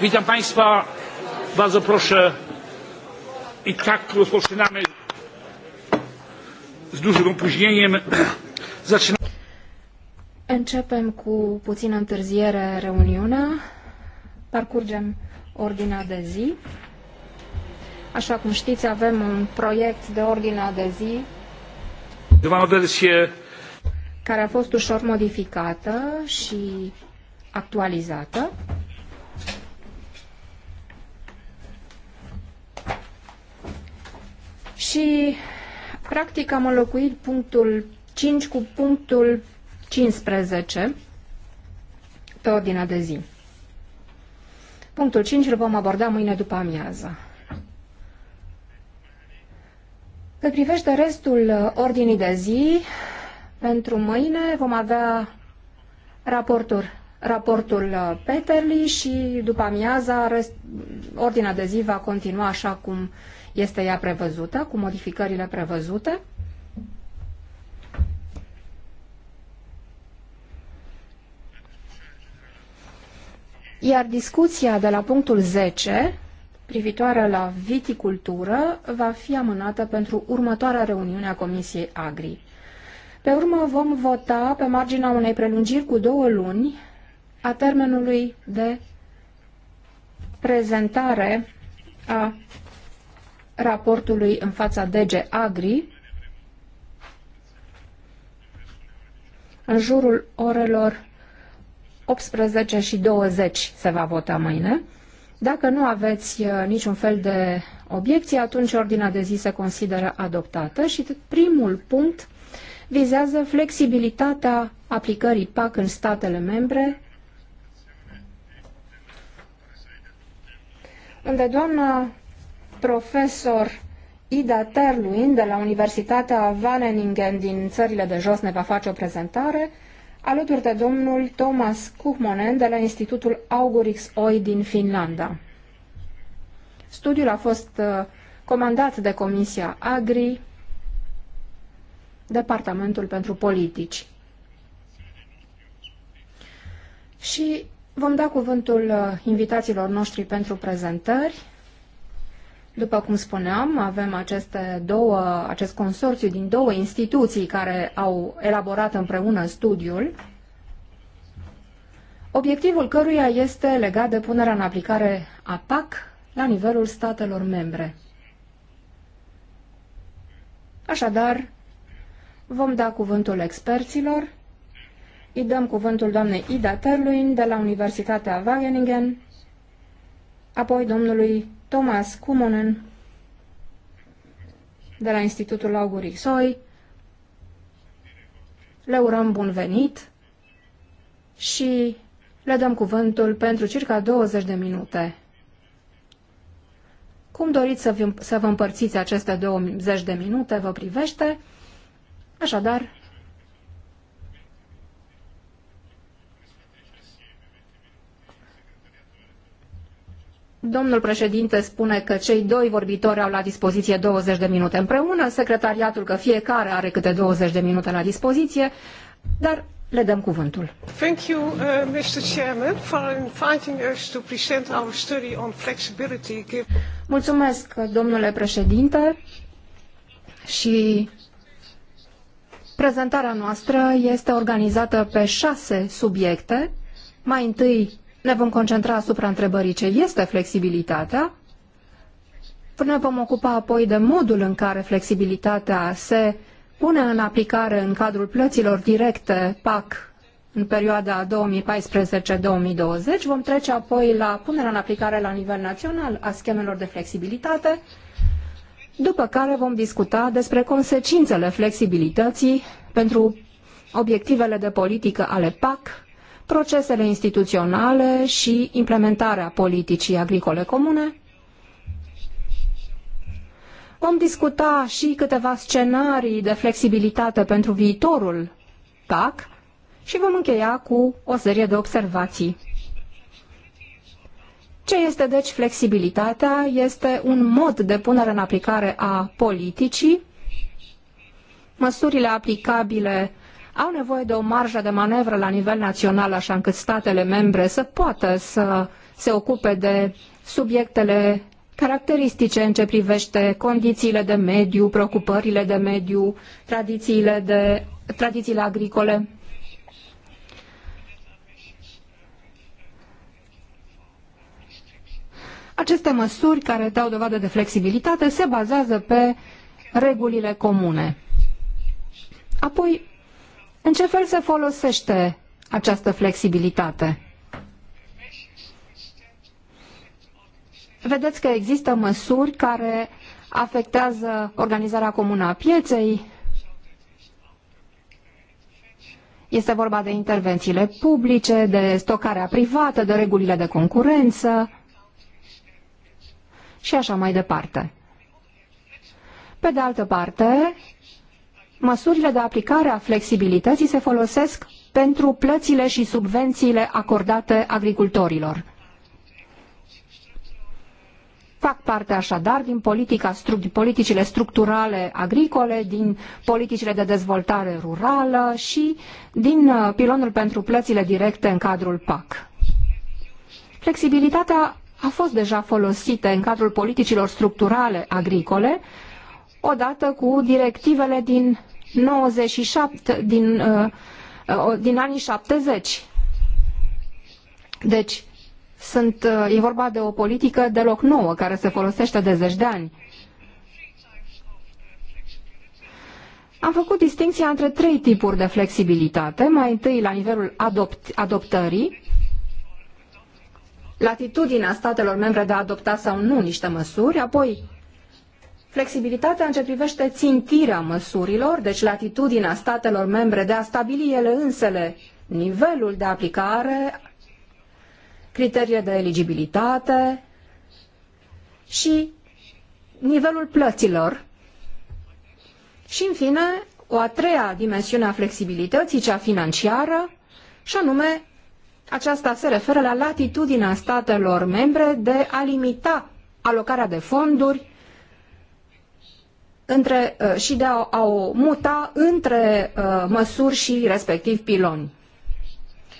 Witam Państwa. Bardzo proszę. I tak rozpoczynamy z dużym opóźnieniem. Zaczynamy. Începem cu puțină întârziere reuniunea. Parcurgem ordinea de zi. Așa cum știți, avem un proiect de ordinea de zi care a fost ușor modificată și actualizată. și practic am înlocuit punctul 5 cu punctul 15 pe ordinea de zi. Punctul 5 îl vom aborda mâine după amiază. Cât privește restul ordinii de zi, pentru mâine vom avea raportul, raportul Peterli și după amiaza rest, ordinea de zi va continua așa cum este ea prevăzută, cu modificările prevăzute? Iar discuția de la punctul 10, privitoare la viticultură, va fi amânată pentru următoarea reuniune a Comisiei Agri. Pe urmă vom vota pe marginea unei prelungiri cu două luni a termenului de prezentare a raportului în fața DG Agri, în jurul orelor 18 și 20 se va vota mâine. Dacă nu aveți uh, niciun fel de obiecții, atunci ordinea de zi se consideră adoptată și primul punct vizează flexibilitatea aplicării PAC în statele membre, unde doamna profesor Ida Terluin de la Universitatea Wageningen din țările de jos ne va face o prezentare, alături de domnul Thomas Kuhmonen de la Institutul Augurix Oi din Finlanda. Studiul a fost uh, comandat de Comisia Agri, Departamentul pentru Politici. Și vom da cuvântul uh, invitațiilor noștri pentru prezentări. După cum spuneam, avem aceste două, acest consorțiu din două instituții care au elaborat împreună studiul, obiectivul căruia este legat de punerea în aplicare a PAC la nivelul statelor membre. Așadar, vom da cuvântul experților, îi dăm cuvântul doamnei Ida Terluin de la Universitatea Wageningen, apoi domnului Thomas Kumonen, de la Institutul Augurixoi. Le urăm bun venit și le dăm cuvântul pentru circa 20 de minute. Cum doriți să, să vă împărțiți aceste 20 de minute, vă privește. Așadar, Domnul președinte spune că cei doi vorbitori au la dispoziție 20 de minute împreună, secretariatul că fiecare are câte 20 de minute la dispoziție, dar le dăm cuvântul. Thank you, uh, Mr. Chairman, for inviting us to present our study on flexibility. Mulțumesc, domnule președinte, și prezentarea noastră este organizată pe șase subiecte. Mai întâi ne vom concentra asupra întrebării ce este flexibilitatea, ne vom ocupa apoi de modul în care flexibilitatea se pune în aplicare în cadrul plăților directe PAC în perioada 2014-2020. Vom trece apoi la punerea în aplicare la nivel național a schemelor de flexibilitate, după care vom discuta despre consecințele flexibilității pentru obiectivele de politică ale PAC procesele instituționale și implementarea politicii agricole comune. Vom discuta și câteva scenarii de flexibilitate pentru viitorul PAC și vom încheia cu o serie de observații. Ce este deci flexibilitatea? Este un mod de punere în aplicare a politicii. Măsurile aplicabile au nevoie de o marjă de manevră la nivel național, așa încât statele membre să poată să se ocupe de subiectele caracteristice în ce privește condițiile de mediu, preocupările de mediu, tradițiile, de, tradițiile agricole. Aceste măsuri care dau dovadă de flexibilitate se bazează pe regulile comune. Apoi, în ce fel se folosește această flexibilitate? Vedeți că există măsuri care afectează organizarea comună a pieței, este vorba de intervențiile publice, de stocarea privată, de regulile de concurență și așa mai departe. Pe de altă parte, măsurile de aplicare a flexibilității se folosesc pentru plățile și subvențiile acordate agricultorilor. Fac parte așadar din politica, din politicile structurale agricole, din politicile de dezvoltare rurală și din uh, pilonul pentru plățile directe în cadrul PAC. Flexibilitatea a fost deja folosită în cadrul politicilor structurale agricole, odată cu directivele din 97, din, uh, uh, din anii 70. Deci, sunt, uh, e vorba de o politică deloc nouă, care se folosește de zeci de ani. Am făcut distinția între trei tipuri de flexibilitate, mai întâi la nivelul adopt, adoptării, latitudinea statelor membre de a adopta sau nu niște măsuri, apoi flexibilitatea în ce privește țintirea măsurilor, deci latitudinea statelor membre de a stabili ele însele nivelul de aplicare, criteriile de eligibilitate și nivelul plăților. Și, în fine, o a treia dimensiune a flexibilității, cea financiară, și anume, aceasta se referă la latitudinea statelor membre de a limita alocarea de fonduri între, uh, și de a, a o muta între uh, măsuri și respectiv piloni.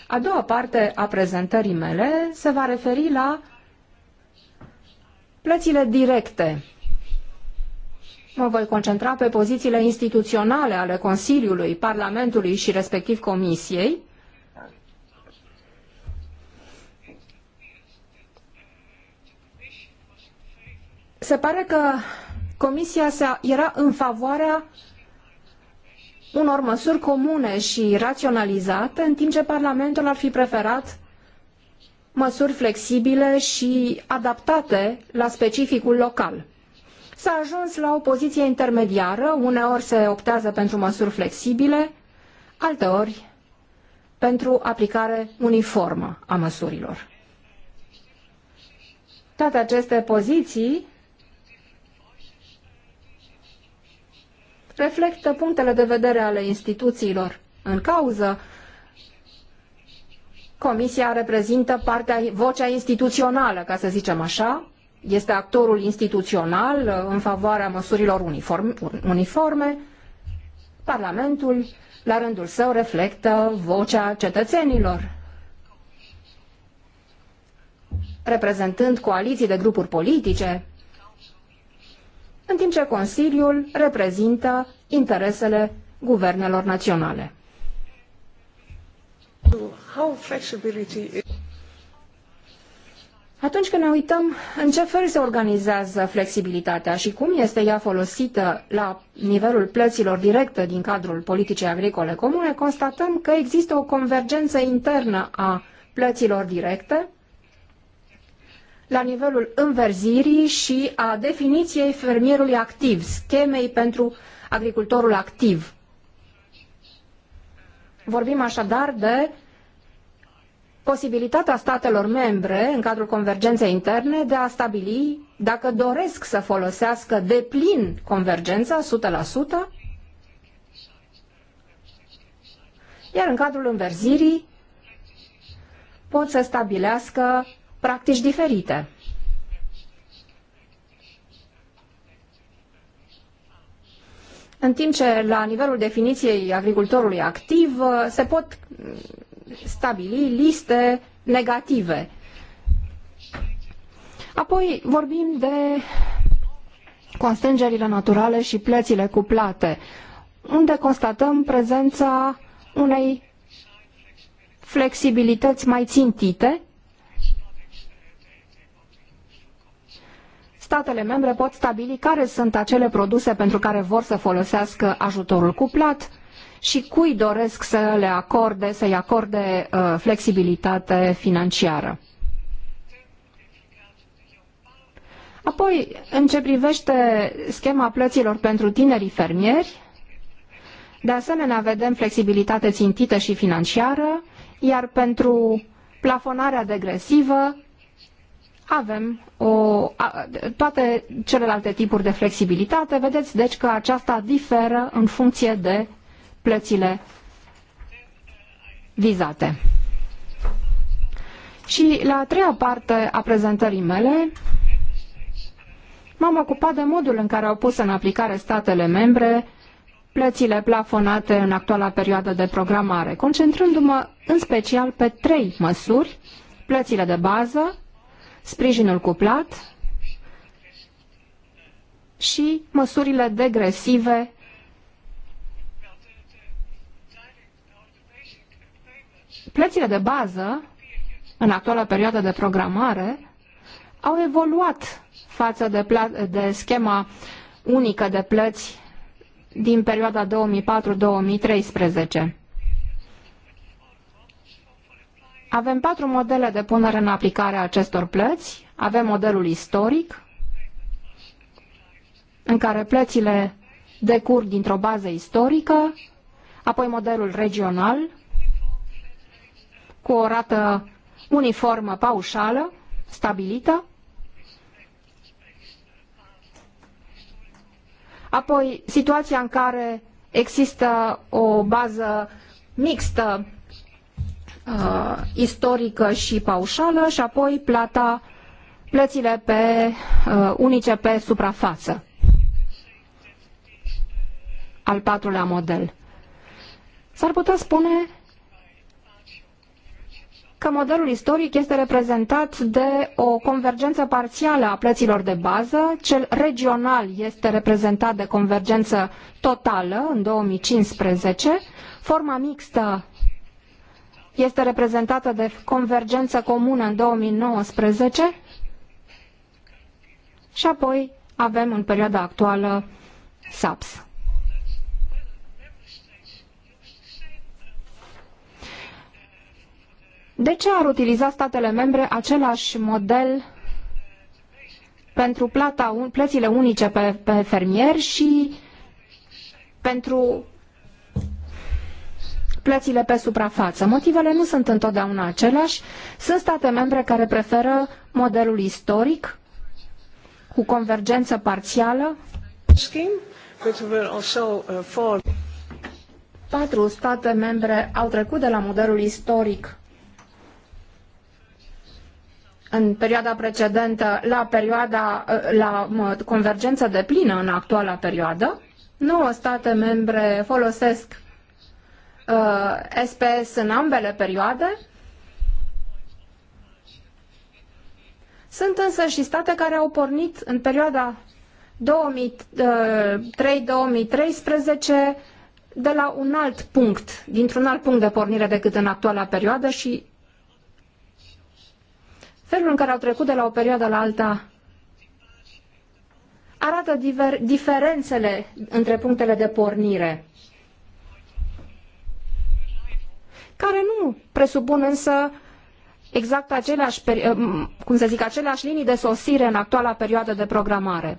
A doua parte a prezentării mele se va referi la plățile directe. Mă voi concentra pe pozițiile instituționale ale Consiliului, Parlamentului și respectiv Comisiei, se pare că Comisia era în favoarea unor măsuri comune și raționalizate, în timp ce Parlamentul ar fi preferat măsuri flexibile și adaptate la specificul local. S-a ajuns la o poziție intermediară, uneori se optează pentru măsuri flexibile, alteori pentru aplicare uniformă a măsurilor. Toate aceste poziții reflectă punctele de vedere ale instituțiilor în cauză. Comisia reprezintă partea, vocea instituțională, ca să zicem așa, este actorul instituțional uh, în favoarea măsurilor uniform, uniforme. Parlamentul, la rândul său, reflectă vocea cetățenilor, reprezentând coaliții de grupuri politice, în timp ce Consiliul reprezintă interesele guvernelor naționale. Atunci când ne uităm în ce fel se organizează flexibilitatea și cum este ea folosită la nivelul plăților directe din cadrul politicii agricole comune, constatăm că există o convergență internă a plăților directe la nivelul înverzirii și a definiției fermierului activ, schemei pentru agricultorul activ. Vorbim așadar de posibilitatea statelor membre, în cadrul convergenței interne, de a stabili dacă doresc să folosească de plin convergența, 100%, iar în cadrul înverzirii pot să stabilească practici diferite. În timp ce la nivelul definiției agricultorului activ se pot stabili liste negative. Apoi vorbim de constrângerile naturale și plățile cuplate, unde constatăm prezența unei flexibilități mai țintite statele membre pot stabili care sunt acele produse pentru care vor să folosească ajutorul cuplat și cui doresc să le acorde, să-i acorde uh, flexibilitate financiară. Apoi, în ce privește schema plăților pentru tinerii fermieri, de asemenea vedem flexibilitate țintită și financiară, iar pentru plafonarea degresivă avem o, a, toate celelalte tipuri de flexibilitate. Vedeți, deci, că aceasta diferă în funcție de plățile vizate. Și la a treia parte a prezentării mele m-am ocupat de modul în care au pus în aplicare statele membre plățile plafonate în actuala perioadă de programare, concentrându-mă în special pe trei măsuri, plățile de bază, sprijinul cuplat și măsurile degresive Plățile de bază, în actuala perioadă de programare, au evoluat față de, de schema unică de plăți din perioada 2004-2013. Avem patru modele de punere în aplicare a acestor plăți. Avem modelul istoric, în care plățile decurg dintr-o bază istorică, apoi modelul regional, cu o rată uniformă paușală, stabilită, apoi situația în care există o bază mixtă uh, istorică și paușală și apoi plata, plățile pe, uh, unice pe suprafață. Al patrulea model. S-ar putea spune că modelul istoric este reprezentat de o convergență parțială a plăților de bază, cel regional este reprezentat de convergență totală în 2015, forma mixtă este reprezentată de convergență comună în 2019 și apoi avem în perioada actuală SAPS. De ce ar utiliza statele membre același model pentru plata, plățile unice pe, pe fermier și pentru plățile pe suprafață. Motivele nu sunt întotdeauna aceleași. Sunt state membre care preferă modelul istoric cu convergență parțială. Patru state membre au trecut de la modelul istoric în perioada precedentă la, perioada, la convergență de plină în actuala perioadă. Nouă state membre folosesc uh, SPS în ambele perioade. Sunt însă și state care au pornit în perioada 2003-2013 uh, de la un alt punct, dintr-un alt punct de pornire decât în actuala perioadă și felul în care au trecut de la o perioadă la alta arată diver, diferențele între punctele de pornire. care nu presupun însă exact aceleași, eh, cum să zic, aceleași linii de sosire în actuala perioadă de programare.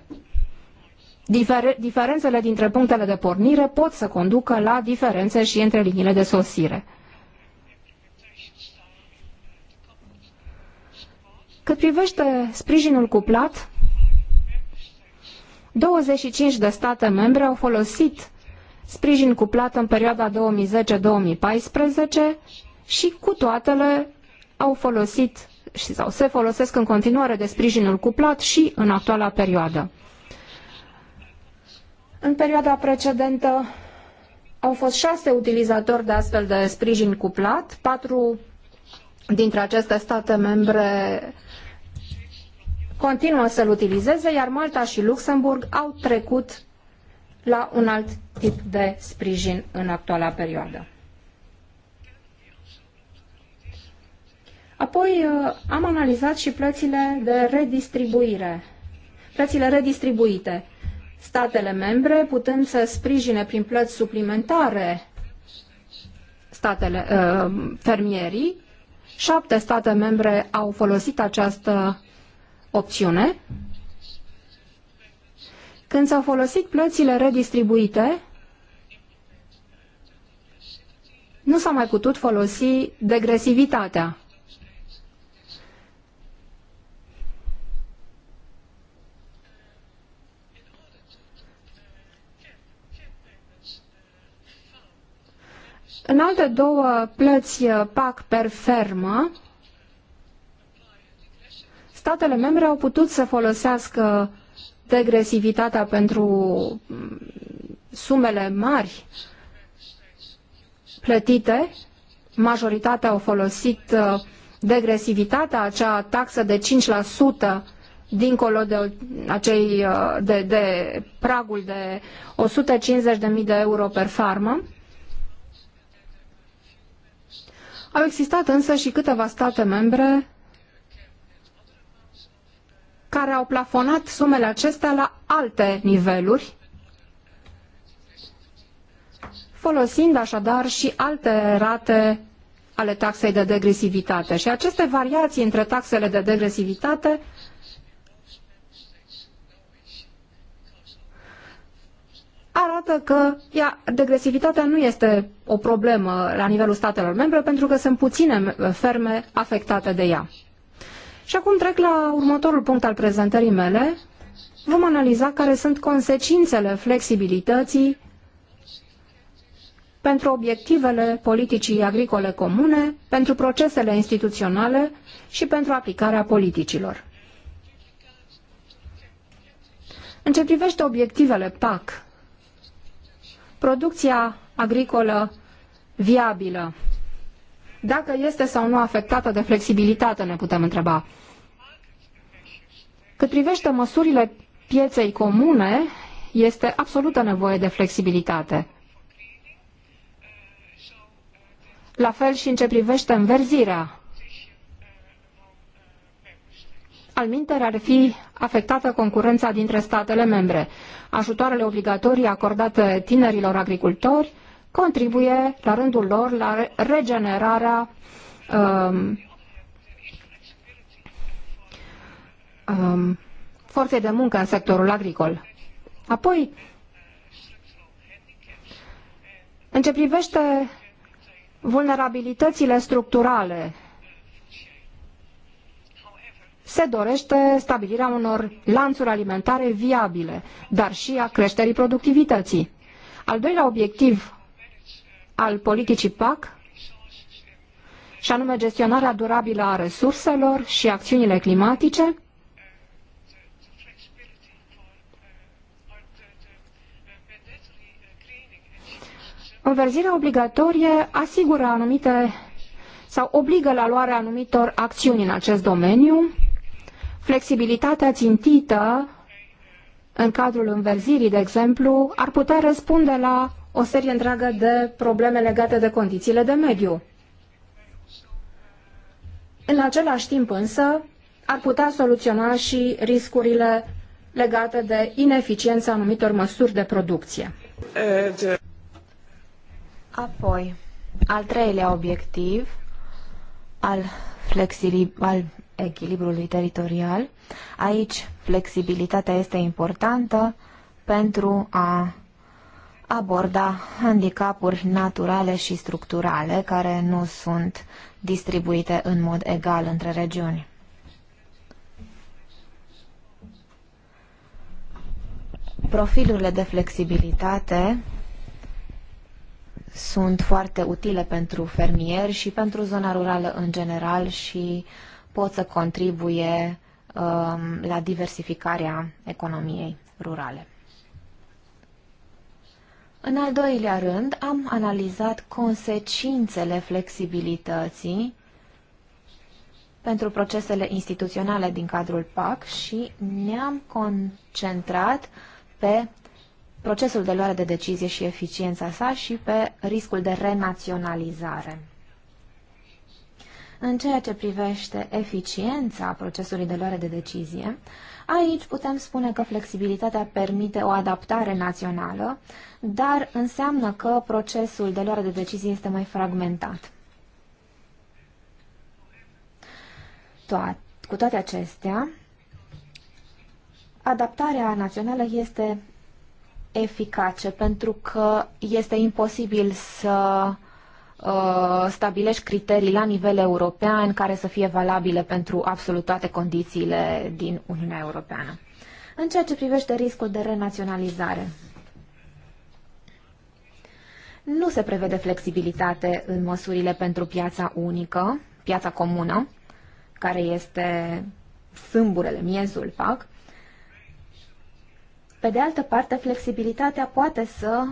Difer diferențele dintre punctele de pornire pot să conducă la diferențe și între liniile de sosire. Cât privește sprijinul cuplat, 25 de state membre au folosit sprijin cuplat în perioada 2010-2014 și cu toatele au folosit și sau se folosesc în continuare de sprijinul cuplat și în actuala perioadă. În perioada precedentă au fost șase utilizatori de astfel de sprijin cuplat, patru dintre aceste state membre continuă să-l utilizeze, iar Malta și Luxemburg au trecut la un alt tip de sprijin în actuala perioadă. Apoi uh, am analizat și plățile de redistribuire, plățile redistribuite, statele membre putând să sprijine prin plăți suplimentare statele, uh, fermierii. Șapte state membre au folosit această opțiune, când s-au folosit plățile redistribuite, nu s-a mai putut folosi degresivitatea. În alte două plăți uh, PAC per fermă, statele membre au putut să folosească degresivitatea pentru sumele mari plătite, majoritatea au folosit uh, degresivitatea, acea taxă de 5% dincolo de, acei, uh, de, de pragul de 150.000 de euro per farmă. Au existat însă și câteva state membre care au plafonat sumele acestea la alte niveluri, folosind așadar și alte rate ale taxei de degresivitate. Și aceste variații între taxele de degresivitate arată că ia, degresivitatea nu este o problemă la nivelul statelor membre pentru că sunt puține ferme afectate de ea. Și acum trec la următorul punct al prezentării mele. Vom analiza care sunt consecințele flexibilității pentru obiectivele politicii agricole comune, pentru procesele instituționale și pentru aplicarea politicilor. În ce privește obiectivele PAC, producția agricolă viabilă, dacă este sau nu afectată de flexibilitate, ne putem întreba. Cât privește măsurile pieței comune, este absolută nevoie de flexibilitate. La fel și în ce privește înverzirea. Alminter ar fi afectată concurența dintre statele membre. Ajutoarele obligatorii acordate tinerilor agricultori contribuie la rândul lor la regenerarea um, um, forței de muncă în sectorul agricol. Apoi, în ce privește vulnerabilitățile structurale, se dorește stabilirea unor lanțuri alimentare viabile, dar și a creșterii productivității. Al doilea obiectiv al politicii PAC, și anume gestionarea durabilă a resurselor și acțiunile climatice, Înverzirea obligatorie asigură anumite sau obligă la luarea anumitor acțiuni în acest domeniu, flexibilitatea țintită în cadrul înverzirii, de exemplu, ar putea răspunde la o serie întreagă de probleme legate de condițiile de mediu. În același timp însă, ar putea soluționa și riscurile legate de ineficiența anumitor măsuri de producție. Apoi, al treilea obiectiv al, al echilibrului teritorial, aici flexibilitatea este importantă pentru a aborda handicapuri naturale și structurale care nu sunt distribuite în mod egal între regiuni. Profilurile de flexibilitate sunt foarte utile pentru fermieri și pentru zona rurală în general și pot să contribuie um, la diversificarea economiei rurale. În al doilea rând, am analizat consecințele flexibilității pentru procesele instituționale din cadrul PAC și ne-am concentrat pe procesul de luare de decizie și eficiența sa și pe riscul de renaționalizare. În ceea ce privește eficiența procesului de luare de decizie, Aici putem spune că flexibilitatea permite o adaptare națională, dar înseamnă că procesul de luare de decizii este mai fragmentat. cu toate acestea, adaptarea națională este eficace pentru că este imposibil să Uh, stabilești criterii la nivel european care să fie valabile pentru absolut toate condițiile din Uniunea Europeană. În ceea ce privește riscul de renaționalizare, nu se prevede flexibilitate în măsurile pentru piața unică, piața comună, care este sâmburele, miezul PAC. Pe de altă parte, flexibilitatea poate să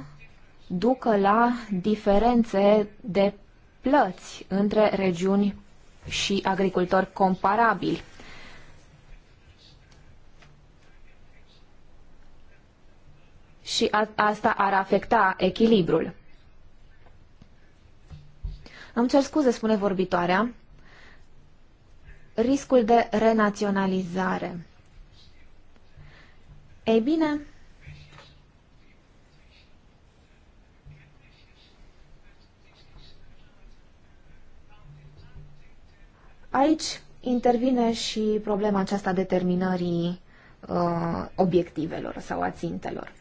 ducă la diferențe de plăți între regiuni și agricultori comparabili. Și a, asta ar afecta echilibrul. Îmi cer scuze, spune vorbitoarea, riscul de renaționalizare. Ei bine, Aici intervine și problema aceasta determinării uh, obiectivelor sau a țintelor.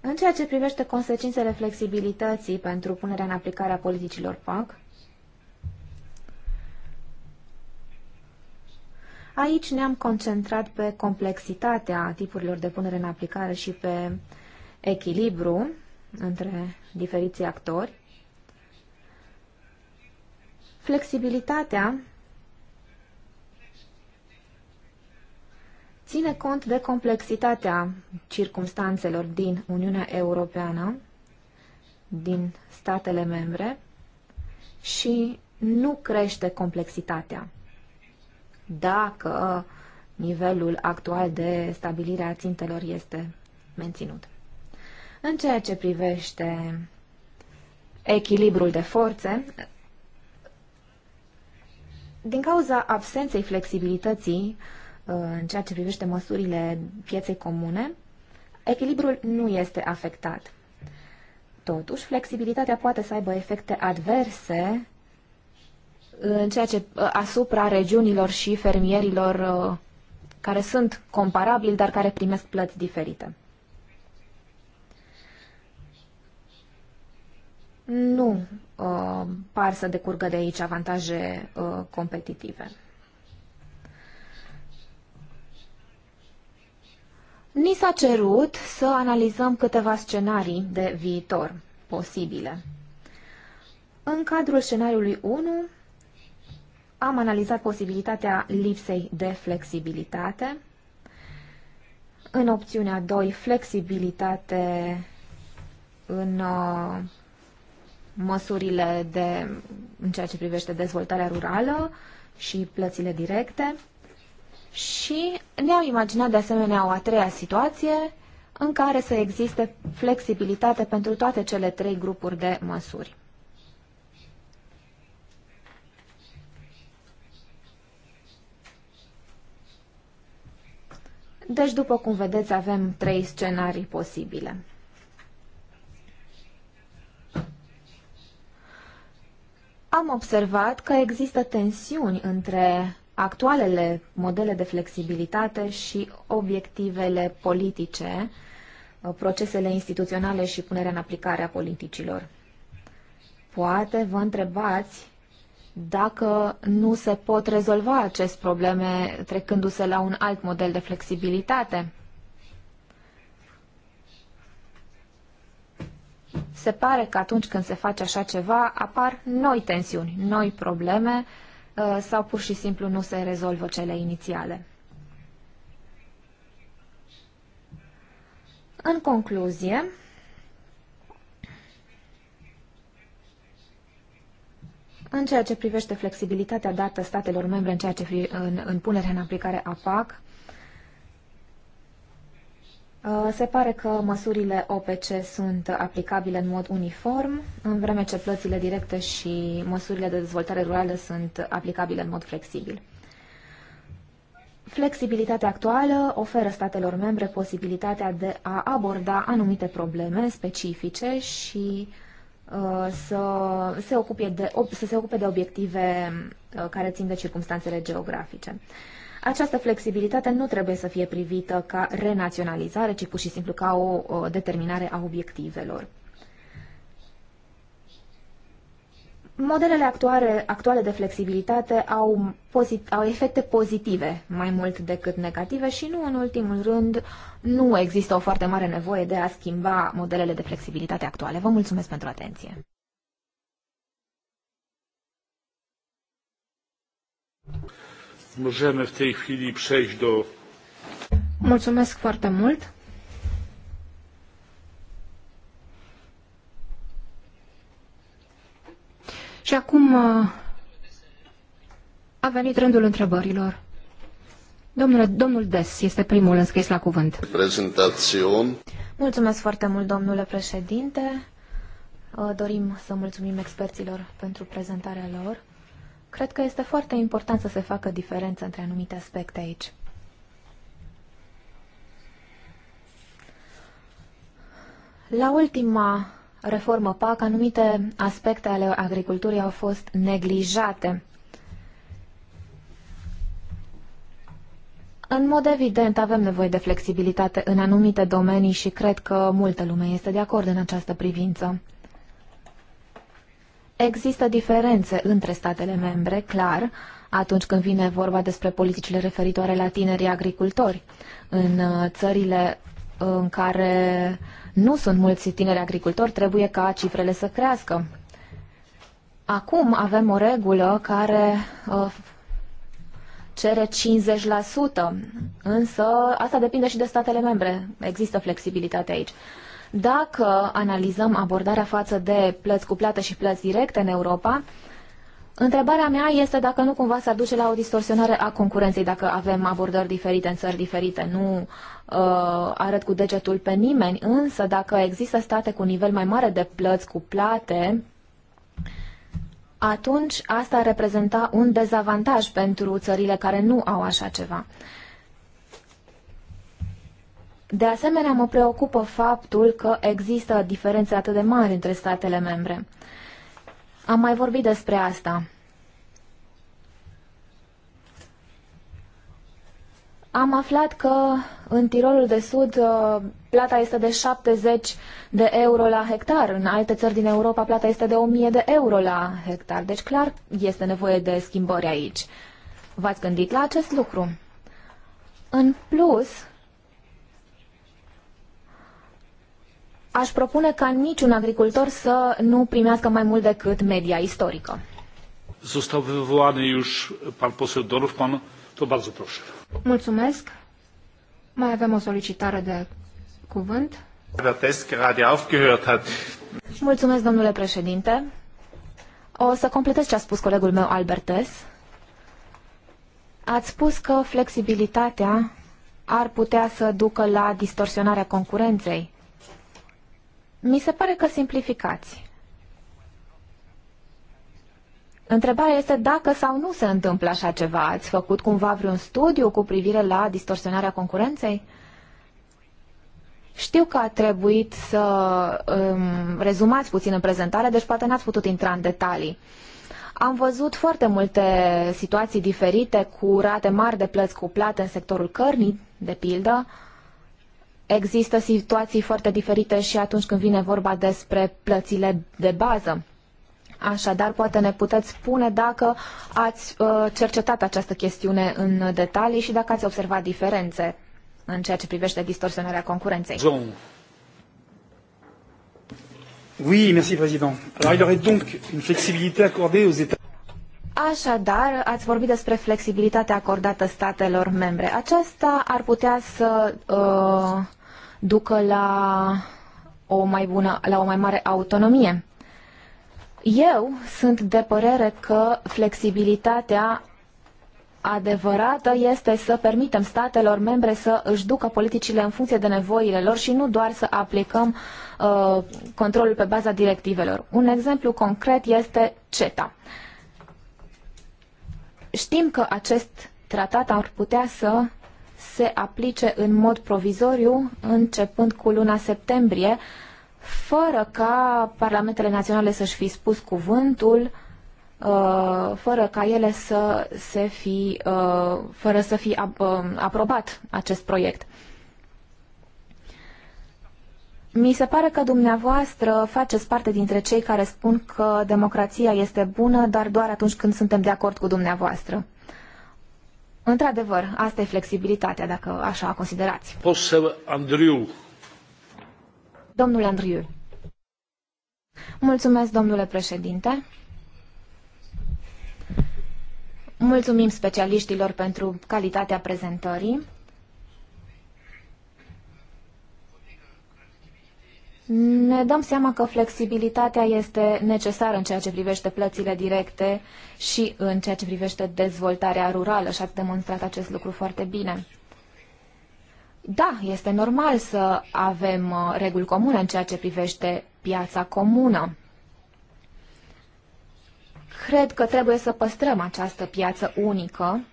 În ceea ce privește consecințele flexibilității pentru punerea în aplicare a politicilor PAC, aici ne-am concentrat pe complexitatea tipurilor de punere în aplicare și pe echilibru între diferiții actori, Flexibilitatea ține cont de complexitatea circumstanțelor din Uniunea Europeană, din statele membre și nu crește complexitatea. Dacă nivelul actual de stabilire a țintelor este menținut. În ceea ce privește echilibrul de forțe, din cauza absenței flexibilității uh, în ceea ce privește măsurile pieței comune, echilibrul nu este afectat. Totuși, flexibilitatea poate să aibă efecte adverse în ceea ce uh, asupra regiunilor și fermierilor uh, care sunt comparabili, dar care primesc plăți diferite. Nu Uh, par să decurgă de aici avantaje uh, competitive. Ni s-a cerut să analizăm câteva scenarii de viitor posibile. În cadrul scenariului 1 am analizat posibilitatea lipsei de flexibilitate. În opțiunea 2, flexibilitate în uh, măsurile de, în ceea ce privește dezvoltarea rurală și plățile directe. Și ne-am imaginat de asemenea o a treia situație în care să existe flexibilitate pentru toate cele trei grupuri de măsuri. Deci, după cum vedeți, avem trei scenarii posibile. am observat că există tensiuni între actualele modele de flexibilitate și obiectivele politice, uh, procesele instituționale și punerea în aplicare a politicilor. Poate vă întrebați dacă nu se pot rezolva aceste probleme trecându-se la un alt model de flexibilitate. se pare că atunci când se face așa ceva apar noi tensiuni, noi probleme uh, sau pur și simplu nu se rezolvă cele inițiale. În concluzie, În ceea ce privește flexibilitatea dată statelor membre în, ceea ce, în, în punerea în aplicare a PAC, Uh, se pare că măsurile OPC sunt aplicabile în mod uniform, în vreme ce plățile directe și măsurile de dezvoltare rurală sunt aplicabile în mod flexibil. Flexibilitatea actuală oferă statelor membre posibilitatea de a aborda anumite probleme specifice și uh, să, se ocupe de, să se ocupe de obiective uh, care țin de circunstanțele geografice. Această flexibilitate nu trebuie să fie privită ca renaționalizare, ci pur și simplu ca o determinare a obiectivelor. Modelele actuale, actuale de flexibilitate au, pozit, au efecte pozitive mai mult decât negative și nu în ultimul rând nu există o foarte mare nevoie de a schimba modelele de flexibilitate actuale. Vă mulțumesc pentru atenție. Możemy w tej chwili przejść do... Mulțumesc foarte mult. Și acum uh, a venit rândul întrebărilor. Domnule, domnul Des este primul înscris la cuvânt. Prezentațion. Mulțumesc foarte mult, domnule președinte. Uh, dorim să mulțumim experților pentru prezentarea lor. Cred că este foarte important să se facă diferență între anumite aspecte aici. La ultima reformă PAC, anumite aspecte ale agriculturii au fost neglijate. În mod evident, avem nevoie de flexibilitate în anumite domenii și cred că multă lume este de acord în această privință. Există diferențe între statele membre, clar, atunci când vine vorba despre politicile referitoare la tinerii agricultori. În uh, țările uh, în care nu sunt mulți tineri agricultori, trebuie ca cifrele să crească. Acum avem o regulă care uh, cere 50%, însă asta depinde și de statele membre. Există flexibilitate aici. Dacă analizăm abordarea față de plăți cu plată și plăți directe în Europa, întrebarea mea este dacă nu cumva s-ar duce la o distorsionare a concurenței dacă avem abordări diferite în țări diferite. Nu uh, arăt cu degetul pe nimeni, însă dacă există state cu nivel mai mare de plăți cu plate, atunci asta ar reprezenta un dezavantaj pentru țările care nu au așa ceva. Uh, de asemenea, mă preocupă faptul că există diferențe atât de mari între statele membre. Am mai vorbit despre asta. Am aflat că în Tirolul de Sud uh, plata este de 70 de euro la hectar. În alte țări din Europa plata este de 1000 de euro la hectar. Deci clar este nevoie de schimbări aici. V-ați gândit la acest lucru? În plus, aș propune ca niciun agricultor să nu primească mai mult decât media istorică. Został wywołany już pan poseł Dorów. Pan to bardzo proszę. Mulțumesc. Mai avem o solicitare de cuvânt. Mulțumesc, domnule președinte. O să completez ce a spus colegul meu, Albertes. Ați spus că flexibilitatea ar putea să ducă la distorsionarea concurenței. Mi se pare că simplificați. Întrebarea este dacă sau nu se întâmplă așa ceva. Ați făcut cumva vreun studiu cu privire la distorsionarea concurenței? Știu că a trebuit să um, rezumați puțin în prezentare, deci poate n-ați putut intra în detalii. Am văzut foarte multe situații diferite cu rate mari de plăți cuplate în sectorul cărnii, de pildă, uh, există situații foarte diferite și atunci când vine vorba despre plățile de bază. Așadar, poate ne puteți spune dacă ați uh, cercetat această chestiune în detalii și dacă ați observat diferențe în ceea ce privește distorsionarea concurenței. John. Oui, merci, président. Alors, il y aurait donc une flexibilité accordée aux États. Așadar, ați vorbit despre flexibilitatea acordată statelor membre. Aceasta ar putea să uh, ducă la o mai bună, la o mai mare autonomie. Eu sunt de părere că flexibilitatea adevărată este să permitem statelor membre să își ducă politicile în funcție de nevoile lor și nu doar să aplicăm uh, controlul pe baza directivelor. Un exemplu concret este CETA. Știm că acest tratat ar putea să se aplice în mod provizoriu, începând cu luna septembrie, fără ca parlamentele naționale să-și fi spus cuvântul, uh, fără ca ele să se fi, uh, fără să fi um, aprobat acest proiect. Mi se pare că dumneavoastră faceți parte dintre cei care spun că democrația este bună, dar doar atunci când suntem de acord cu dumneavoastră. Într-adevăr, asta e flexibilitatea, dacă așa considerați. Pot să Andriu. Domnule Andriu. Mulțumesc, domnule președinte. Mulțumim specialiștilor pentru calitatea prezentării. Ne dăm seama că flexibilitatea este necesară în ceea ce privește plățile directe și în ceea ce privește dezvoltarea rurală și ați demonstrat acest lucru foarte bine. Da, este normal să avem uh, reguli comune în ceea ce privește piața comună. Cred că trebuie să păstrăm această piață unică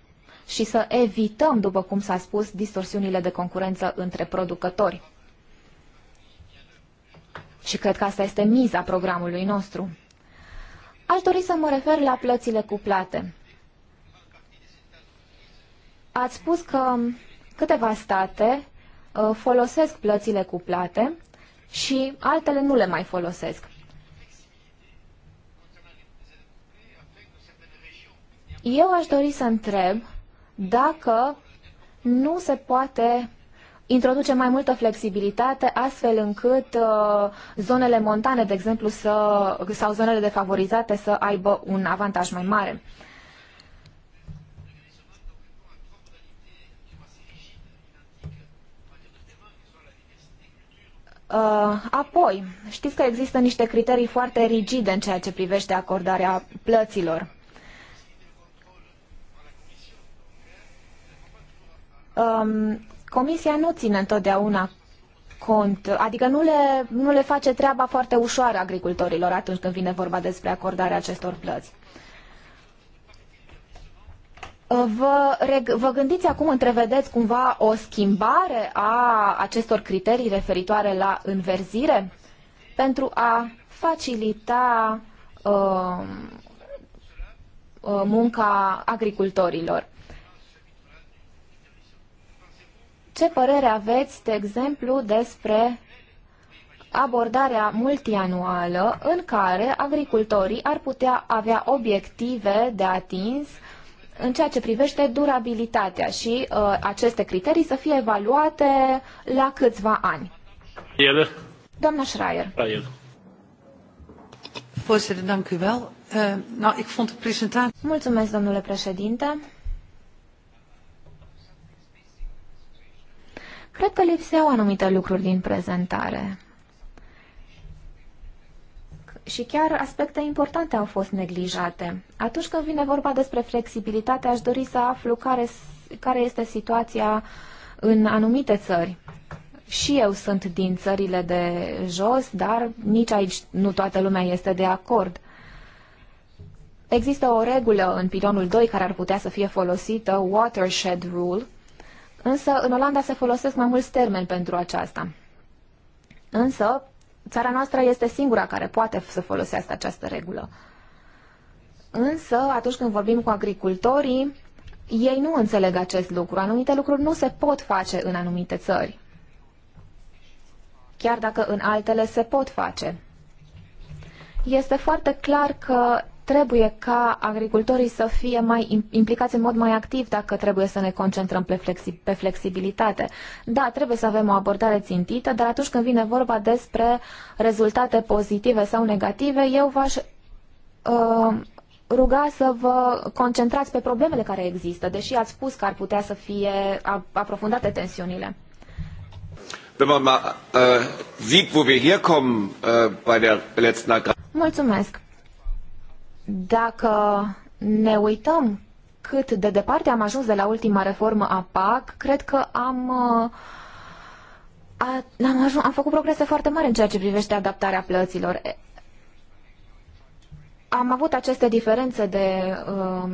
și să evităm, după cum s-a spus, distorsiunile de concurență între producători. Și cred că asta este miza programului nostru. Aș dori să mă refer la plățile cuplate. Ați spus că câteva state uh, folosesc plățile cuplate și altele nu le mai folosesc. Eu aș dori să întreb dacă nu se poate introduce mai multă flexibilitate, astfel încât uh, zonele montane, de exemplu, să, sau zonele defavorizate să aibă un avantaj mai mare. Uh, apoi, știți că există niște criterii foarte rigide în ceea ce privește acordarea plăților. Um, Comisia nu ține întotdeauna cont, adică nu le, nu le face treaba foarte ușoară agricultorilor atunci când vine vorba despre acordarea acestor plăți. Vă, vă gândiți acum, întrevedeți cumva o schimbare a acestor criterii referitoare la înverzire pentru a facilita uh, uh munca agricultorilor. Ce părere aveți, de exemplu, despre abordarea multianuală în care agricultorii ar putea avea obiective de atins în ceea ce privește durabilitatea și uh, aceste criterii să fie evaluate la câțiva ani. Ele. Doamna Schreier. Schreier. Eh, Mulțumesc, domnule președinte. Cred că lipseau anumite lucruri din prezentare. Și chiar aspecte importante au fost neglijate. Atunci când vine vorba despre flexibilitate, aș dori să aflu care, care este situația în anumite țări. Și eu sunt din țările de jos, dar nici aici nu toată lumea este de acord. Există o regulă în pilonul 2 care ar putea să fie folosită, watershed rule, Însă, în Olanda se folosesc mai mulți termeni pentru aceasta. Însă, țara noastră este singura care poate să folosească această regulă. Însă, atunci când vorbim cu agricultorii, ei nu înțeleg acest lucru. Anumite lucruri nu se pot face în anumite țări. Chiar dacă în altele se pot face. Este foarte clar că Trebuie ca agricultorii să fie mai implicați în mod mai activ dacă trebuie să ne concentrăm pe, flexi- pe flexibilitate. Da, trebuie să avem o abordare țintită, dar atunci când vine vorba despre rezultate pozitive sau negative, eu v-aș uh, ruga să vă concentrați pe problemele care există, deși ați spus că ar putea să fie aprofundate tensiunile. Wenn man mal äh, sieht, wo wir herkommen äh, bei der letzten Agrar Mulțumesc. Dacă ne uităm cât de departe am ajuns de la ultima reformă a PAC, cred că am, uh, a, am, ajuns, am făcut progrese foarte mari în ceea ce privește adaptarea plăților. Am avut aceste diferențe de, um,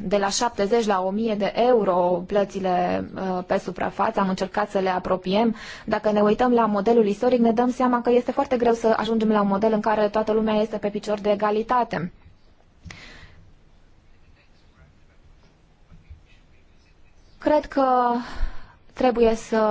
de la 70 la 1000 de euro plățile uh, pe suprafață, am încercat să le apropiem. Dacă ne uităm la modelul istoric, ne dăm seama că este foarte greu să ajungem la un model în care toată lumea este pe picior de egalitate. Cred că trebuie să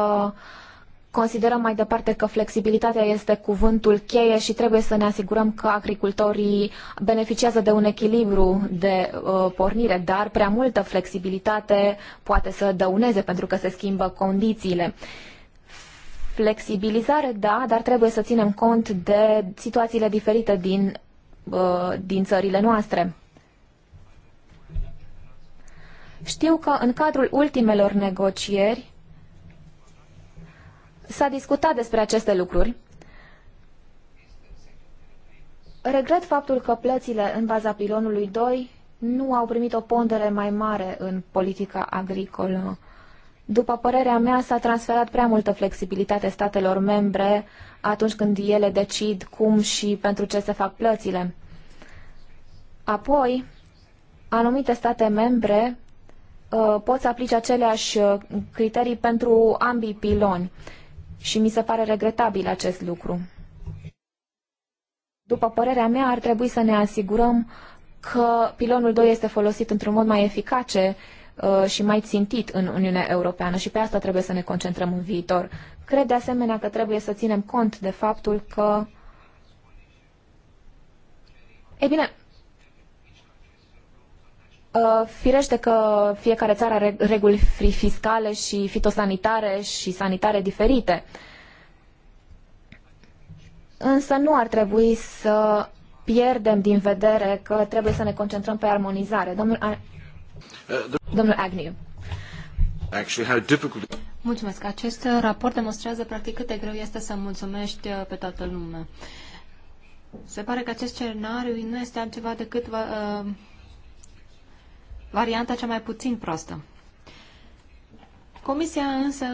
considerăm mai departe că flexibilitatea este cuvântul cheie și trebuie să ne asigurăm că agricultorii beneficiază de un echilibru de uh, pornire, dar prea multă flexibilitate poate să dăuneze pentru că se schimbă condițiile. Flexibilizare, da, dar trebuie să ținem cont de situațiile diferite din, uh, din țările noastre. Știu că în cadrul ultimelor negocieri s-a discutat despre aceste lucruri. Regret faptul că plățile în baza pilonului 2 nu au primit o pondere mai mare în politica agricolă. După părerea mea, s-a transferat prea multă flexibilitate statelor membre atunci când ele decid cum și pentru ce se fac plățile. Apoi, anumite state membre Uh, poți să aplici aceleași uh, criterii pentru ambii piloni. Și mi se pare regretabil acest lucru. După părerea mea, ar trebui să ne asigurăm că pilonul 2 este folosit într-un mod mai eficace uh, și mai țintit în Uniunea Europeană și pe asta trebuie să ne concentrăm în viitor. Cred de asemenea că trebuie să ținem cont de faptul că. Ei bine, Uh, firește că fiecare țară are reguli fiscale și fitosanitare și sanitare diferite. Însă nu ar trebui să pierdem din vedere că trebuie să ne concentrăm pe armonizare. Domnul, Domnul Agnew. Mulțumesc. Acest raport demonstrează practic cât de greu este să mulțumești uh, pe toată lumea. Se pare că acest scenariu nu este altceva decât uh, varianta cea mai puțin proastă. Comisia însă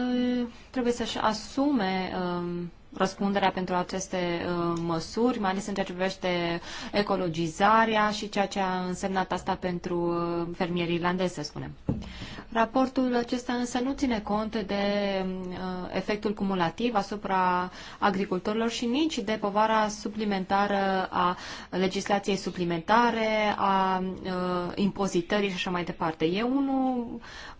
trebuie să-și asume um, răspunderea pentru aceste uh, măsuri, mai ales în ceea ce privește ecologizarea și ceea ce a însemnat asta pentru uh, fermierii irlandezi, să spunem. Raportul acesta însă nu ține cont de uh, efectul cumulativ asupra agricultorilor și nici de povara suplimentară a legislației suplimentare, a uh, impozitării și așa mai departe. Eu unul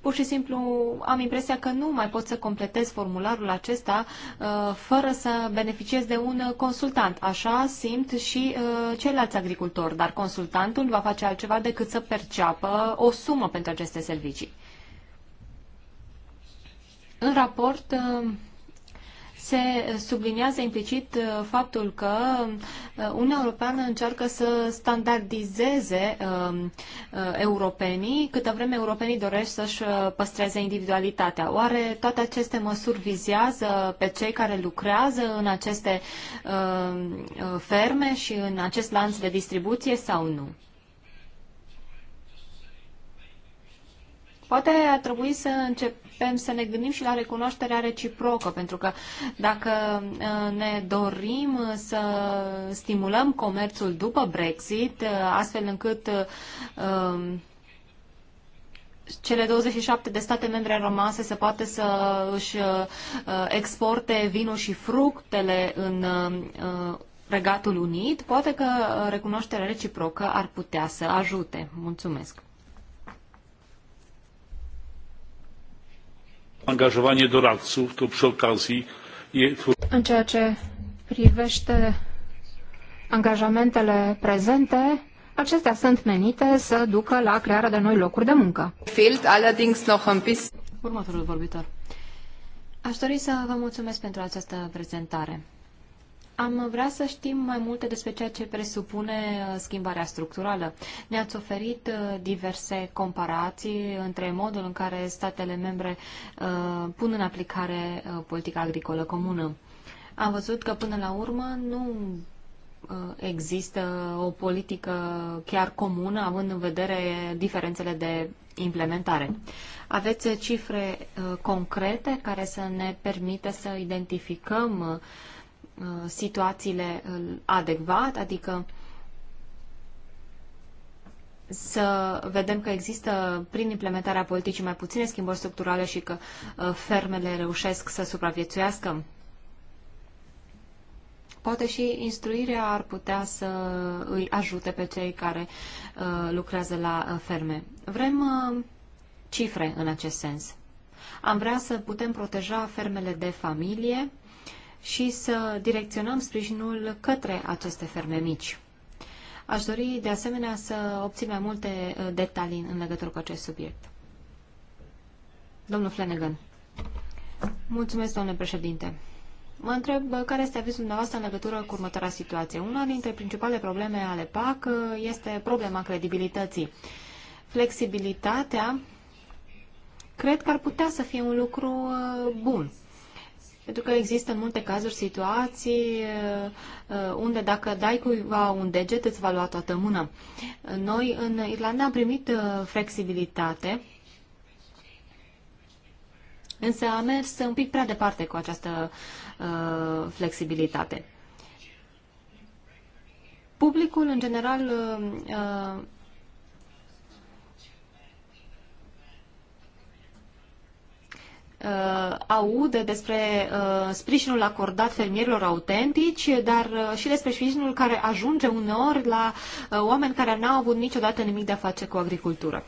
pur și simplu am impresia că nu mai pot să completez formularul acesta uh, fără să beneficiez de un consultant. Așa simt și ceilalți agricultori, dar consultantul va face altceva decât să perceapă o sumă pentru aceste servicii. În raport uh, se subliniază implicit uh, faptul că uh, Uniunea Europeană încearcă să standardizeze europenii, câtă vreme europenii doresc să-și păstreze individualitatea. Oare toate aceste măsuri vizează pe cei care lucrează în aceste ferme și în acest lanț de distribuție sau nu? Poate ar trebui să încep, putem să ne gândim și la recunoașterea reciprocă, pentru că dacă uh, ne dorim să stimulăm comerțul după Brexit, uh, astfel încât uh, cele 27 de state membre rămase se poate să își exporte vinul și fructele în Regatul Unit, poate că recunoașterea reciprocă ar putea să ajute. Mulțumesc! angajowanie doradców, to przy okazji... În ceea ce privește angajamentele prezente, acestea sunt menite să ducă la crearea de noi locuri de muncă. Fehlt Următorul vorbitor. Aș dori să vă mulțumesc pentru această prezentare. Am vrea să știm mai multe despre ceea ce presupune uh, schimbarea structurală. Ne-ați oferit uh, diverse comparații între modul în care statele membre uh, pun în aplicare politica agricolă comună. Am văzut că până la urmă nu există o politică chiar comună, având în vedere diferențele de implementare. Aveți cifre concrete care să ne permită să identificăm uh, Uh, situațiile uh, adecvat, adică să vedem că există prin implementarea politicii mai puține schimbări structurale și că uh, fermele reușesc să supraviețuiască. Poate și instruirea ar putea să îi ajute pe cei care lucrează la ferme. Vrem cifre în acest sens. Am vrea să putem proteja fermele de familie, și să direcționăm sprijinul către aceste ferme mici. Aș dori de asemenea să obțin mai multe uh, detalii în legătură cu acest subiect. Domnul Flanagan. Mulțumesc, domnule președinte. Mă întreb uh, care este avizul dumneavoastră în legătură cu următoarea situație. Una dintre principalele probleme ale PAC uh, este problema credibilității. Flexibilitatea cred că ar putea să fie un lucru bun. Pentru că există în multe cazuri situații uh, uh, unde dacă dai cuiva un deget, îți va lua toată mâna. Noi în Irlanda am primit uh, flexibilitate, însă am mers un pic prea departe cu această flexibilitate. Publicul, în general, uh, aud despre uh, sprijinul acordat fermierilor autentici, dar uh, și despre sprijinul care ajunge uneori la uh, oameni care n-au avut niciodată nimic de a face cu agricultură.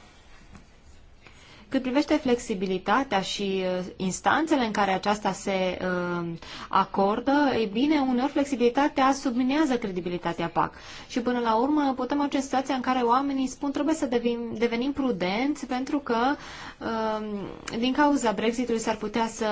Cât privește flexibilitatea și uh, instanțele în care aceasta se uh, acordă, e bine, uneori flexibilitatea subminează credibilitatea PAC. Și până la urmă putem avea situația în care oamenii spun trebuie să devin, devenim prudenți pentru că uh, din cauza Brexitului s-ar putea să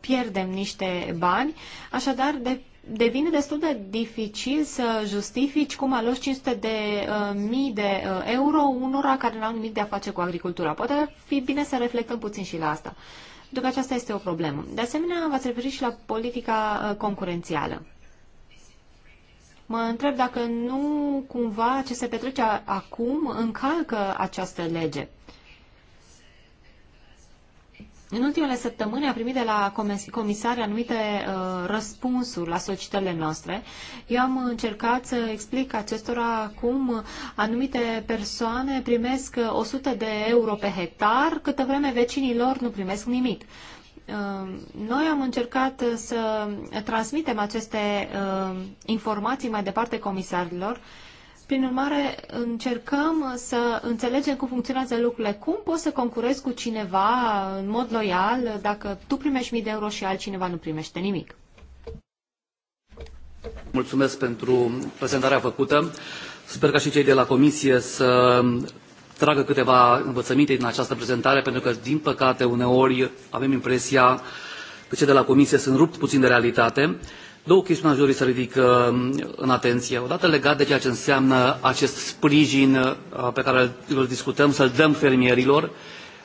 pierdem niște bani, așadar de devine destul de dificil să justifici cum aloși 500 de uh, mii de uh, euro unora care nu au nimic de a face cu agricultura. Poate ar fi bine să reflectăm puțin și la asta, pentru că aceasta este o problemă. De asemenea, v-ați referit și la politica uh, concurențială. Mă întreb dacă nu cumva ce se petrece acum încalcă această lege. În ultimele săptămâni a primit de la comisari anumite uh, răspunsuri la solicitările noastre. Eu am încercat să explic acestora cum anumite persoane primesc 100 uh, de euro pe hectar, câtă vreme vecinii lor nu primesc nimic. Uh, noi am încercat să transmitem aceste uh, informații mai departe comisarilor prin urmare, încercăm să înțelegem cum funcționează lucrurile. Cum poți să concurezi cu cineva în mod loial dacă tu primești mii de euro și altcineva nu primește nimic? Mulțumesc pentru prezentarea făcută. Sper ca și cei de la Comisie să tragă câteva învățăminte din această prezentare, pentru că, din păcate, uneori avem impresia că cei de la Comisie sunt rupt puțin de realitate Două chestiuni aș dori să ridic um, în atenție. Odată legat de ceea ce înseamnă acest sprijin uh, pe care îl discutăm, să-l dăm fermierilor,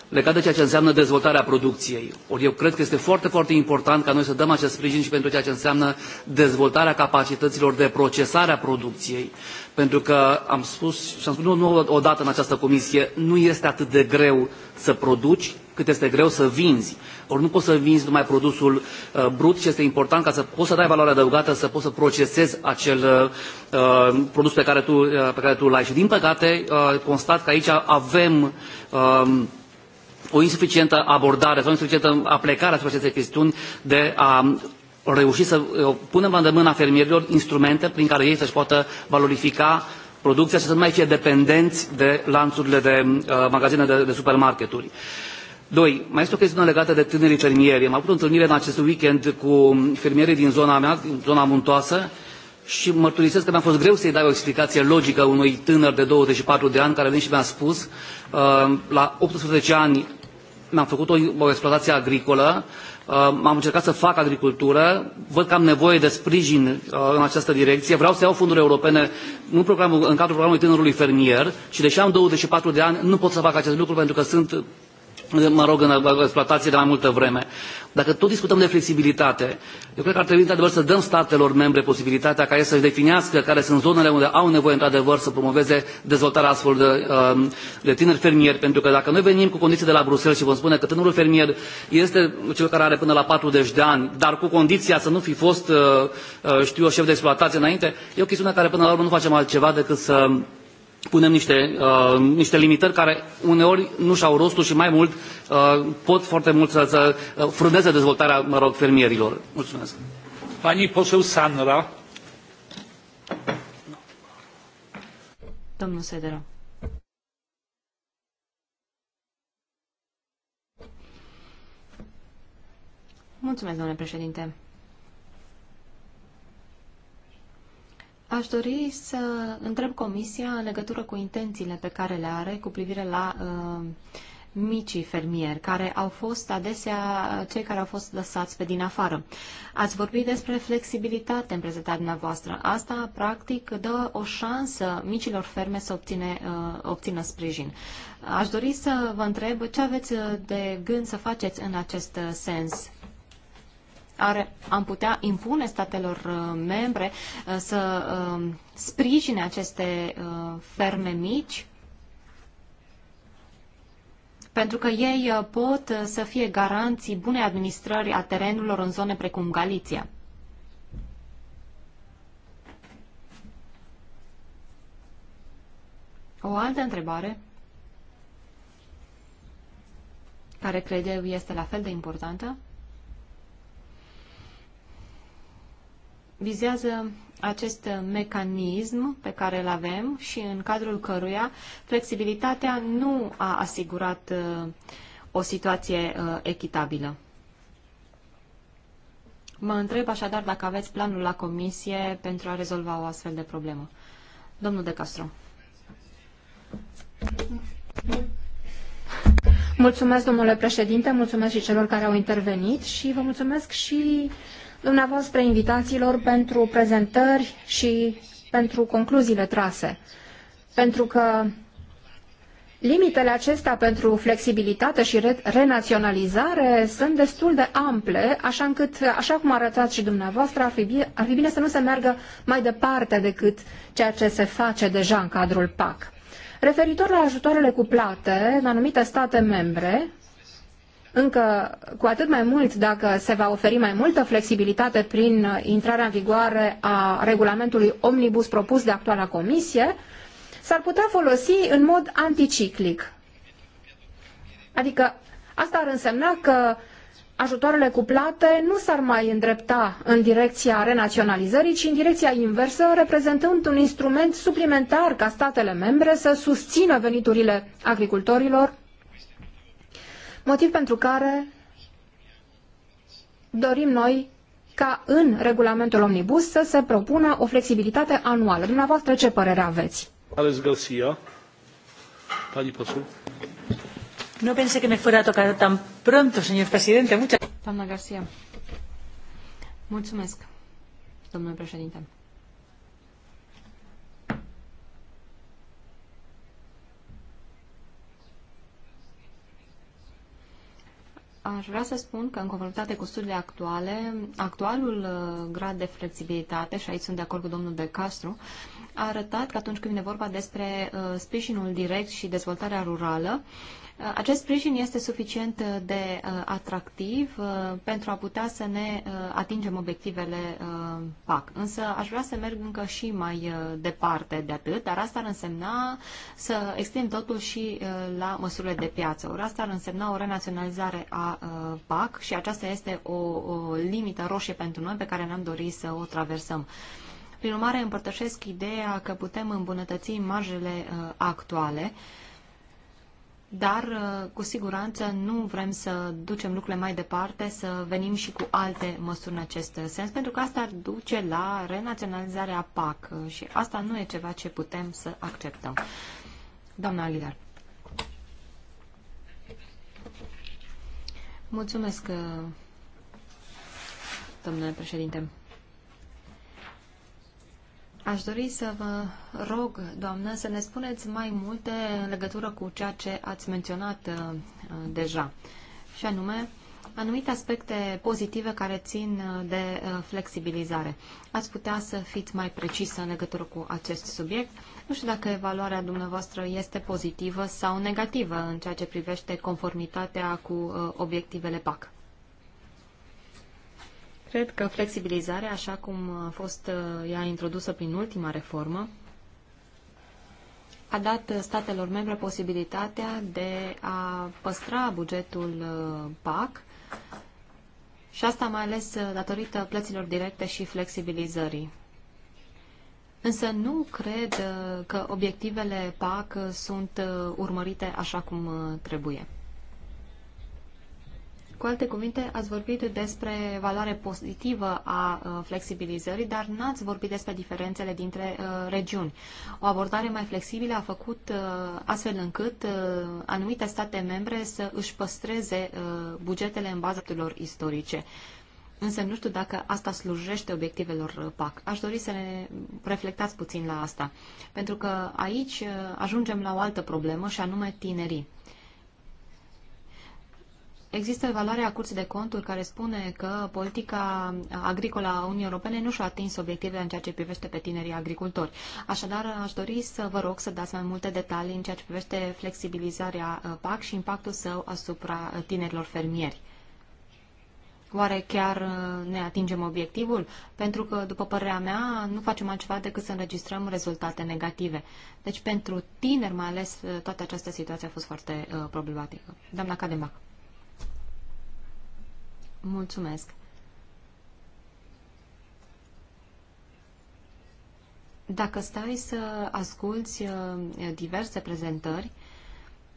legat de ceea ce înseamnă dezvoltarea producției. Ori eu cred că este foarte, foarte important ca noi să dăm acest sprijin și pentru ceea ce înseamnă dezvoltarea capacităților de procesare a producției. Pentru că am spus și am spus nu, nu odată în această comisie, nu este atât de greu să produci, cât este greu să vinzi. Ori nu poți să vinzi numai produsul uh, brut, ci este important ca să poți să dai valoare adăugată, să poți să procesezi acel uh, produs pe care tu, uh, pe care tu l-ai. Și din păcate uh, constat că aici avem uh, o insuficientă abordare sau insuficientă aplicare asupra acestei chestiuni de a reuși să uh, punem la îndemâna fermierilor instrumente prin care ei să-și poată valorifica producția și să nu mai fie dependenți de lanțurile de uh, magazine de, de supermarketuri. Uh, Doi, mai este o chestiune legată de tinerii fermieri. Am avut o întâlnire în acest weekend cu fermierii din zona mea, din zona muntoasă, și mărturisesc că mi-a fost greu să-i dau o explicație logică unui tânăr de 24 de ani care a venit și mi-a spus, uh, la 18 ani mi-am făcut o, o exploatație agricolă, uh, am încercat să fac agricultură, văd că am nevoie de sprijin uh, în această direcție, vreau să iau fonduri europene în, programul, în cadrul programului tânărului fermier și deși am 24 de ani, nu pot să fac acest lucru pentru că sunt mă rog, în exploatație de mai multă vreme. Dacă tot discutăm de flexibilitate, eu cred că ar trebui într-adevăr să dăm statelor membre posibilitatea ca ele să-și definească care sunt zonele unde au nevoie într-adevăr să promoveze dezvoltarea astfel de, um, de tineri fermieri, pentru că dacă noi venim cu condiții de la Bruxelles și vom spune că tânărul fermier este cel care are până la 40 de ani, dar cu condiția să nu fi fost, uh, uh, știu eu, șef de exploatație înainte, e o chestiune care până la urmă nu facem altceva decât să punem niște, uh, niște limitări care uneori nu și-au rostul și mai mult uh, pot foarte mult să, să uh, frâneze dezvoltarea, mă rog, fermierilor. Mulțumesc. Pani poseu Sanra. Domnul Sedera. Mulțumesc, domnule președinte. Aș dori să întreb Comisia în legătură cu intențiile pe care le are cu privire la uh, micii fermieri, care au fost adesea cei care au fost lăsați pe din afară. Ați vorbit despre flexibilitate în prezentarea dumneavoastră. Asta, practic, dă o șansă micilor ferme să obține, uh, obțină sprijin. Aș dori să vă întreb ce aveți uh, de gând să faceți în acest uh, sens are am putea impune statelor uh, membre uh, să uh, sprijine aceste ferme mici pentru că ei pot să fie garanții bune administrări a terenurilor în zone precum Galiția. O altă întrebare care cred eu este la fel de importantă vizează acest mecanism pe care îl avem și în cadrul căruia flexibilitatea nu a asigurat uh, o situație uh, echitabilă. Mă întreb așadar dacă aveți planul la comisie pentru a rezolva o astfel de problemă. Domnul De Castro. Mulțumesc, domnule președinte, mulțumesc și celor care au intervenit și vă mulțumesc și dumneavoastră invitațiilor pentru prezentări și pentru concluziile trase. Pentru că Limitele acestea pentru flexibilitate și re renaționalizare sunt destul de ample, așa încât, așa cum arătați și dumneavoastră, ar fi, bine, ar fi bine să nu se meargă mai departe decât ceea ce se face deja în cadrul PAC. Referitor la ajutoarele cuplate în anumite state membre, încă cu atât mai mult dacă se va oferi mai multă flexibilitate prin uh, intrarea în vigoare a regulamentului omnibus propus de actuala comisie, s-ar putea folosi în mod anticiclic. Adică asta ar însemna că ajutoarele cuplate nu s-ar mai îndrepta în direcția renaționalizării, ci în direcția inversă, reprezentând un instrument suplimentar ca statele membre să susțină veniturile agricultorilor motiv pentru care dorim noi ca în regulamentul omnibus să se propună o flexibilitate anuală. Dumneavoastră, ce părere aveți? Ales Garcia, Pani Pasul. Nu pensé que me fuera a tocar tan pronto, señor presidente. Muchas... Doamna Garcia, mulțumesc, domnule președinte. Aș vrea să spun că, în conformitate cu studiile actuale, actualul uh, grad de flexibilitate, și aici sunt de acord cu domnul De Castro, a arătat că atunci când vine vorba despre uh, sprijinul direct și dezvoltarea rurală, Uh, acest sprijin este suficient uh, de uh, atractiv pentru a putea să ne atingem obiectivele PAC. Însă aș vrea să merg încă și mai departe de atât, dar asta ar însemna să extind totul și la măsurile de piață. Ori asta ar însemna o renaționalizare a PAC și aceasta este o, o limită roșie pentru noi pe care ne-am dorit să o traversăm. Prin urmare, împărtășesc ideea că putem îmbunătăți marjele actuale dar uh, cu siguranță nu vrem să ducem lucrurile mai departe, să venim și cu alte măsuri în acest sens, pentru că asta ar duce la renaționalizarea PAC și asta nu e ceva ce putem să acceptăm. Doamna lider. Mulțumesc, uh, domnule președinte. Aș dori să vă rog, doamnă, să ne spuneți mai multe în legătură cu ceea ce ați menționat uh, uh, deja, și anume anumite aspecte pozitive care țin uh, de flexibilizare. Ați putea să fiți mai precisă în legătură cu acest subiect? Nu știu dacă evaluarea dumneavoastră este pozitivă sau negativă în ceea ce privește conformitatea cu obiectivele PAC. Cred că flexibilizarea, așa cum a fost uh, ea introdusă prin ultima reformă, a dat statelor membre posibilitatea de a păstra bugetul uh, PAC și asta mai ales uh, datorită plăților directe și flexibilizării. Însă nu cred că obiectivele PAC sunt urmărite așa cum trebuie. Cu alte cuvinte, ați vorbit despre valoare pozitivă a uh, flexibilizării, dar n-ați vorbit despre diferențele dintre uh, regiuni. O abordare mai flexibilă a făcut uh, astfel încât anumite state membre să își păstreze bugetele în baza tuturor istorice. Însă nu știu dacă asta slujește obiectivelor PAC. Aș dori să ne reflectați puțin la asta, pentru că aici ajungem la o altă problemă și anume tinerii. Există evaluarea Curții de Conturi care spune că politica agricolă a Uniunii Europene nu și-a atins obiectivele în ceea ce privește pe tinerii agricultori. Așadar, aș dori să vă rog să dați mai multe detalii în ceea ce privește flexibilizarea uh, PAC și impactul său asupra uh, tinerilor fermieri. Oare chiar uh, ne atingem obiectivul? Pentru că, după părerea mea, nu facem altceva decât să înregistrăm rezultate negative. Deci, pentru tineri, mai ales, toată această situație a fost foarte uh, problematică. Doamna Cademac. Mulțumesc. Dacă stai să asculți uh, diverse prezentări,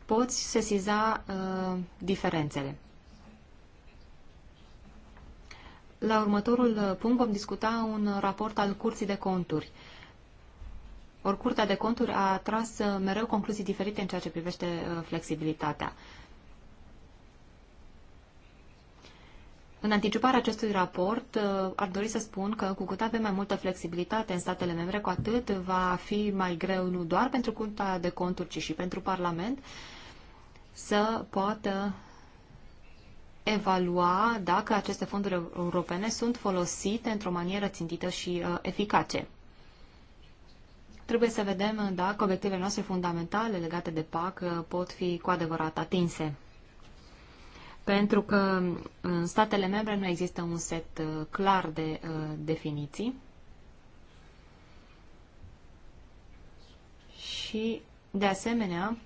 poți sesiza uh, diferențele. La următorul uh, punct vom discuta un raport al Curții de Conturi. Ori Curtea de Conturi a tras mereu concluzii diferite în ceea ce privește flexibilitatea. În anticiparea acestui raport, uh, ar dori să spun că cu cât avem mai multă flexibilitate în statele membre, cu atât va fi mai greu nu doar pentru Curtea de Conturi, ci și pentru Parlament să poată evalua dacă aceste fonduri europene sunt folosite într-o manieră țintită și uh, eficace. Trebuie să vedem dacă obiectivele noastre fundamentale legate de PAC uh, pot fi cu adevărat atinse pentru că în statele membre nu există un set uh, clar de uh, definiții. Și, de asemenea,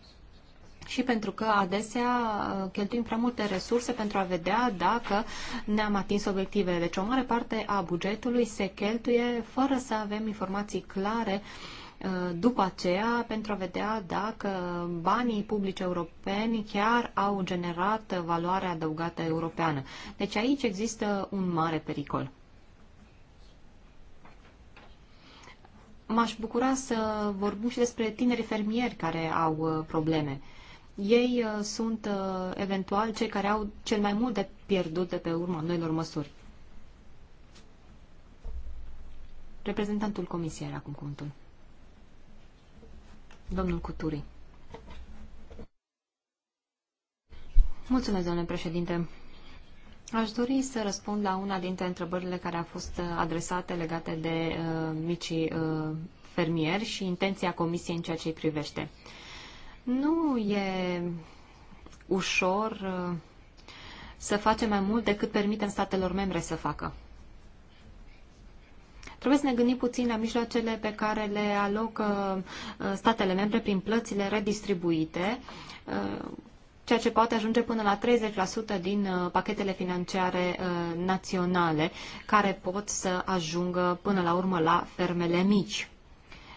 și pentru că adesea uh, cheltuim prea multe resurse pentru a vedea dacă ne-am atins obiectivele. Deci o mare parte a bugetului se cheltuie fără să avem informații clare uh, Eh, după aceea pentru a vedea dacă banii publici europeni chiar au generat valoare adăugată europeană. Deci aici există un mare pericol. M-aș bucura să vorbim și despre tinerii fermieri care au eh, probleme. Ei eh, sunt eventual cei care au cel mai mult de pierdut de pe urma noilor măsuri. Reprezentantul Comisiei are acum cuvântul. Domnul Cuturi. Mulțumesc, domnule președinte. Aș dori să răspund la una dintre întrebările care a fost uh, adresate legate de uh, micii uh, fermieri și intenția Comisiei în ceea ce îi privește. Nu e ușor uh, să facem mai mult decât permitem statelor membre să facă. Trebuie să ne gândim puțin la mijloacele pe care le alocă uh, statele membre prin plățile redistribuite, uh, ceea ce poate ajunge până la 30% din uh, pachetele financiare naționale, care pot să ajungă până la urmă la fermele mici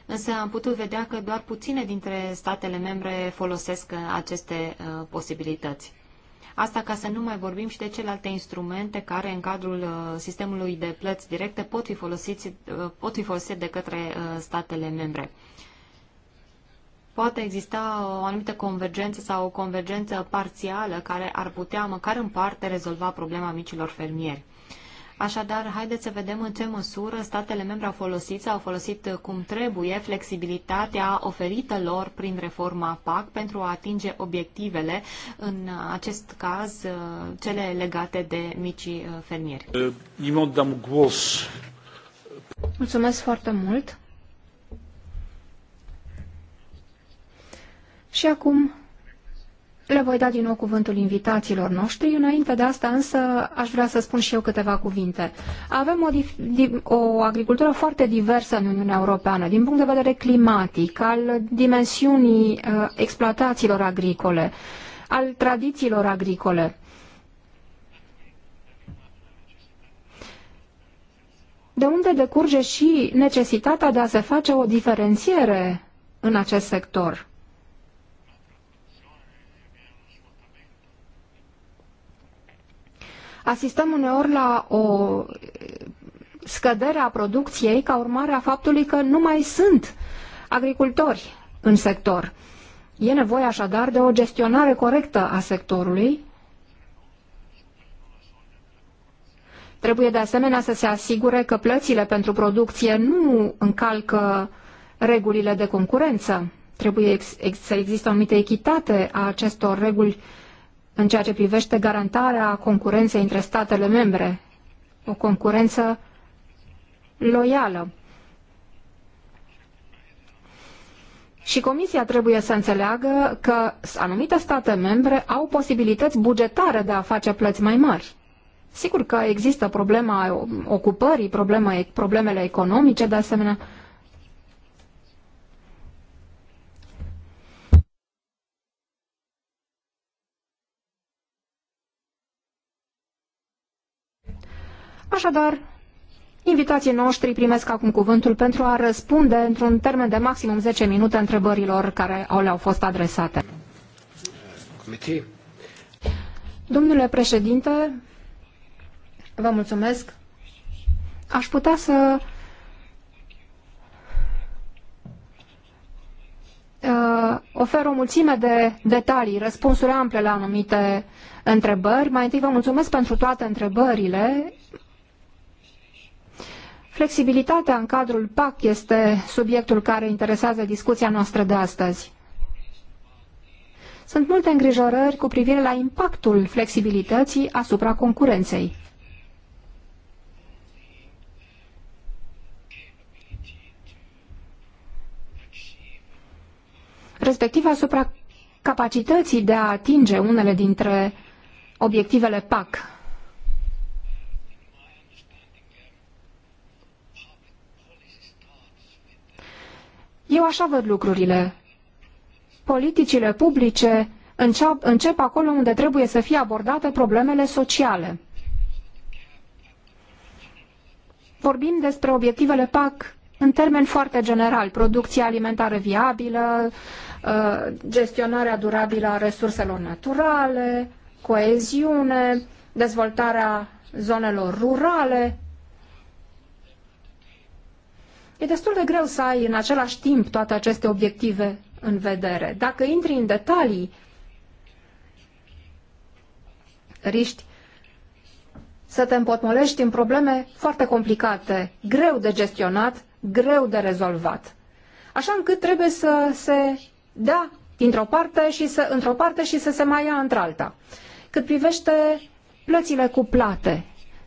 însă am putut vedea că doar puține dintre statele membre folosesc aceste posibilități. Asta ca să nu mai vorbim și de celelalte instrumente care în cadrul uh, sistemului de plăți directe pot fi folosite, uh, pot fi folosite de către uh, statele membre poate exista o anumită convergență sau o convergență parțială care ar putea, măcar în parte, rezolva problema micilor fermieri. Așadar, haideți să vedem în ce măsură statele membre au folosit sau au folosit cum trebuie flexibilitatea oferită lor prin reforma PAC pentru a atinge obiectivele, în acest caz uh, cele legate de micii uh, fermieri. Uh, Mulțumesc foarte mult! Și acum le voi da din nou cuvântul invitațiilor noștri. Înainte de asta însă aș vrea să spun și eu câteva cuvinte. Avem o, o agricultură foarte diversă în Uniunea Europeană, din punct de vedere climatic, al dimensiunii uh, exploatațiilor agricole, al tradițiilor agricole. De unde decurge și necesitatea de a se face o diferențiere în acest sector. asistăm uneori la o eh, scădere a producției ca urmare a faptului că nu mai sunt agricultori în sector. E nevoie așadar de o gestionare corectă a sectorului. Trebuie de asemenea să se asigure că plățile pentru producție nu încalcă regulile de concurență. Trebuie ex ex să existe o anumită echitate a acestor reguli în ceea ce privește garantarea concurenței între statele membre, o concurență loială. Și Comisia trebuie să înțeleagă că anumite state membre au posibilități bugetare de a face plăți mai mari. Sigur că există problema ocupării, problemele economice de asemenea, Așadar, invitații noștri primesc acum cuvântul pentru a răspunde într-un termen de maximum 10 minute întrebărilor care le-au fost adresate. Comitii. Domnule președinte, vă mulțumesc. Aș putea să uh, ofer o mulțime de detalii, răspunsuri ample la anumite întrebări. Mai întâi vă mulțumesc pentru toate întrebările. Flexibilitatea în cadrul PAC este subiectul care interesează discuția noastră de astăzi. Sunt multe îngrijorări cu privire la impactul flexibilității asupra concurenței. respectiv asupra capacității de a atinge unele dintre obiectivele PAC. Eu așa văd lucrurile. Politicile publice încep, încep acolo unde trebuie să fie abordate problemele sociale. Vorbim despre obiectivele PAC în termen foarte general, producția alimentară viabilă, uh, gestionarea durabilă a resurselor naturale, coeziune, dezvoltarea zonelor rurale, E destul de greu să ai în același timp toate aceste obiective în vedere. Dacă intri în detalii, riști să te împotmolești în probleme foarte complicate, greu de gestionat, greu de rezolvat. Așa încât trebuie să se dea dintr-o parte și să, într-o parte și să se mai ia într-alta. Cât privește plățile cu plate,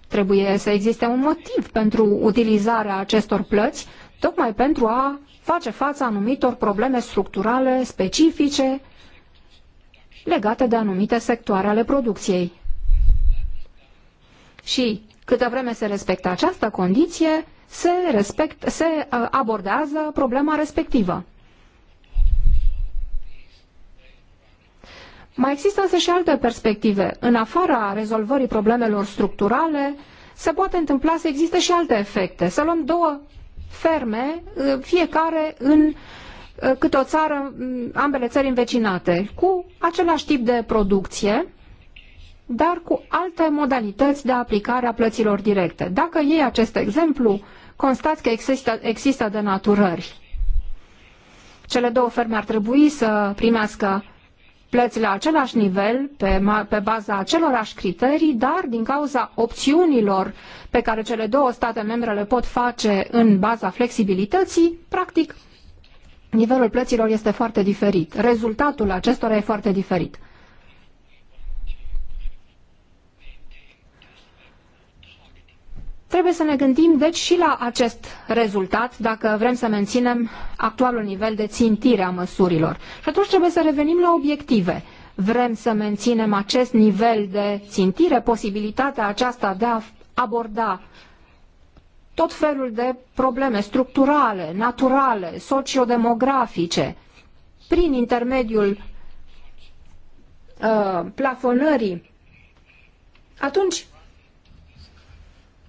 trebuie să existe un motiv pentru utilizarea acestor plăți tocmai pentru a face față anumitor probleme structurale specifice legate de anumite sectoare ale producției. Și câtă vreme se respectă această condiție, se, respect, se uh, abordează problema respectivă. Mai există însă și alte perspective. În afara rezolvării problemelor structurale, se poate întâmpla să existe și alte efecte. Să luăm două ferme, uh, fiecare în uh, câte o țară, ambele țări învecinate, cu același tip de producție, dar cu alte modalități de aplicare a plăților directe. Dacă iei acest exemplu, constați că există, există denaturări. Cele două ferme ar trebui să primească plăți la același nivel, pe, pe baza acelorași criterii, dar din cauza opțiunilor pe care cele două state membre le pot face în baza flexibilității, practic, nivelul plăților este foarte diferit. Rezultatul acestora e foarte diferit. Trebuie să ne gândim deci și la acest rezultat dacă vrem să menținem actualul nivel de țintire a măsurilor. Și atunci trebuie să revenim la obiective. Vrem să menținem acest nivel de țintire, posibilitatea aceasta de a aborda tot felul de probleme structurale, naturale, sociodemografice, prin intermediul uh, plafonării, atunci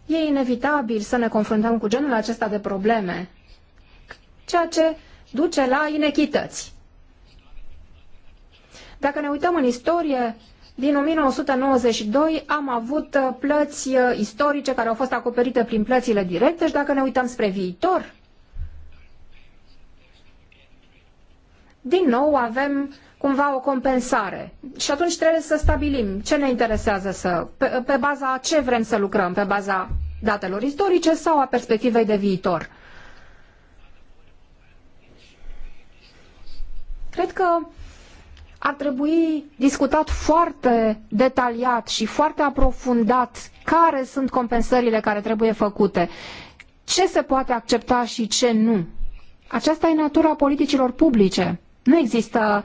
e inevitabil să ne confruntăm cu genul acesta de probleme, ceea ce duce la inechități. Dacă ne uităm în istorie, din 1992 am avut uh, plăți uh, istorice care au fost acoperite prin plățile directe și dacă ne uităm spre viitor, din nou avem cumva o compensare. Și atunci trebuie să stabilim ce ne interesează să, pe, pe baza ce vrem să lucrăm, pe baza datelor istorice sau a perspectivei de viitor. Cred că ar trebui discutat foarte detaliat și foarte aprofundat care sunt compensările care trebuie făcute, ce se poate accepta și ce nu. Aceasta e natura politicilor publice. Nu există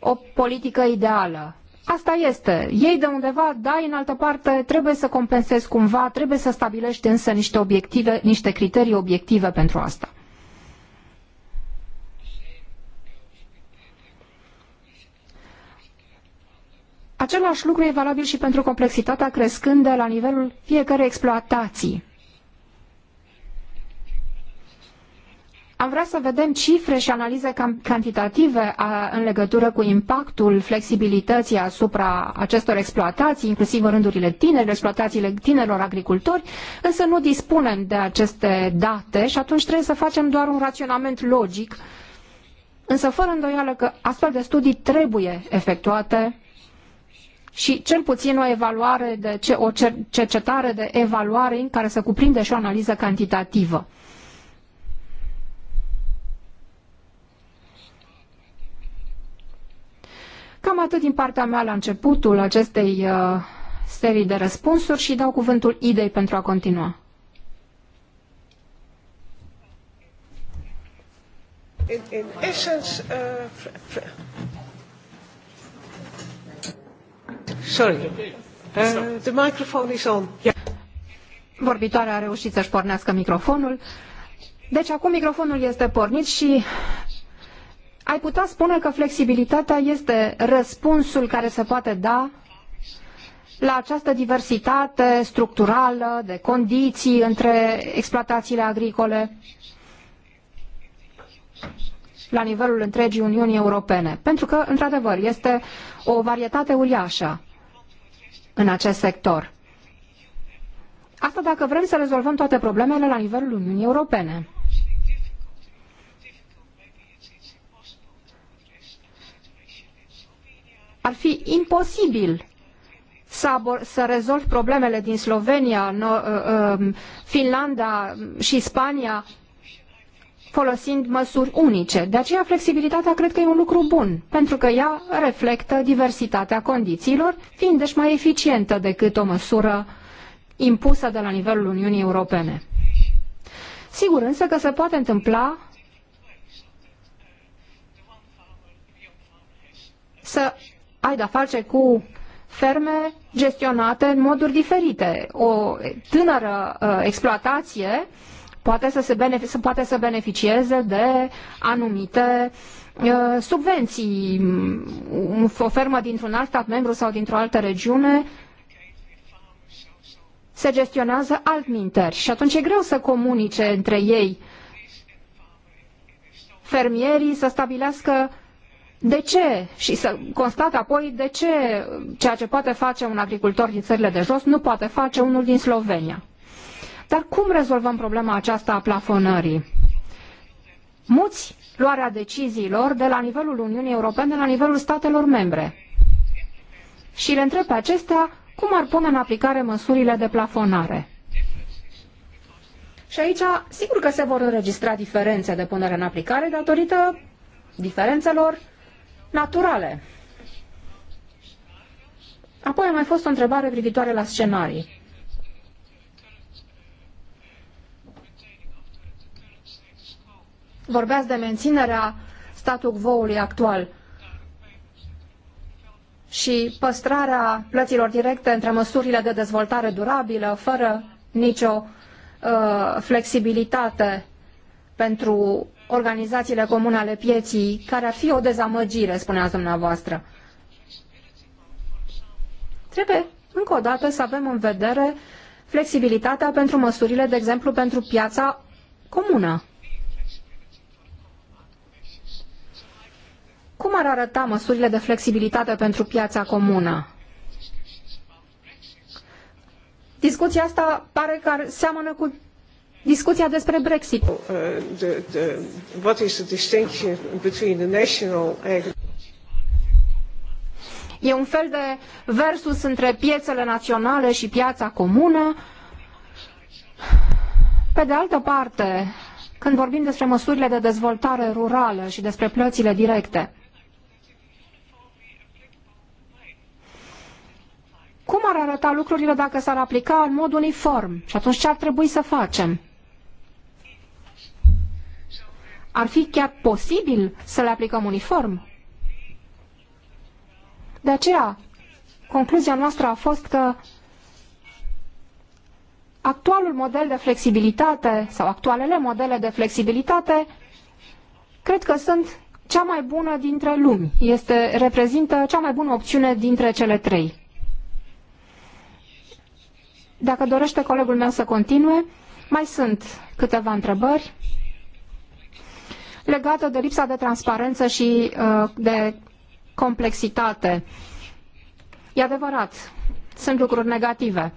o politică ideală. Asta este. Ei de undeva, da, în altă parte, trebuie să compensezi cumva, trebuie să stabilești însă niște obiective, niște criterii obiective pentru asta. Același lucru e valabil și pentru complexitatea crescândă la nivelul fiecărei exploatații. Am vrea să vedem cifre și analize cantitative în legătură cu impactul flexibilității asupra acestor exploatații, inclusiv în rândurile tinerilor, exploatațiile tinerilor agricultori, însă nu dispunem de aceste date și atunci trebuie să facem doar un raționament logic, însă fără îndoială că astfel de studii trebuie efectuate și cel puțin o evaluare de, o cercetare de evaluare în care să cuprinde și o analiză cantitativă. Cam atât din partea mea la începutul acestei uh, serii de răspunsuri și dau cuvântul idei pentru a continua. In, in essence, uh, Sorry. Uh, the microphone is on. Yeah. Vorbitoarea a reușit să-și pornească microfonul. Deci acum microfonul este pornit și ai putea spune că flexibilitatea este răspunsul care se poate da la această diversitate structurală de condiții între exploatațiile agricole la nivelul întregii Uniunii Europene. Pentru că, într-adevăr, este o varietate uriașă în acest sector. Asta dacă vrem să rezolvăm toate problemele la nivelul Uniunii Europene. Ar fi imposibil să, să rezolvi problemele din Slovenia, no, uh, uh, Finlanda și Spania folosind măsuri unice. De aceea flexibilitatea cred că e un lucru bun, pentru că ea reflectă diversitatea condițiilor, fiind deci mai eficientă decât o măsură impusă de la nivelul Uniunii Europene. Sigur însă că se poate întâmpla să ai de-a face cu ferme gestionate în moduri diferite. O tânără uh, exploatație poate să, se benefic- poate să beneficieze de anumite uh, subvenții. Mm, o fermă dintr-un alt stat membru sau dintr-o altă regiune se gestionează altminteri și atunci e greu să comunice între ei fermierii să stabilească de ce? Și să constat apoi de ce ceea ce poate face un agricultor din țările de jos nu poate face unul din Slovenia. Dar cum rezolvăm problema aceasta a plafonării? Muți luarea deciziilor de la nivelul Uniunii Europene, de la nivelul statelor membre. Și le întreb pe acestea cum ar pune în aplicare măsurile de plafonare. Și aici, sigur că se vor înregistra diferențe de punere în aplicare datorită diferențelor naturale. Apoi a mai fost o întrebare privitoare la scenarii. Vorbeați de menținerea statul quo-ului actual și păstrarea plăților directe între măsurile de dezvoltare durabilă, fără nicio uh, flexibilitate pentru organizațiile comune ale pieții, care ar fi o dezamăgire, spuneați dumneavoastră. Trebuie, încă o dată, să avem în vedere flexibilitatea pentru măsurile, de exemplu, pentru piața comună. Cum ar arăta măsurile de flexibilitate pentru piața comună? Discuția asta pare că seamănă cu discuția despre Brexit. E un fel de versus între piețele naționale și piața comună. Pe de altă parte, când vorbim despre măsurile de dezvoltare rurală și despre plățile directe, cum ar arăta lucrurile dacă s-ar aplica în mod uniform? Și atunci ce ar trebui să facem? Ar fi chiar posibil să le aplicăm uniform? De aceea, concluzia noastră a fost că actualul model de flexibilitate sau actualele modele de flexibilitate cred că sunt cea mai bună dintre lumi. Este, reprezintă cea mai bună opțiune dintre cele trei. Dacă dorește colegul meu să continue, mai sunt câteva întrebări legată de lipsa de transparență și uh, de complexitate. E adevărat, sunt lucruri negative.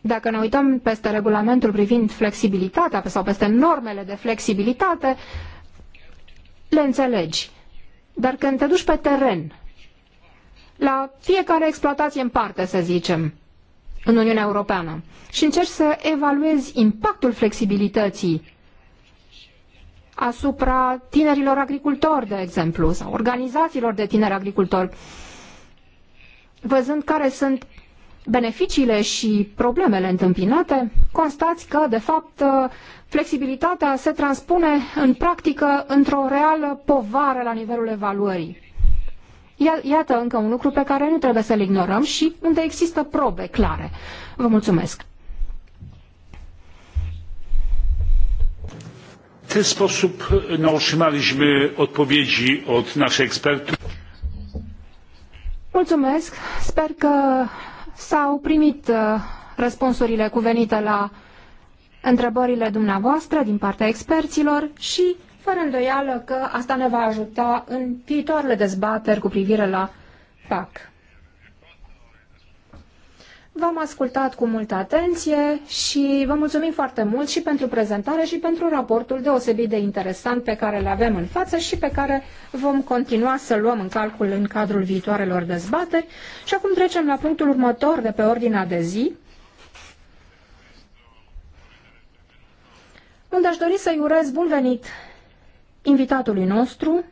Dacă ne uităm peste regulamentul privind flexibilitatea sau peste normele de flexibilitate, le înțelegi. Dar când te duci pe teren, la fiecare exploatație în parte, să zicem, în Uniunea Europeană, și încerci să evaluezi impactul flexibilității asupra tinerilor agricultori, de exemplu, sau organizațiilor de tineri agricultori, văzând care sunt beneficiile și problemele întâmpinate, constați că, de fapt, flexibilitatea se transpune în practică într-o reală povară la nivelul evaluării. Iată încă un lucru pe care nu trebuie să-l ignorăm și unde există probe clare. Vă mulțumesc! ten sposób otrzymaliśmy odpowiedzi od naszych ekspertów. Mulțumesc. Sper că s-au primit răspunsurile cuvenite la întrebările dumneavoastră din partea experților și, fără îndoială, că asta ne va ajuta în viitoarele dezbateri cu privire la PAC. V-am ascultat cu multă atenție și vă mulțumim foarte mult și pentru prezentare și pentru raportul deosebit de interesant pe care le avem în față și pe care vom continua să luăm în calcul în cadrul viitoarelor dezbateri. Și acum trecem la punctul următor de pe ordinea de zi, unde aș dori să-i urez bun venit invitatului nostru,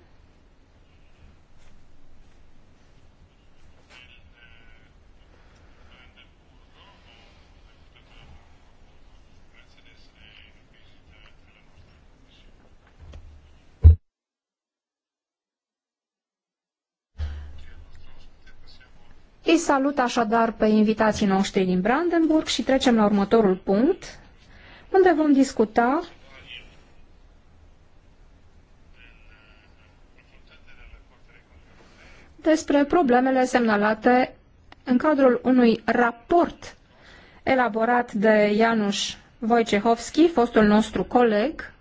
Îi salut așadar pe invitații noștri din Brandenburg și trecem la următorul punct, unde vom discuta despre problemele semnalate în cadrul unui raport elaborat de Janusz Wojciechowski, fostul nostru coleg,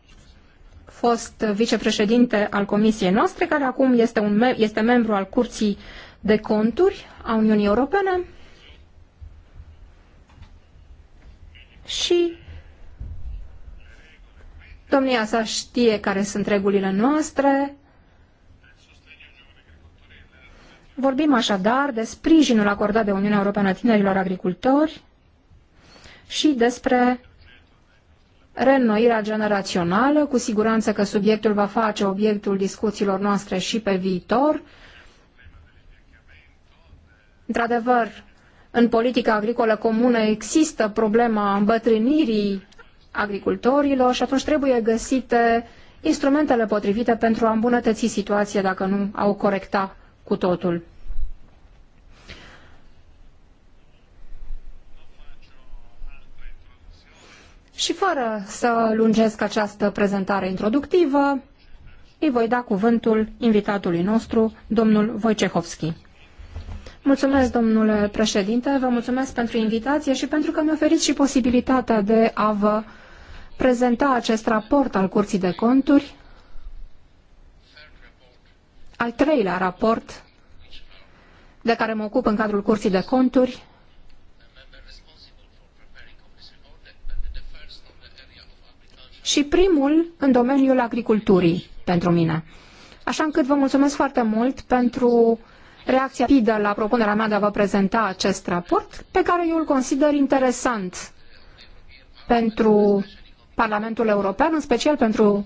fost vicepreședinte al comisiei noastre, care acum este, un este membru al Curții de conturi a Uniunii Europene și domnia sa știe care sunt regulile noastre. Vorbim așadar de sprijinul acordat de Uniunea Europeană tinerilor agricultori și despre reînnoirea generațională. Cu siguranță că subiectul va face obiectul discuțiilor noastre și pe viitor. Într-adevăr, în politica agricolă comună există problema îmbătrânirii agricultorilor și atunci trebuie găsite instrumentele potrivite pentru a îmbunătăți situația dacă nu au corecta cu totul. Și fără să lungesc această prezentare introductivă, îi voi da cuvântul invitatului nostru, domnul Wojciechowski. Mulțumesc, domnule președinte, vă mulțumesc pentru invitație și pentru că mi a oferit și posibilitatea de a vă prezenta acest raport al Curții de Conturi, al treilea raport de care mă ocup în cadrul Curții de Conturi, și primul în domeniul agriculturii pentru mine. Așa încât vă mulțumesc foarte mult pentru reacția rapidă la propunerea mea de a vă prezenta acest raport, pe care eu îl consider interesant pentru Parlamentul European, în special pentru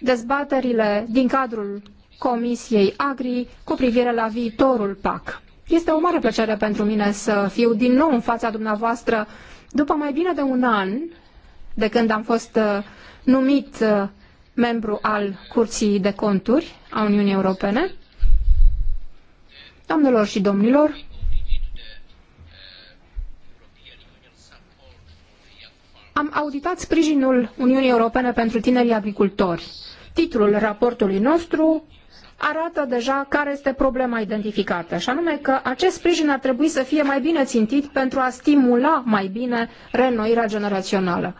dezbaterile din cadrul Comisiei Agri cu privire la viitorul PAC. Este o mare plăcere pentru mine să fiu din nou în fața dumneavoastră după mai bine de un an de când am fost uh, numit uh, membru al Curții de Conturi a Uniunii Europene. Doamnelor și domnilor, am auditat sprijinul Uniunii Europene pentru tinerii agricultori. Titlul raportului nostru arată deja care este problema identificată, și anume că acest sprijin ar trebui să fie mai bine țintit pentru a stimula mai bine reînnoirea generațională.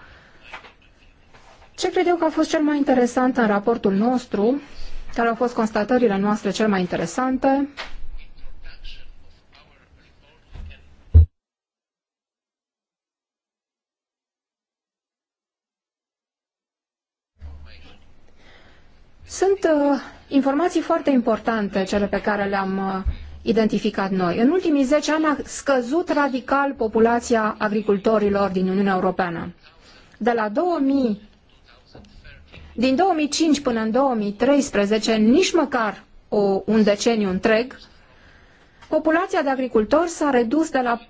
Ce cred eu că a fost cel mai interesant în raportul nostru, care au fost constatările noastre cel mai interesante, Sunt uh, informații foarte importante cele pe care le-am uh, identificat noi. În ultimii 10 ani a scăzut radical populația agricultorilor din Uniunea Europeană. De la 2000, din 2005 până în 2013, nici măcar o, un deceniu întreg, populația de agricultori s-a redus de la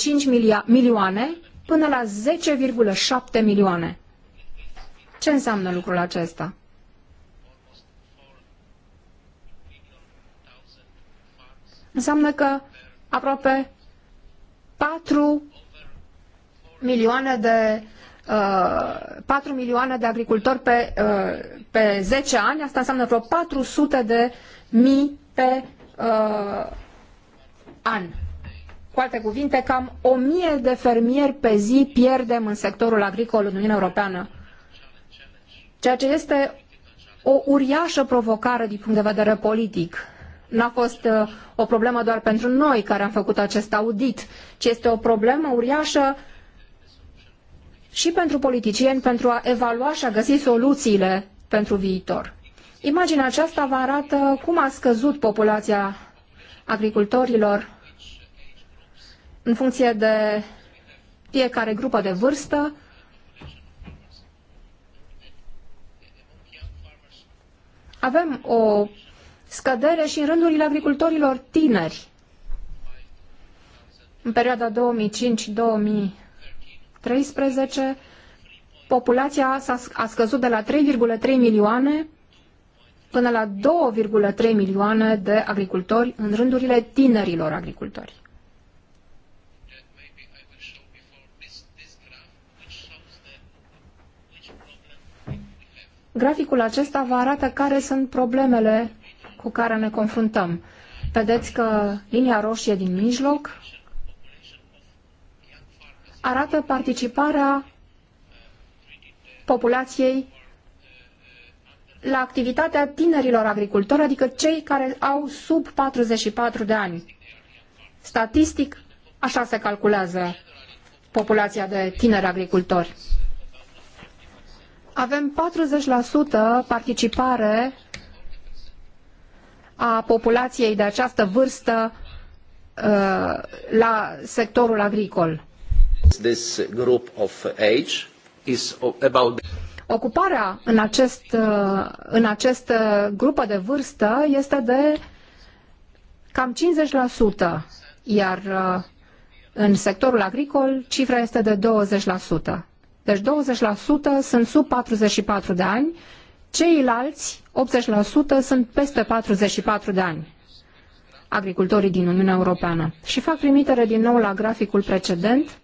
14,5 milioane până la 10,7 milioane. Ce înseamnă lucrul acesta? Înseamnă că aproape 4 milioane de uh, 4 milioane de agricultori pe, uh, pe 10 ani, asta înseamnă vreo 400 de mii pe uh, an. Cu alte cuvinte, cam 1000 de fermieri pe zi pierdem în sectorul agricol în Uniunea Europeană ceea ce este o uriașă provocare din punct de vedere politic. N-a fost uh, o problemă doar pentru noi care am făcut acest audit, ci este o problemă uriașă și pentru politicieni pentru a evalua și a găsi soluțiile pentru viitor. Imaginea aceasta vă arată cum a scăzut populația agricultorilor în funcție de fiecare grupă de vârstă, avem o scădere și în rândurile agricultorilor tineri. În perioada 2005-2013, populația a scăzut de la 3,3 milioane până la 2,3 milioane de agricultori în rândurile tinerilor agricultori. Graficul acesta vă arată care sunt problemele cu care ne confruntăm. Vedeți că linia roșie din mijloc arată participarea populației la activitatea tinerilor agricultori, adică cei care au sub 44 de ani. Statistic, așa se calculează populația de tineri agricultori avem 40% participare a populației de această vârstă uh, la sectorul agricol. This group of age is about... Ocuparea în acest, uh, în acest uh, grupă de vârstă este de cam 50%, iar uh, în sectorul agricol cifra este de 20%. Deci 20% sunt sub 44 de ani, ceilalți 80% sunt peste 44 de ani agricultorii din Uniunea Europeană. Și fac trimitere din nou la graficul precedent,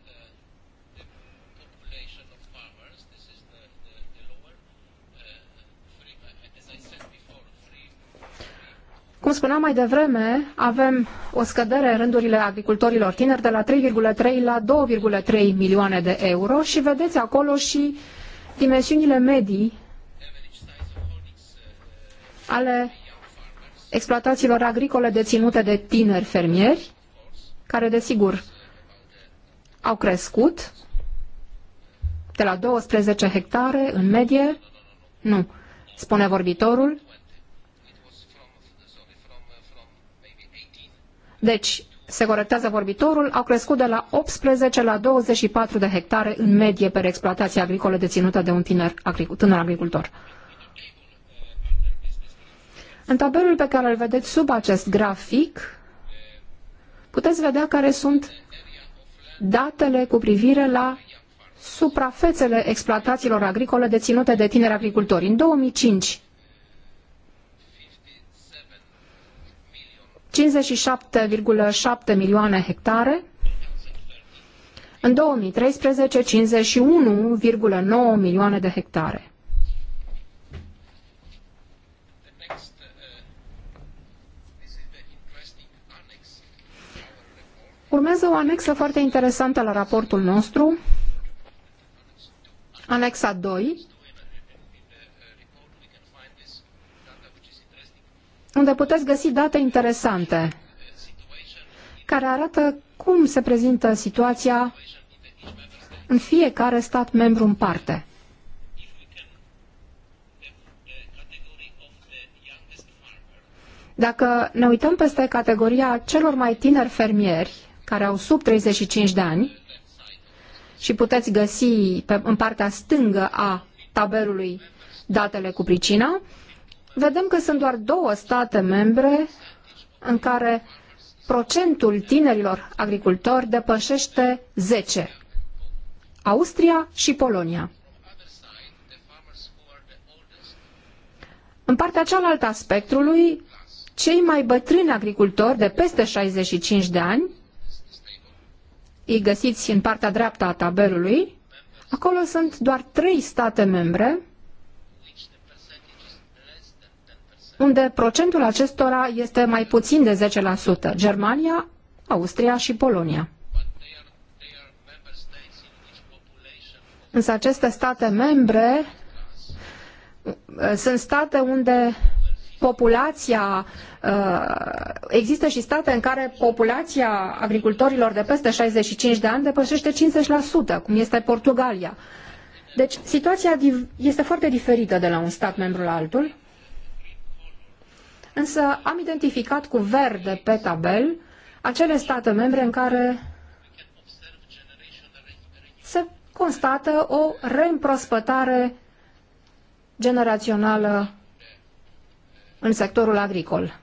Cum spuneam mai devreme, avem o scădere în rândurile agricultorilor tineri de la 3,3 la 2,3 milioane de euro și vedeți acolo și dimensiunile medii ale exploatațiilor agricole deținute de tineri fermieri, care desigur au crescut de la 12 hectare în medie, nu, spune vorbitorul, Deci, se corectează vorbitorul, au crescut de la 18 la 24 de hectare în medie per exploatație agricolă deținută de un tiner, tânăr agricultor. În tabelul pe care îl vedeți sub acest grafic, puteți vedea care sunt datele cu privire la suprafețele exploatațiilor agricole deținute de tineri agricultori. În 2005, 57,7 milioane hectare, în 2013 51,9 milioane de hectare. Urmează o anexă foarte interesantă la raportul nostru, anexa 2, unde puteți găsi date interesante care arată cum se prezintă situația în fiecare stat membru în parte. Dacă ne uităm peste categoria celor mai tineri fermieri, care au sub 35 de ani, și puteți găsi pe, în partea stângă a tabelului datele cu pricina, vedem că sunt doar două state membre în care procentul tinerilor agricultori depășește 10. Austria și Polonia. În partea cealaltă a spectrului, cei mai bătrâni agricultori de peste 65 de ani, îi găsiți în partea dreaptă a tabelului, acolo sunt doar trei state membre unde procentul acestora este mai puțin de 10%, Germania, Austria și Polonia. Însă aceste state membre uh, sunt state unde populația, uh, există și state în care populația agricultorilor de peste 65 de ani depășește 50%, cum este Portugalia. Deci situația este foarte diferită de la un stat membru la altul însă am identificat cu verde pe tabel acele state membre în care se constată o reîmprospătare generațională în sectorul agricol.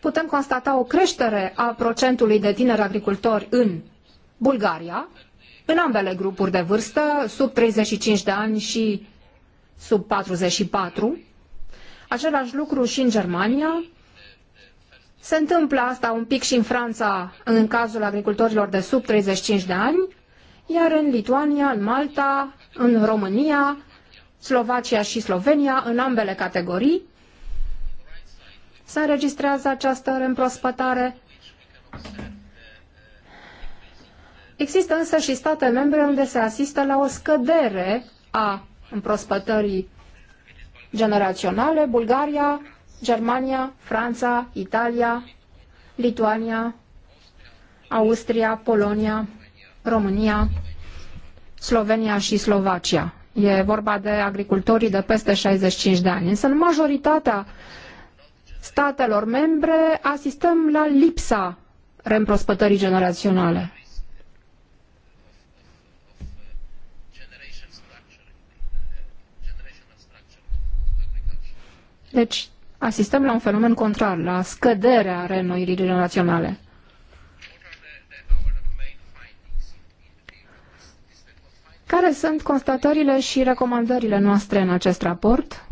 Putem constata o creștere a procentului de tineri agricultori în Bulgaria, în ambele grupuri de vârstă, sub 35 de ani și sub 44. Același lucru și în Germania. Se întâmplă asta un pic și în Franța în cazul agricultorilor de sub 35 de ani, iar în Lituania, în Malta, în România, Slovacia și Slovenia, în ambele categorii, se înregistrează această reîmprospătare Există însă și state membre unde se asistă la o scădere a împrospătării generaționale, Bulgaria, Germania, Franța, Italia, Lituania, Austria, Polonia, România, Slovenia și Slovacia. E vorba de agricultorii de peste 65 de ani. Însă în majoritatea statelor membre asistăm la lipsa reîmprospătării generaționale. Deci, asistăm la un fenomen contrar, la scăderea reînnoirii generaționale. Care sunt constatările și recomandările noastre în acest raport?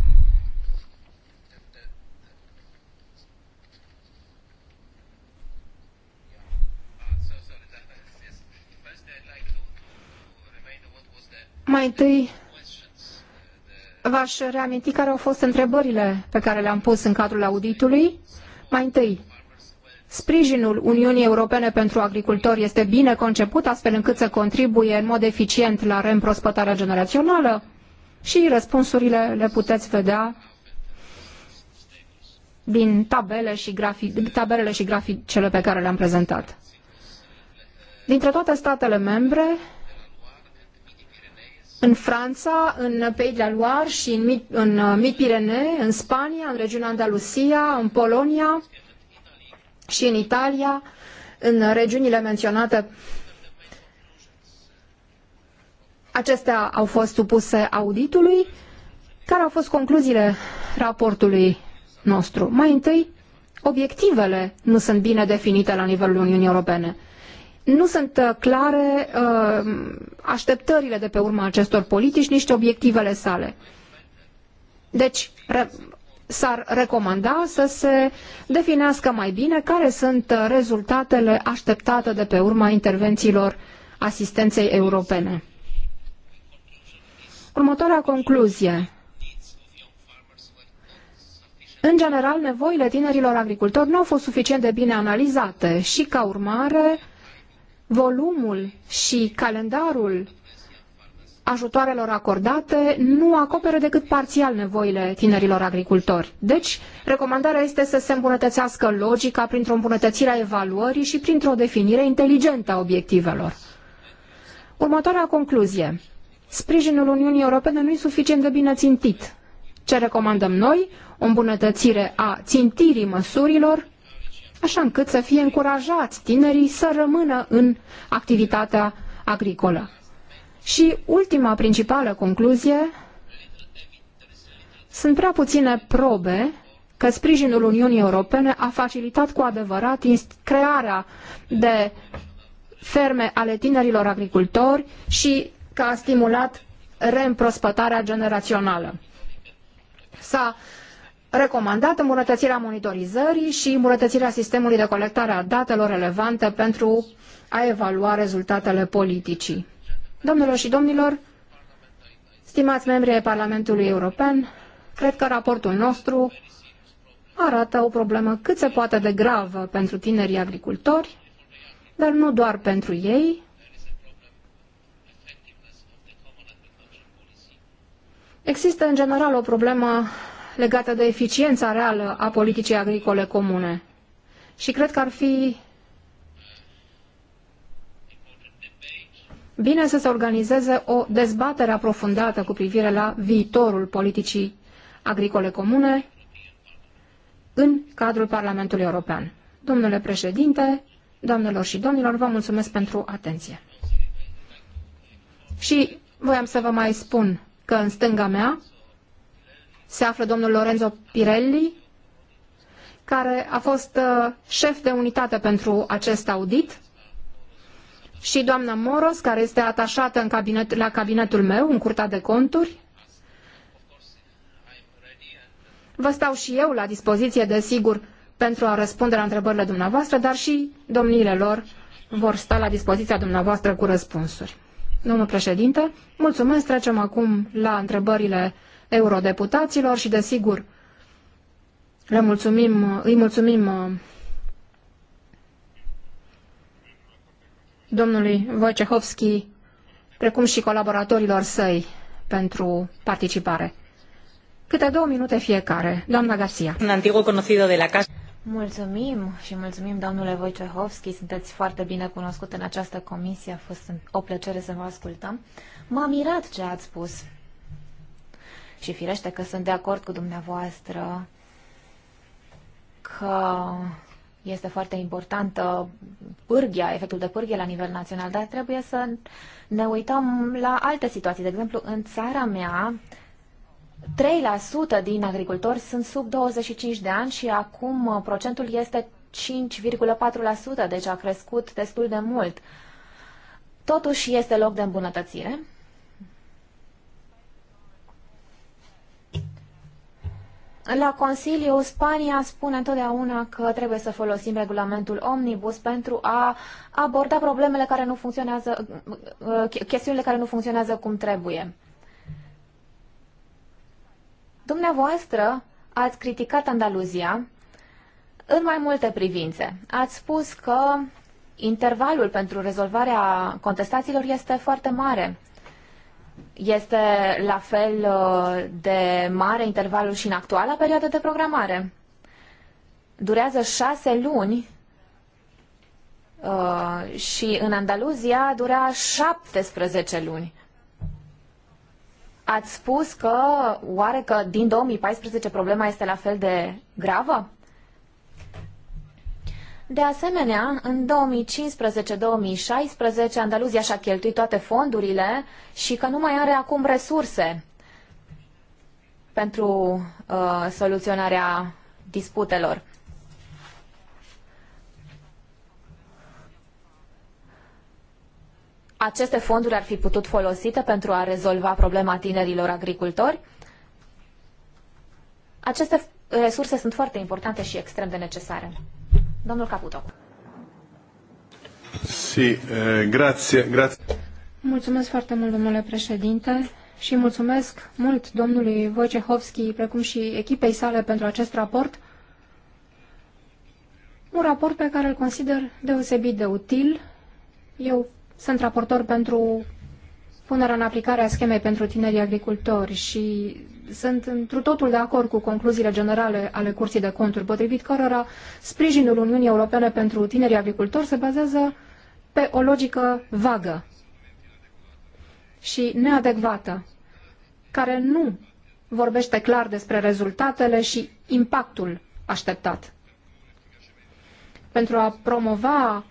Mai întâi v-aș reaminti care au fost întrebările pe care le-am pus în cadrul auditului. Mai întâi, sprijinul Uniunii Europene pentru agricultori este bine conceput astfel încât să contribuie în mod eficient la reîmprospătarea generațională? Și răspunsurile le puteți vedea din tabele și grafic, tabelele și graficele pe care le-am prezentat. Dintre toate statele membre, în Franța, în Pays de la Loire și în, Mid, în uh, mid în Spania, în regiunea Andalusia, în Polonia și în Italia, în regiunile menționate Acestea au fost supuse auditului. Care au fost concluziile raportului nostru? Mai întâi, obiectivele nu sunt bine definite la nivelul Uniunii Europene nu sunt uh, clare uh, așteptările de pe urma acestor politici, nici obiectivele sale. Deci, s-ar recomanda să se definească mai bine care sunt uh, rezultatele așteptate de pe urma intervențiilor asistenței europene. Următoarea concluzie. În general, nevoile tinerilor agricultori nu au fost suficient de bine analizate și, ca urmare, volumul și calendarul ajutoarelor acordate nu acoperă decât parțial nevoile tinerilor agricultori. Deci, recomandarea este să se îmbunătățească logica printr-o îmbunătățire a evaluării și printr-o definire inteligentă a obiectivelor. Următoarea concluzie. Sprijinul Uniunii Europene nu e suficient de bine țintit. Ce recomandăm noi? O îmbunătățire a țintirii măsurilor așa încât să fie încurajați tinerii să rămână în activitatea agricolă. Și ultima principală concluzie, sunt prea puține probe că sprijinul Uniunii Europene a facilitat cu adevărat crearea de ferme ale tinerilor agricultori și că a stimulat reîmprospătarea generațională. S-a recomandat îmbunătățirea monitorizării și îmbunătățirea sistemului de colectare a datelor relevante pentru a evalua rezultatele politicii. Domnilor și domnilor, stimați membri ai Parlamentului European, cred că raportul nostru arată o problemă cât se poate de gravă pentru tinerii agricultori, dar nu doar pentru ei. Există în general o problemă legată de eficiența reală a politicii agricole comune. Și cred că ar fi bine să se organizeze o dezbatere aprofundată cu privire la viitorul politicii agricole comune în cadrul Parlamentului European. Domnule președinte, doamnelor și domnilor, vă mulțumesc pentru atenție. Și voiam să vă mai spun că în stânga mea se află domnul Lorenzo Pirelli, care a fost uh, șef de unitate pentru acest audit, și doamna Moros, care este atașată în cabinet, la cabinetul meu, în Curtea de Conturi. Vă stau și eu la dispoziție, desigur, pentru a răspunde la întrebările dumneavoastră, dar și domniile lor vor sta la dispoziția dumneavoastră cu răspunsuri. Domnul președinte, mulțumesc. Trecem acum la întrebările eurodeputaților și, desigur, le mulțumim, îi mulțumim uh, domnului Wojciechowski, precum și colaboratorilor săi pentru participare. Câte două minute fiecare. Doamna Garcia. Un antiguo conocido de la casa. Mulțumim și mulțumim, domnule Wojciechowski. Sunteți foarte bine cunoscut în această comisie. A fost o plăcere să vă ascultăm. M-a mirat ce ați spus. Și firește că sunt de acord cu dumneavoastră că este foarte importantă pârghia, efectul de pârghie la nivel național, dar trebuie să ne uităm la alte situații. De exemplu, în țara mea, 3% din agricultori sunt sub 25 de ani și acum procentul este 5,4%, deci a crescut destul de mult. Totuși este loc de îmbunătățire La Consiliu, Spania spune întotdeauna că trebuie să folosim regulamentul omnibus pentru a aborda problemele care nu funcționează, uh, uh, chestiunile care nu funcționează cum trebuie. Dumneavoastră ați criticat Andaluzia în mai multe privințe. Ați spus că intervalul pentru rezolvarea contestațiilor este foarte mare. Este la fel uh, de mare intervalul și în actuala perioadă de programare. Durează șase luni uh, și în Andaluzia durea 17 luni. Ați spus că oare că din 2014 problema este la fel de gravă? De asemenea, în 2015-2016, Andaluzia și-a cheltuit toate fondurile și că nu mai are acum resurse pentru uh, soluționarea disputelor. Aceste fonduri ar fi putut folosite pentru a rezolva problema tinerilor agricultori. Aceste resurse sunt foarte importante și extrem de necesare. Domnul Caputo. Si, eh, Mulțumesc foarte mult, domnule președinte, și mulțumesc mult domnului Wojciechowski, precum și echipei sale pentru acest raport. Un raport pe care îl consider deosebit de util. Eu sunt raportor pentru punerea în aplicare a schemei pentru tinerii agricultori și sunt întru totul de acord cu concluziile generale ale Curții de Conturi, potrivit cărora sprijinul Uniunii Europene pentru tinerii agricultori se bazează pe o logică vagă și neadecvată, care nu vorbește clar despre rezultatele și impactul așteptat. Pentru a promova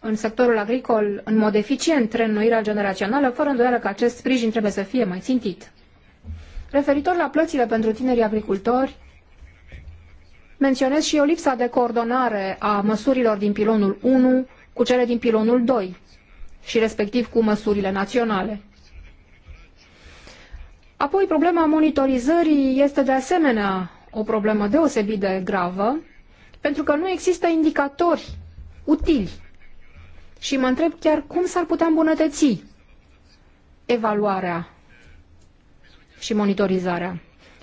în sectorul agricol în mod eficient reînnoirea generațională, fără îndoială că acest sprijin trebuie să fie mai țintit. Referitor la plățile pentru tinerii agricultori, menționez și eu lipsa de coordonare a măsurilor din pilonul 1 cu cele din pilonul 2 și respectiv cu măsurile naționale. Apoi, problema monitorizării este de asemenea o problemă deosebit de gravă, pentru că nu există indicatori utili. Și mă întreb chiar cum s-ar putea îmbunătăți evaluarea și monitorizarea.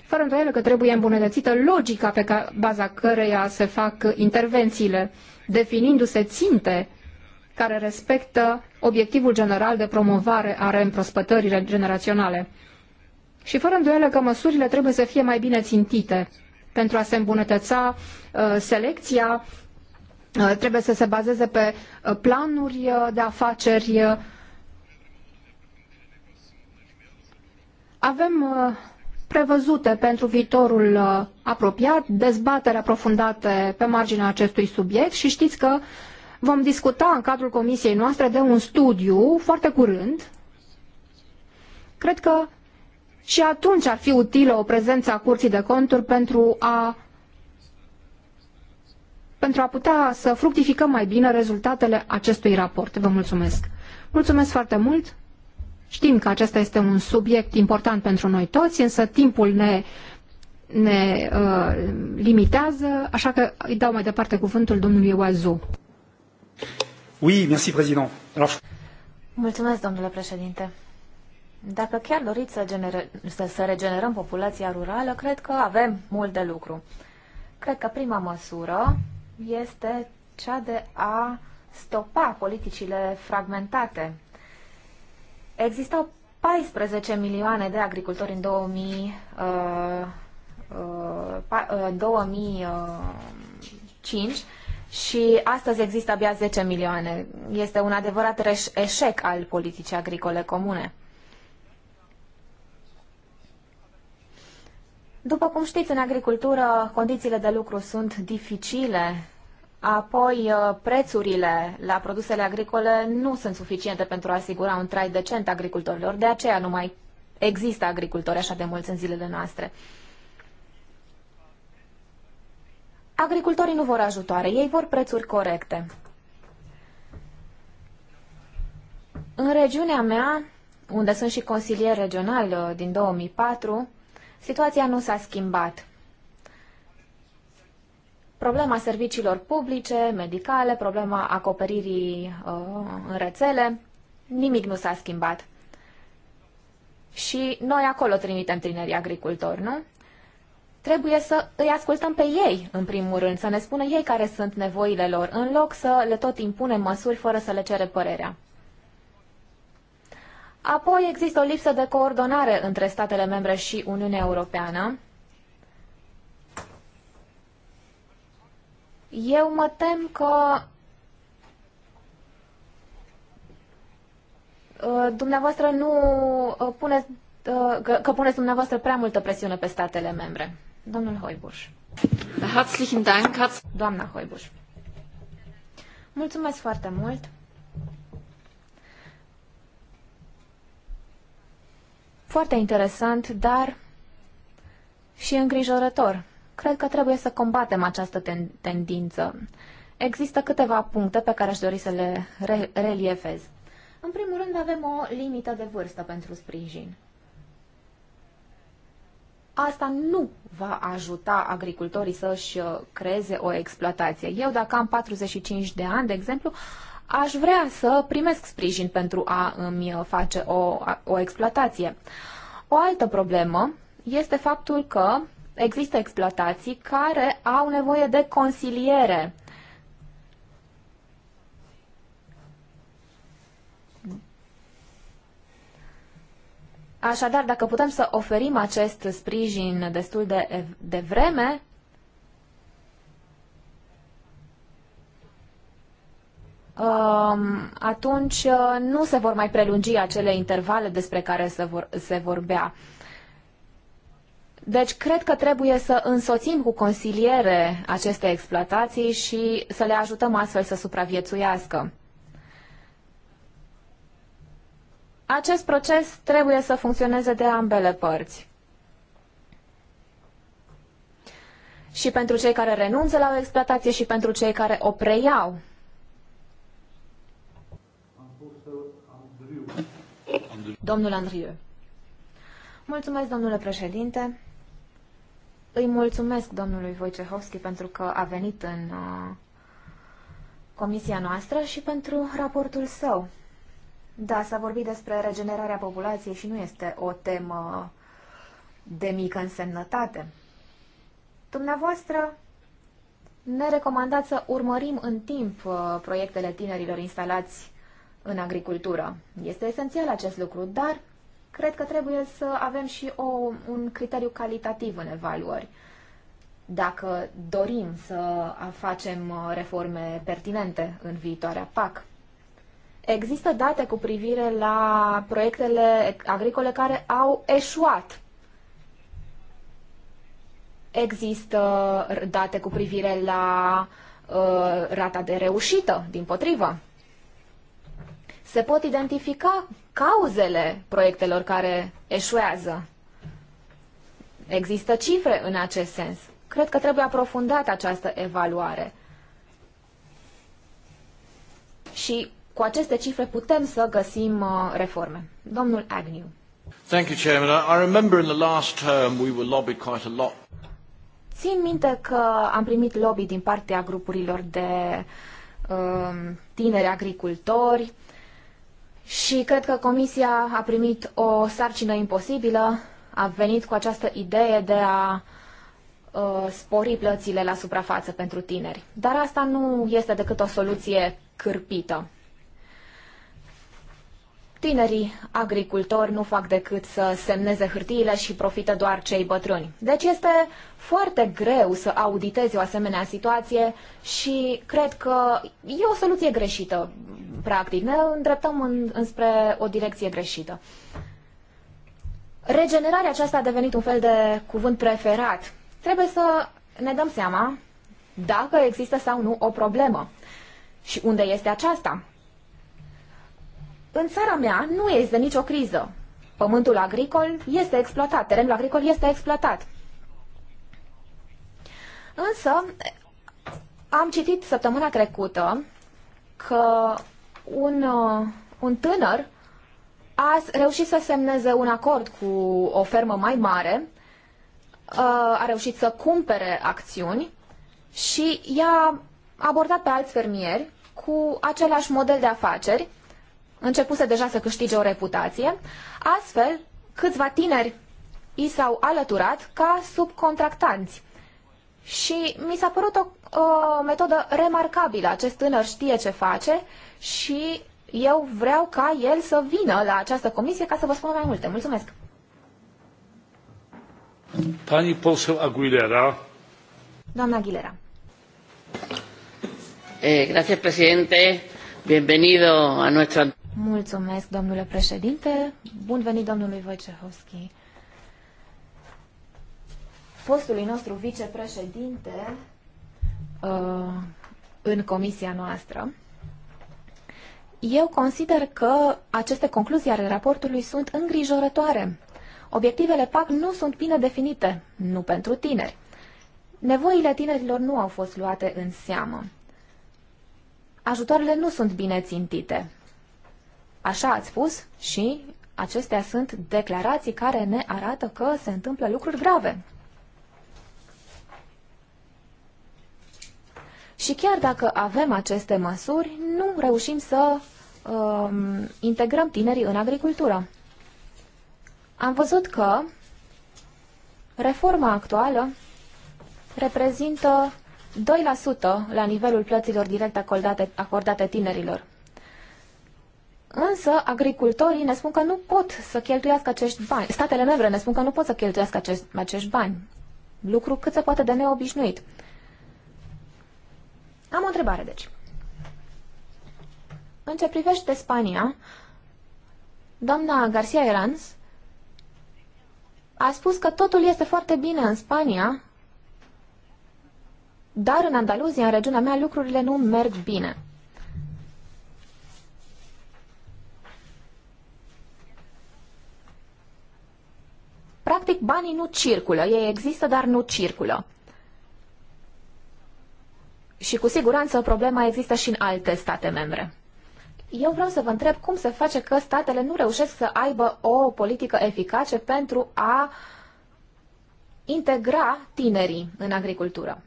Fără îndoială că trebuie îmbunătățită logica pe ca, baza căreia se fac intervențiile, definindu-se ținte care respectă obiectivul general de promovare a reîmprospătării generaționale. Și fără îndoială că măsurile trebuie să fie mai bine țintite pentru a se îmbunătăța uh, selecția, uh, trebuie să se bazeze pe uh, planuri uh, de afaceri uh, Avem uh, prevăzute pentru viitorul uh, apropiat dezbatere aprofundate pe marginea acestui subiect și știți că vom discuta în cadrul comisiei noastre de un studiu foarte curând. Cred că și atunci ar fi utilă o prezență a Curții de Conturi pentru a pentru a putea să fructificăm mai bine rezultatele acestui raport. Vă mulțumesc! Mulțumesc foarte mult! Știm că acesta este un subiect important pentru noi toți, însă timpul ne, ne uh, limitează, așa că îi dau mai departe cuvântul domnului Oazu. Oui, merci, président. Alors... Mulțumesc, domnule președinte. Dacă chiar doriți să, genere... să, să regenerăm populația rurală, cred că avem mult de lucru. Cred că prima măsură este cea de a stopa politicile fragmentate Existau 14 milioane de agricultori în 2000, uh, uh, 2005 uh, uh, și astăzi există abia 10 milioane. Este un adevărat eșec al politicii agricole comune. După cum știți, în agricultură condițiile de lucru sunt dificile Apoi, uh, prețurile la produsele agricole nu sunt suficiente pentru a asigura un trai decent agricultorilor, de aceea nu mai există agricultori așa de mulți în zilele noastre. Agricultorii nu vor ajutoare, ei vor prețuri corecte. În regiunea mea, unde sunt și consilier regional uh, din 2004, situația nu s-a schimbat problema serviciilor publice, medicale, problema acoperirii uh, în rețele, nimic nu s-a schimbat. Și noi acolo trimitem tinerii agricultori, nu? Trebuie să îi ascultăm pe ei, în primul rând, să ne spună ei care sunt nevoile lor, în loc să le tot impunem măsuri fără să le cere părerea. Apoi există o lipsă de coordonare între statele membre și Uniunea Europeană Eu mă tem că uh, dumneavoastră nu uh, puneți, uh, că, puneți dumneavoastră prea multă presiune pe statele membre. Domnul Hoibuș. Herzlichen Dank. Doamna Hoibuș. Mulțumesc foarte mult. Foarte interesant, dar și îngrijorător. Cred că trebuie să combatem această ten- tendință. Există câteva puncte pe care aș dori să le re- reliefez. În primul rând, avem o limită de vârstă pentru sprijin. Asta nu va ajuta agricultorii să-și uh, creeze o exploatație. Eu, dacă am 45 de ani, de exemplu, aș vrea să primesc sprijin pentru a îmi uh, face o, o exploatație. O altă problemă este faptul că există exploatații care au nevoie de consiliere. Așadar, dacă putem să oferim acest sprijin destul de, de vreme, um, atunci uh, nu se vor mai prelungi acele intervale despre care se, vor, se vorbea. Deci cred că trebuie să însoțim cu consiliere aceste exploatații și să le ajutăm astfel să supraviețuiască. Acest proces trebuie să funcționeze de ambele părți. Și pentru cei care renunță la o exploatație și pentru cei care o preiau. Domnul Andriu. Mulțumesc, domnule președinte. Îi mulțumesc domnului Wojciechowski pentru că a venit în uh, comisia noastră și pentru raportul său. Da, s-a vorbit despre regenerarea populației și nu este o temă de mică însemnătate. Dumneavoastră ne recomandați să urmărim în timp uh, proiectele tinerilor instalați în agricultură. Este esențial acest lucru, dar cred că trebuie să avem și o, un criteriu calitativ în evaluări. Dacă dorim să facem uh, reforme pertinente în viitoarea PAC. Există date cu privire la proiectele agricole care au eșuat. Există date cu privire la uh, rata de reușită, din potrivă se pot identifica cauzele proiectelor care eșuează. Există cifre în acest sens. Cred că trebuie aprofundată această evaluare. Și cu aceste cifre putem să găsim uh, reforme. Domnul Agnew. Thank you, Chairman. I remember in the last term we were lobbied quite a lot. Țin minte că am primit lobby din partea grupurilor de uh, tineri agricultori, uh, și cred că Comisia a primit o sarcină imposibilă, a venit cu această idee de a uh, spori plățile la suprafață pentru tineri. Dar asta nu este decât o soluție cârpită. Tinerii agricultori nu fac decât să semneze hârtiile și profită doar cei bătrâni. Deci este foarte greu să auditezi o asemenea situație și cred că e o soluție greșită, practic. Ne îndreptăm în, înspre o direcție greșită. Regenerarea aceasta a devenit un fel de cuvânt preferat. Trebuie să ne dăm seama dacă există sau nu o problemă și unde este aceasta. În țara mea nu este nicio criză. Pământul agricol este exploatat, terenul agricol este exploatat. Însă, am citit săptămâna trecută că un, uh, un tânăr a reușit să semneze un acord cu o fermă mai mare, uh, a reușit să cumpere acțiuni și i-a abordat pe alți fermieri cu același model de afaceri începuse deja să câștige o reputație. Astfel, câțiva tineri i s-au alăturat ca subcontractanți. Și mi s-a părut o, o metodă remarcabilă. Acest tânăr știe ce face și eu vreau ca el să vină la această comisie ca să vă spun mai multe. Mulțumesc! Pani poseł Aguilera. Doamna Aguilera. Eh, gracias, presidente. Bienvenido a nuestro... Mulțumesc, domnule președinte. Bun venit, domnului Wojciechowski. Postului nostru vicepreședinte uh, în comisia noastră. Eu consider că aceste concluzii ale raportului sunt îngrijorătoare. Obiectivele PAC nu sunt bine definite, nu pentru tineri. Nevoile tinerilor nu au fost luate în seamă. Ajutoarele nu sunt bine țintite. Așa ați spus și acestea sunt declarații care ne arată că se întâmplă lucruri grave. Și chiar dacă avem aceste măsuri, nu reușim să um, integrăm tinerii în agricultură. Am văzut că reforma actuală reprezintă 2% la nivelul plăților directe acordate, acordate tinerilor. Însă, agricultorii ne spun că nu pot să cheltuiască acești bani. Statele membre ne spun că nu pot să cheltuiască acești, acești bani. Lucru cât se poate de neobișnuit. Am o întrebare, deci. În ce privește Spania, doamna Garcia Eranz a spus că totul este foarte bine în Spania, dar în Andaluzia, în regiunea mea, lucrurile nu merg bine. Practic, banii nu circulă. Ei există, dar nu circulă. Și cu siguranță problema există și în alte state membre. Eu vreau să vă întreb cum se face că statele nu reușesc să aibă o politică eficace pentru a integra tinerii în agricultură.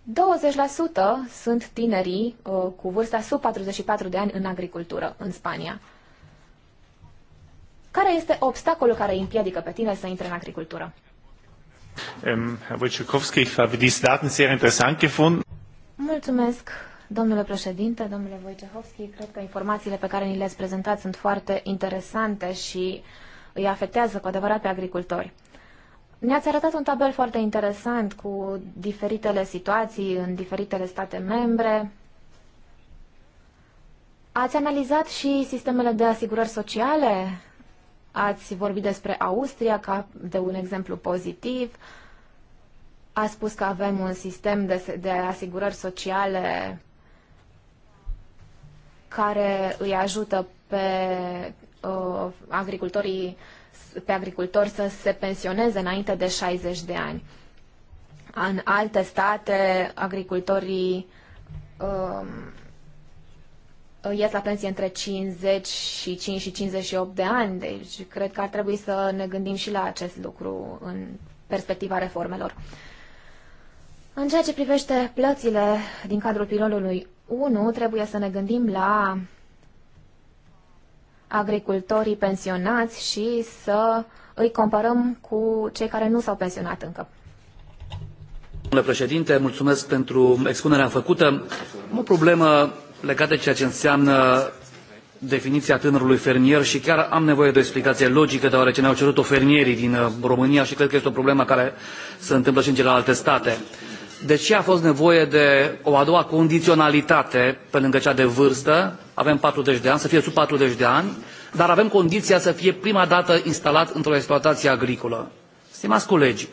20% sunt tinerii uh, cu vârsta sub 44 de ani în agricultură în Spania. Care este obstacolul care îi împiedică pe tine să intre în agricultură? Ähm, Mulțumesc, domnule președinte, domnule Wojciechowski. Cred că informațiile pe care ni le-ați prezentat sunt foarte interesante și îi afectează cu adevărat pe agricultori. Ne-ați arătat un tabel foarte interesant cu diferitele situații în diferitele state membre. Ați analizat și sistemele de asigurări sociale Ați vorbit despre Austria ca de un exemplu pozitiv. A spus că avem un sistem de, de asigurări sociale care îi ajută pe uh, agricultorii pe agricultori să se pensioneze înainte de 60 de ani. În alte state, agricultorii uh, Uh, ies la pensie între 50 și 5 și 58 de ani, deci cred că ar trebui să ne gândim și la acest lucru în perspectiva reformelor. În ceea ce privește plățile din cadrul pilonului 1, trebuie să ne gândim la agricultorii pensionați și să îi comparăm cu cei care nu s-au pensionat încă. Domnule președinte, mulțumesc pentru expunerea făcută. o problemă legat de ceea ce înseamnă definiția tânărului fermier și chiar am nevoie de o explicație logică, deoarece ne-au cerut-o fermierii din uh, România și cred că este o problemă care se întâmplă și în celelalte state. De ce a fost nevoie de o a doua condiționalitate pe lângă cea de vârstă? Avem 40 de ani, să fie sub 40 de ani, dar avem condiția să fie prima dată instalat într-o exploatație agricolă. Stimați colegi,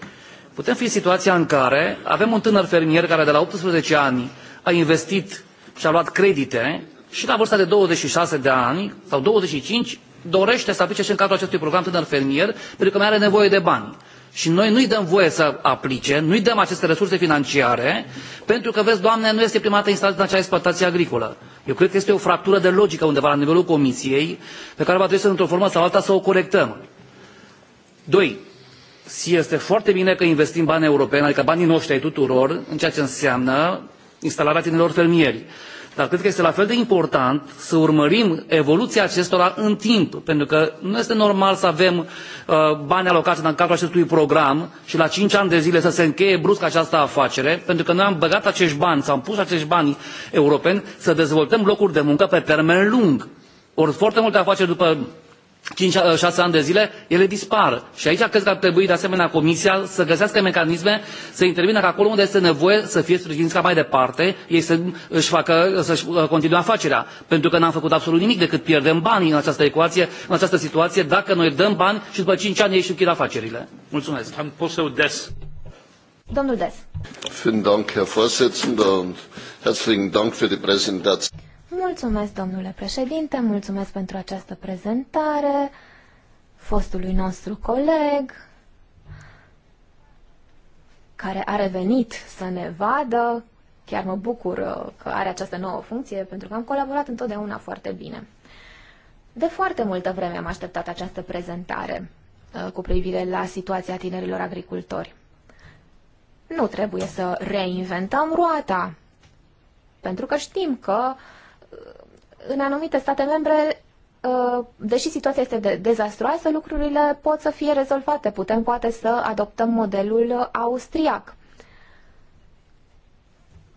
putem fi situația în care avem un tânăr fermier care de la 18 ani a investit și-a luat credite și la vârsta de 26 de ani sau 25 dorește să aplice și în cadrul acestui program tânăr fermier pentru că mai are nevoie de bani. Și noi nu-i dăm voie să aplice, nu-i dăm aceste resurse financiare, pentru că, vezi, Doamne, nu este primată instalată în acea exploatație agricolă. Eu cred că este o fractură de logică undeva la nivelul Comisiei, pe care va trebui să, într-o formă sau alta, să o corectăm. Doi, este foarte bine că investim bani europeni, adică banii noștri ai tuturor, în ceea ce înseamnă instalarea tinerilor fermieri. Dar cred că este la fel de important să urmărim evoluția acestora în timp, pentru că nu este normal să avem uh, bani alocați în cadrul acestui program și la cinci ani de zile să se încheie brusc această afacere, pentru că noi am băgat acești bani, sau am pus acești bani europeni să dezvoltăm locuri de muncă pe termen lung. Ori foarte multe afaceri după cinci 6 uh, ani de zile, ele dispar. Și aici cred că ar trebui de asemenea Comisia să găsească mecanisme să intervină acolo unde este nevoie să fie sprijiniți ca mai departe, ei să își facă, să-și uh, continue afacerea. Pentru că n-am făcut absolut nimic decât pierdem bani în această ecuație, în această situație, dacă noi dăm bani și după cinci ani ei își închid afacerile. Mulțumesc. Am des. Domnul Des. Vielen Dank, Herr Vorsitzender, und herzlichen Dank für die Präsentation. Mulțumesc, domnule președinte, mulțumesc pentru această prezentare fostului nostru coleg care a revenit să ne vadă. Chiar mă bucur că are această nouă funcție, pentru că am colaborat întotdeauna foarte bine. De foarte multă vreme am așteptat această prezentare uh, cu privire la situația tinerilor agricultori. Nu trebuie să reinventăm roata, pentru că știm că uh, în anumite state membre, uh, deși situația este de dezastruoasă, lucrurile pot să fie rezolvate. Putem poate să adoptăm modelul austriac.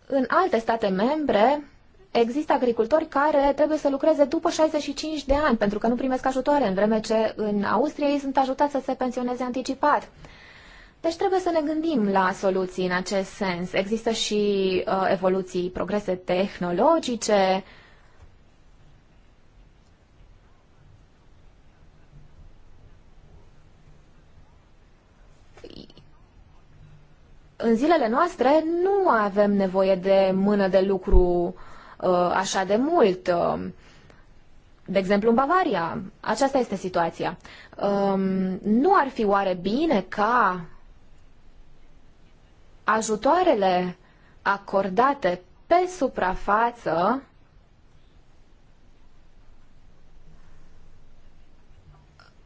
În alte state membre există agricultori care trebuie să lucreze după 65 de ani pentru că nu primesc ajutoare, în vreme ce în Austria ei sunt ajutați să se pensioneze anticipat. Deci trebuie să ne gândim la soluții în acest sens. Există și uh, evoluții, progrese tehnologice, uh, în zilele noastre nu avem nevoie de mână de lucru uh, așa de mult. Uh, de exemplu, în Bavaria. Aceasta este situația. Um, nu ar fi oare bine ca ajutoarele acordate pe suprafață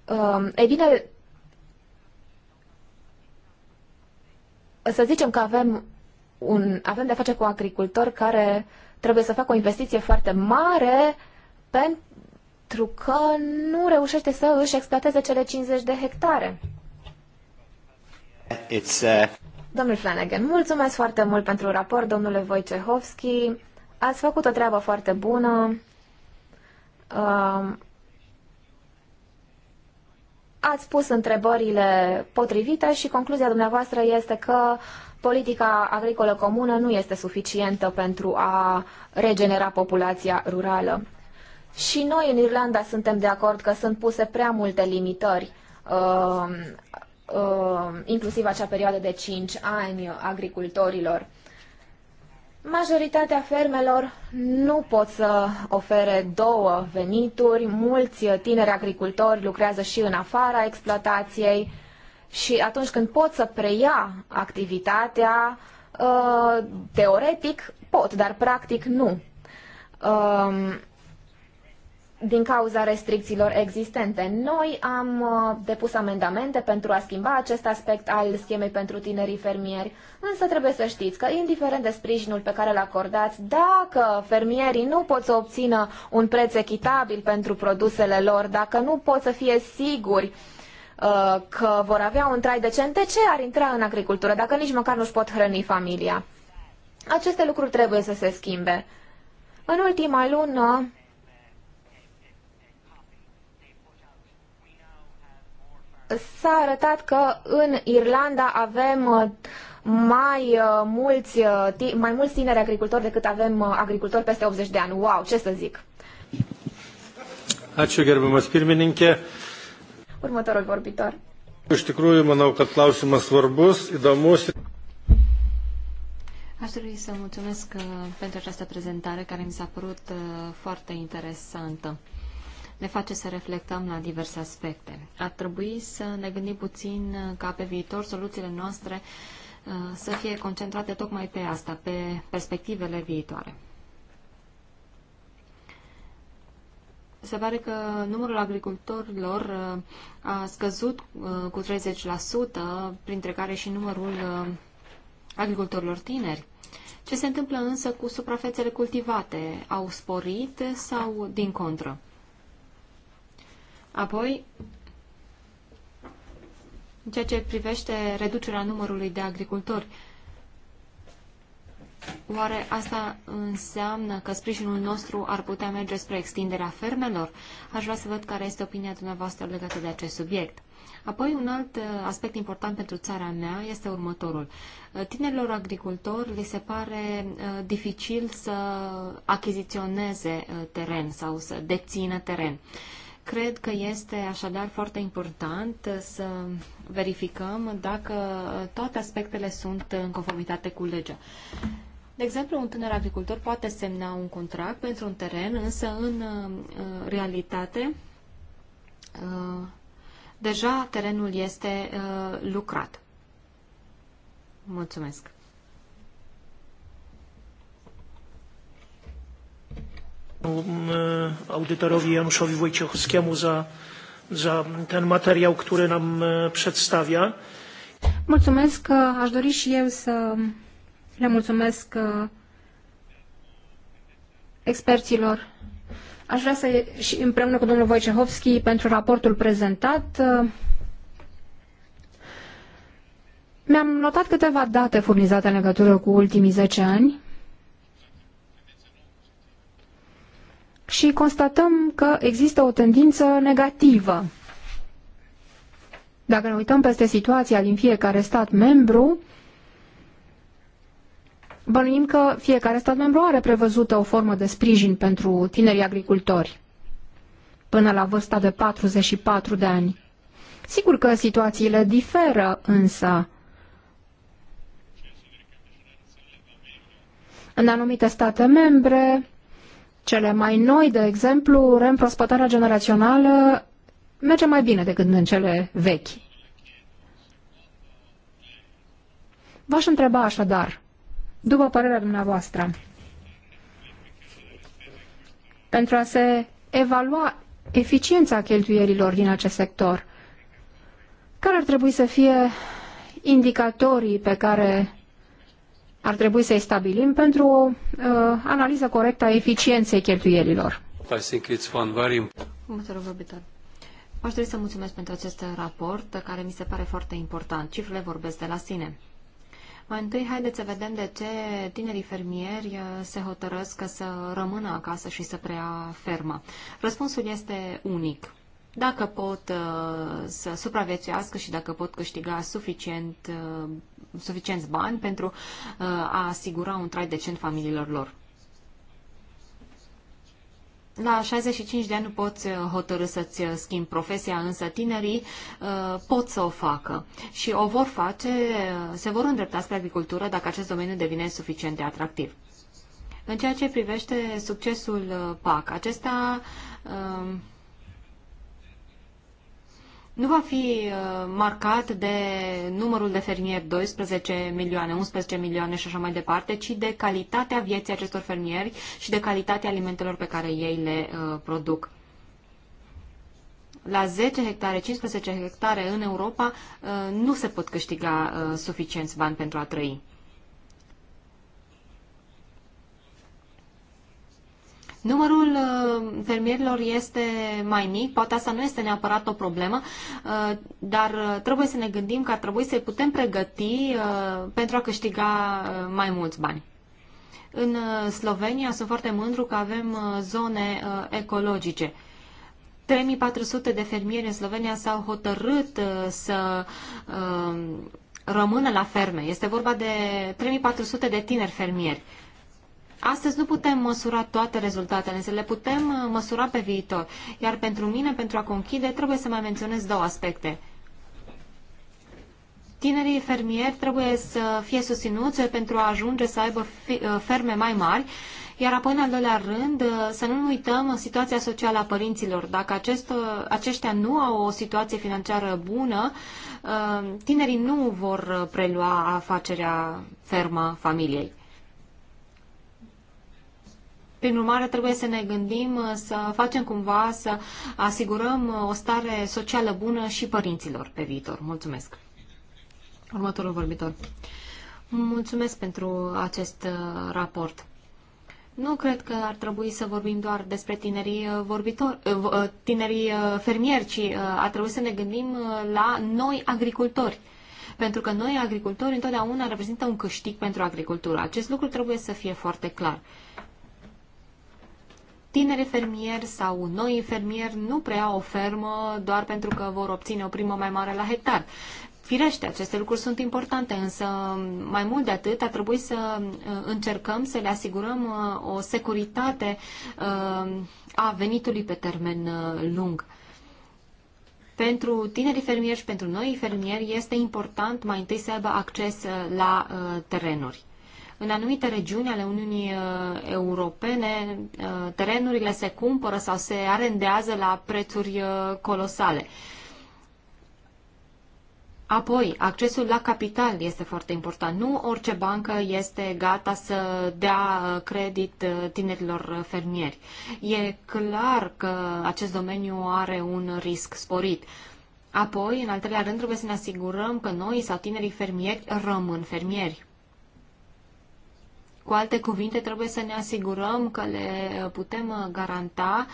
Um, e bine, să zicem că avem, un, avem de-a face cu agricultori care trebuie să facă o investiție foarte mare pentru că nu reușește să își exploateze cele 50 de hectare. It's, uh... Domnul Flanagan, mulțumesc foarte mult pentru raport, domnule Wojciechowski. Ați făcut o treabă foarte bună. Uh, Ați pus întrebările potrivite și concluzia dumneavoastră este că politica agricolă comună nu este suficientă pentru a regenera populația rurală. Și noi în Irlanda suntem de acord că sunt puse prea multe limitări, uh, uh, inclusiv acea perioadă de 5 ani agricultorilor. Majoritatea fermelor nu pot să ofere două venituri, mulți tineri agricultori lucrează și în afara exploatației și atunci când pot să preia activitatea, uh, teoretic pot, dar practic nu. Um, din cauza restricțiilor existente. Noi am uh, depus amendamente pentru a schimba acest aspect al schemei pentru tinerii fermieri, însă trebuie să știți că, indiferent de sprijinul pe care îl acordați, dacă fermierii nu pot să obțină un preț echitabil pentru produsele lor, dacă nu pot să fie siguri uh, că vor avea un trai decent, de ce ar intra în agricultură dacă nici măcar nu-și pot hrăni familia? Aceste lucruri trebuie să se schimbe. În ultima lună, s-a arătat că în Irlanda avem uh, mai uh, mulți, uh, mai mulți tineri agricultori decât avem agricultori peste 80 de ani. Wow, ce să zic! Ačiū gerbiamas pirmininkė. Următorul vorbitor. Iš tikrųjų, manau, kad klausimas svarbus, įdomus. Aș dori să mulțumesc pentru această prezentare care mi s-a părut foarte interesantă ne face să reflectăm la diverse aspecte. Ar trebui să ne gândim puțin uh, ca pe viitor soluțiile noastre uh, să fie concentrate tocmai pe asta, pe perspectivele viitoare. se pare că numărul agricultorilor uh, a scăzut cu 30%, printre care și numărul agricultorilor tineri. Ce se întâmplă însă cu suprafețele cultivate? Au sporit sau din contră? Apoi, în ceea ce privește reducerea numărului de agricultori, Oare asta înseamnă că sprijinul nostru ar putea merge spre extinderea fermelor? Aș vrea să văd care este opinia dumneavoastră legată de acest subiect. Apoi, un alt uh, aspect important pentru țara mea este următorul. Uh, tinerilor agricultori li se pare uh, dificil să achiziționeze teren sau să dețină teren. Cred că este așadar foarte important să verificăm dacă toate aspectele sunt în conformitate cu legea. De exemplu, un tânăr agricultor poate semna un contract pentru un teren, însă în uh, realitate uh, deja terenul este uh, lucrat. Mulțumesc! audytorowi Januszowi Wojciechowskiemu za, za ten materiał, który nam przedstawia. Mulțumesc, aș dori și eu să le mulțumesc experților. Aș vrea să, și împreună cu domnul Wojciechowski, pentru raportul prezentat, mi-am notat câteva date furnizate în legătură cu ultimii 10 ani și constatăm că există o tendință negativă. Dacă ne uităm peste situația din fiecare stat membru, bănuim că fiecare stat membru are prevăzută o formă de sprijin pentru tinerii agricultori până la vârsta de 44 de ani. Sigur că situațiile diferă, însă în anumite state membre cele mai noi, de exemplu, reîmprospătarea generațională merge mai bine decât în cele vechi. V-aș întreba așadar, după părerea dumneavoastră, pentru a se evalua eficiența cheltuierilor din acest sector, care ar trebui să fie indicatorii pe care ar trebui să-i stabilim pentru o uh, analiză corectă a eficienței cheltuielilor. Aș dori să mulțumesc pentru acest raport, care mi se pare foarte important. Cifrele vorbesc de la sine. Mai întâi, haideți să vedem de ce tinerii fermieri uh, se hotărăsc să rămână acasă și să preia fermă. Răspunsul este unic. Dacă pot uh, să supraviețuiască și dacă pot câștiga suficient uh, suficienți bani pentru uh, a asigura un trai decent familiilor lor. La 65 de ani nu poți uh, hotărâ să-ți uh, schimbi profesia, însă tinerii pot să o facă și o vor face, se vor îndrepta spre agricultură dacă acest domeniu devine suficient de atractiv. În ceea ce privește succesul PAC, acesta uh, nu va fi uh, marcat de numărul de fermieri 12 milioane, 11 milioane și așa mai departe, ci de calitatea vieții acestor fermieri și de calitatea alimentelor pe care ei le uh, produc. La 10 hectare, 15 hectare în Europa uh, nu se pot câștiga suficienți bani pentru a trăi. Numărul uh, fermierilor este mai mic, poate asta nu este neapărat o problemă, uh, dar uh, trebuie să ne gândim că ar trebui să-i putem pregăti pentru a câștiga mai mulți bani. În Slovenia sunt foarte mândru că avem zone ecologice. 3400 de fermieri în Slovenia s-au hotărât să rămână la ferme. Este vorba de 3400 de tineri fermieri. Astăzi nu putem măsura toate rezultatele, însă le putem uh, măsura pe viitor. Iar pentru mine, pentru a conchide, trebuie să mai menționez două aspecte. Tinerii fermieri trebuie să fie susținuți pentru a ajunge să aibă uh, ferme mai mari, iar apoi, în al doilea rând, uh, să nu uităm situația socială a părinților. Dacă acest, aceștia nu au o situație financiară bună, tinerii nu vor prelua afacerea ferma familiei. Prin urmare, trebuie să ne gândim uh, să facem cumva să asigurăm uh, o stare socială bună și părinților pe viitor. Mulțumesc. Următorul vorbitor. Mulțumesc pentru acest uh, raport. Nu cred că ar trebui să vorbim doar despre tinerii, vorbitori, tinerii fermieri, ci ar trebui să ne gândim la noi agricultori pentru că noi, agricultori, întotdeauna reprezintă un câștig pentru agricultură. Acest lucru trebuie să fie foarte clar. Tineri fermieri sau noi fermieri nu prea o fermă doar pentru că vor obține o primă mai mare la hectar. Firește, aceste lucruri sunt importante, însă mai mult de atât ar trebui să uh, încercăm să le asigurăm uh, o securitate uh, a venitului pe termen lung. Pentru tinerii fermieri și pentru noi fermieri este important mai întâi să aibă acces la terenuri. În anumite regiuni ale Uniunii uh, Europene, uh, terenurile se cumpără sau se arendează la prețuri uh, colosale. Apoi, accesul la capital este foarte important. Nu orice bancă este gata să dea credit tinerilor fermieri. E clar că acest domeniu are un risc sporit. Apoi, în al treilea rând, trebuie să ne asigurăm că noi sau tinerii fermieri rămân fermieri. Cu alte cuvinte, trebuie să ne asigurăm că le putem garanta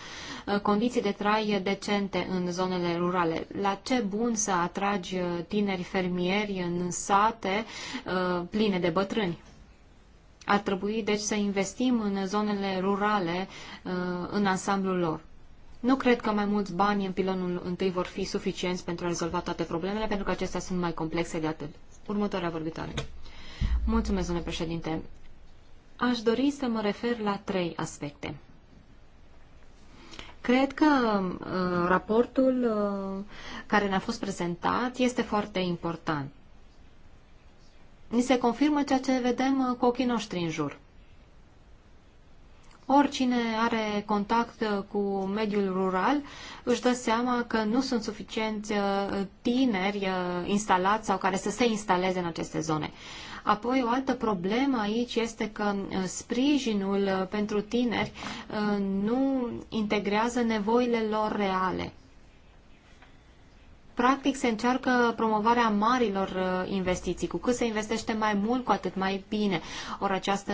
uh, condiții de trai decente în zonele rurale. La ce bun să atragi tineri fermieri în sate uh, pline de bătrâni? Ar trebui, deci, să investim în zonele rurale, uh, în ansamblul lor. Nu cred că mai mulți bani în pilonul întâi vor fi suficienți pentru a rezolva toate problemele, pentru că acestea sunt mai complexe de atât. Următoarea vorbitoare. Mulțumesc, domnule președinte aș dori să mă refer la trei aspecte. Cred că uh, raportul uh, care ne-a fost prezentat este foarte important. Ni se confirmă ceea ce vedem uh, cu ochii noștri în jur. Oricine are contact uh, cu mediul rural își dă seama că nu sunt suficienți uh, tineri uh, instalați sau care să se instaleze în aceste zone. Apoi, o altă problemă aici este că uh, sprijinul uh, pentru tineri uh, nu integrează nevoile lor reale. Practic se încearcă promovarea marilor investiții. Cu cât se investește mai mult, cu atât mai bine. Ori această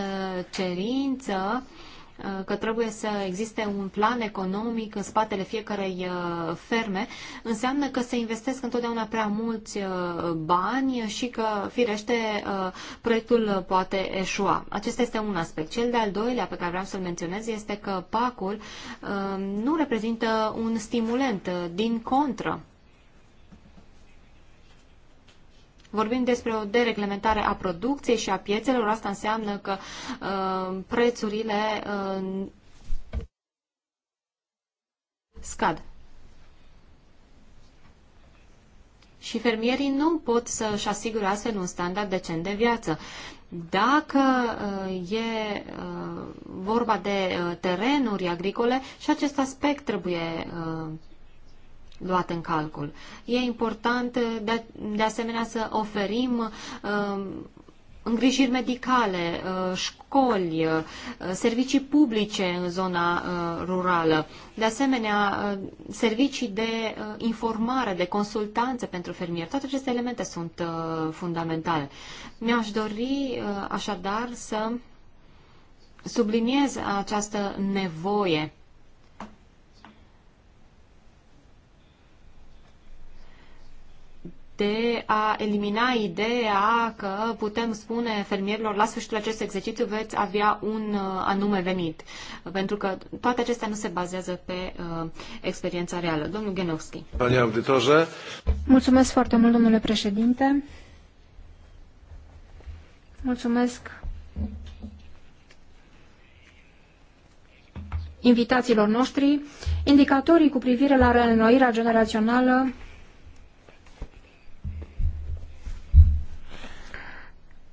cerință uh, Uh, că trebuie să existe un plan economic în spatele fiecarei uh, ferme, înseamnă că se investesc întotdeauna prea mulți uh, bani și că, firește, proiectul poate eșua. Acesta este un aspect. Cel de-al doilea pe care vreau să-l menționez este că PAC-ul nu reprezintă un stimulent, din contră. Vorbim despre o dereglementare a producției și a piețelor. Asta înseamnă că uh, prețurile uh, scad. Și fermierii nu pot să-și asigure astfel un standard decent de viață. Dacă uh, e uh, vorba de uh, terenuri agricole și acest aspect trebuie uh, luat în calcul. E important de, de asemenea să oferim um, îngrijiri medicale, uh, școli, uh, servicii publice în zona uh, rurală, de asemenea servicii de informare, de consultanță pentru fermieri. Toate aceste elemente sunt fundamentale. Mi-aș dori așadar să subliniez această nevoie de a elimina ideea că putem spune fermierilor la sfârșitul acest exercițiu veți avea un uh, anume venit, pentru că toate acestea nu se bazează pe uh, experiența reală. Domnul Genovski. Mulțumesc foarte mult, domnule președinte. Mulțumesc invitațiilor noștri. Indicatorii cu privire la reînnoirea generațională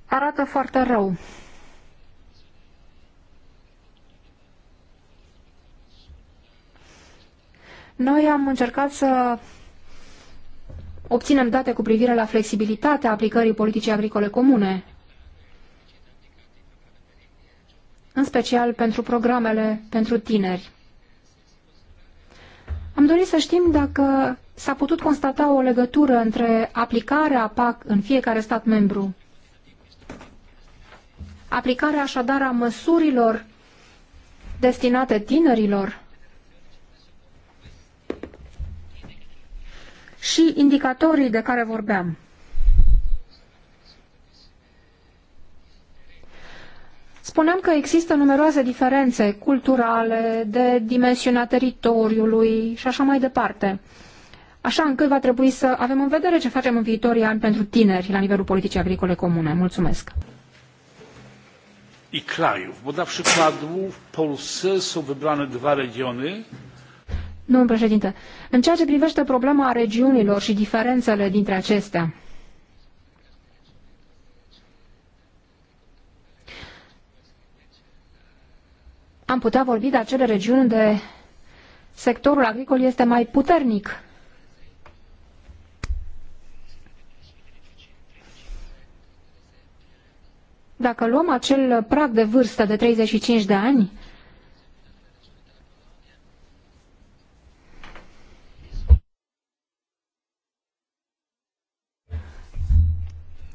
arată foarte rău. Noi am încercat să obținem date cu privire la flexibilitatea aplicării politicii agricole comune, în special pentru programele pentru tineri. Am dorit să știm dacă s-a putut constata o legătură între aplicarea PAC în fiecare stat membru Aplicarea așadar a măsurilor destinate tinerilor și indicatorii de care vorbeam. Spuneam că există numeroase diferențe culturale, de dimensiunea teritoriului și așa mai departe. Așa încât va trebui să avem în vedere ce facem în viitorii ani pentru tineri la nivelul politicii agricole comune. Mulțumesc! i krajów, bo dla przykładu w Polsce są wybrane dwa regiony. Nu, președinte. În ceea ce privește problema a regiunilor și diferențele dintre acestea, am putea vorbi de acele regiuni unde sectorul agricol este mai puternic Dacă luăm acel prag de vârstă de 35 de ani,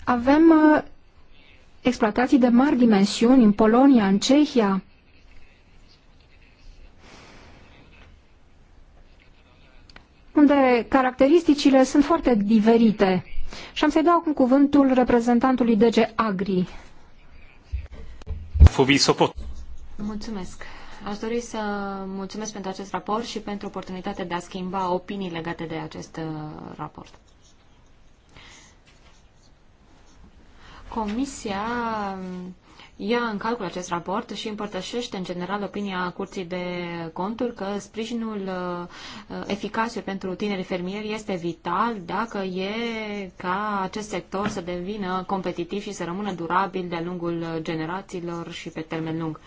avem uh, exploatații de mari dimensiuni în Polonia, în Cehia. unde caracteristicile sunt foarte diferite. Și am să-i dau acum cuvântul reprezentantului DG Agri. Fovi Sopot. Mulțumesc. Aș dori să mulțumesc pentru acest raport și pentru oportunitatea de a schimba opinii legate de acest uh, raport. Comisia ia în calcul acest raport și împărtășește în general opinia Curții de Conturi că sprijinul uh, eficace pentru tinerii fermieri este vital dacă e ca acest sector să devină competitiv și să rămână durabil de-a lungul uh, generațiilor și pe termen lung.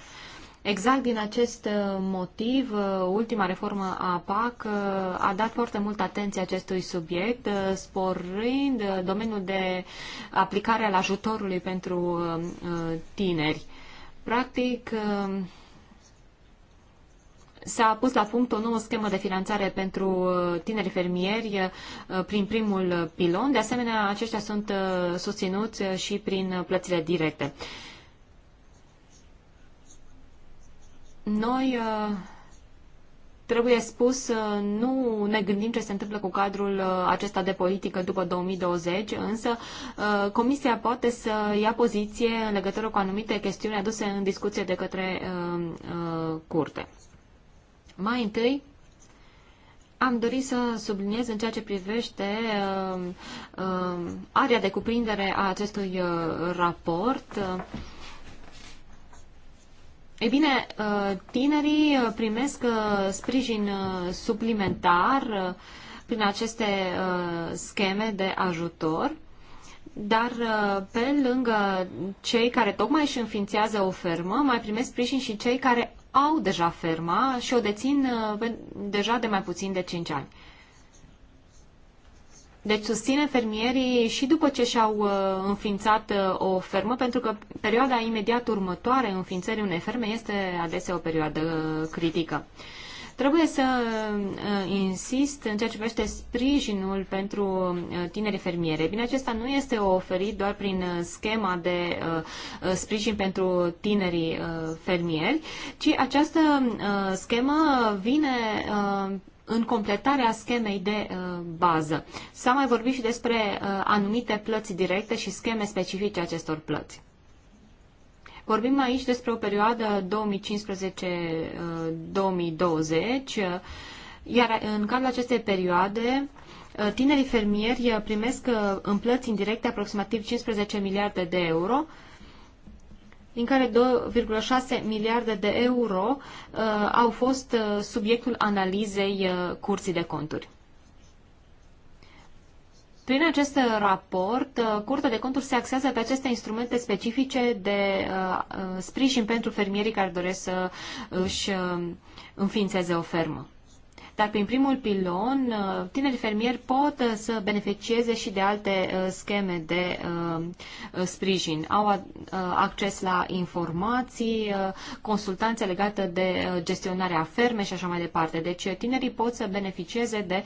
Exact din acest uh, motiv, uh, ultima reformă a PAC uh, a dat foarte multă atenție acestui subiect, sporind domeniul de aplicare al ajutorului pentru tineri. Practic, s-a pus la punct o nouă schemă de finanțare pentru tineri fermieri prin primul pilon. De asemenea, aceștia sunt susținuți și prin plățile directe. noi uh, trebuie spus, uh, nu ne gândim ce se întâmplă cu cadrul uh, acesta de politică după 2020, însă Comisia poate să ia poziție în legătură cu anumite chestiuni aduse în discuție de către curte. Mai întâi, am dorit să subliniez în ceea ce privește uh, uh, area de cuprindere a acestui uh, raport. Uh, ei bine, uh, tinerii uh, primesc uh, sprijin suplimentar prin aceste scheme de ajutor, dar pe lângă cei care tocmai își înființează o fermă, mai primesc sprijin și cei care au deja ferma și o dețin deja de mai puțin de 5 ani. Deci susține fermierii și după ce și-au uh, înființat uh, o fermă, pentru că perioada imediat următoare înființării unei ferme este adesea o perioadă uh, critică. Trebuie să insist în ceea ce privește sprijinul pentru tineri fermiere. Bine, acesta nu este oferit doar prin schema de sprijin pentru tinerii fermieri, ci această schemă vine în completarea schemei de uh, bază. S-a mai vorbit și despre uh, anumite plăți directe și scheme specifice acestor plăți. Vorbim aici despre o perioadă 2015-2020, uh, iar în cadrul acestei perioade uh, tinerii fermieri uh, primesc în plăți indirecte aproximativ 15 miliarde de euro, din care 2,6 miliarde de euro uh, au fost uh, subiectul analizei uh, curții de conturi. Prin acest raport, uh, Curtea de Conturi se axează pe aceste instrumente specifice de uh, uh, sprijin pentru fermierii care doresc să își înființeze o fermă. Dar prin primul pilon, uh, tinerii fermieri pot uh, să beneficieze și de alte uh, scheme de sprijin. Au acces la informații, consultanțe legate de gestionarea ferme și așa mai departe. Deci tinerii pot să beneficieze de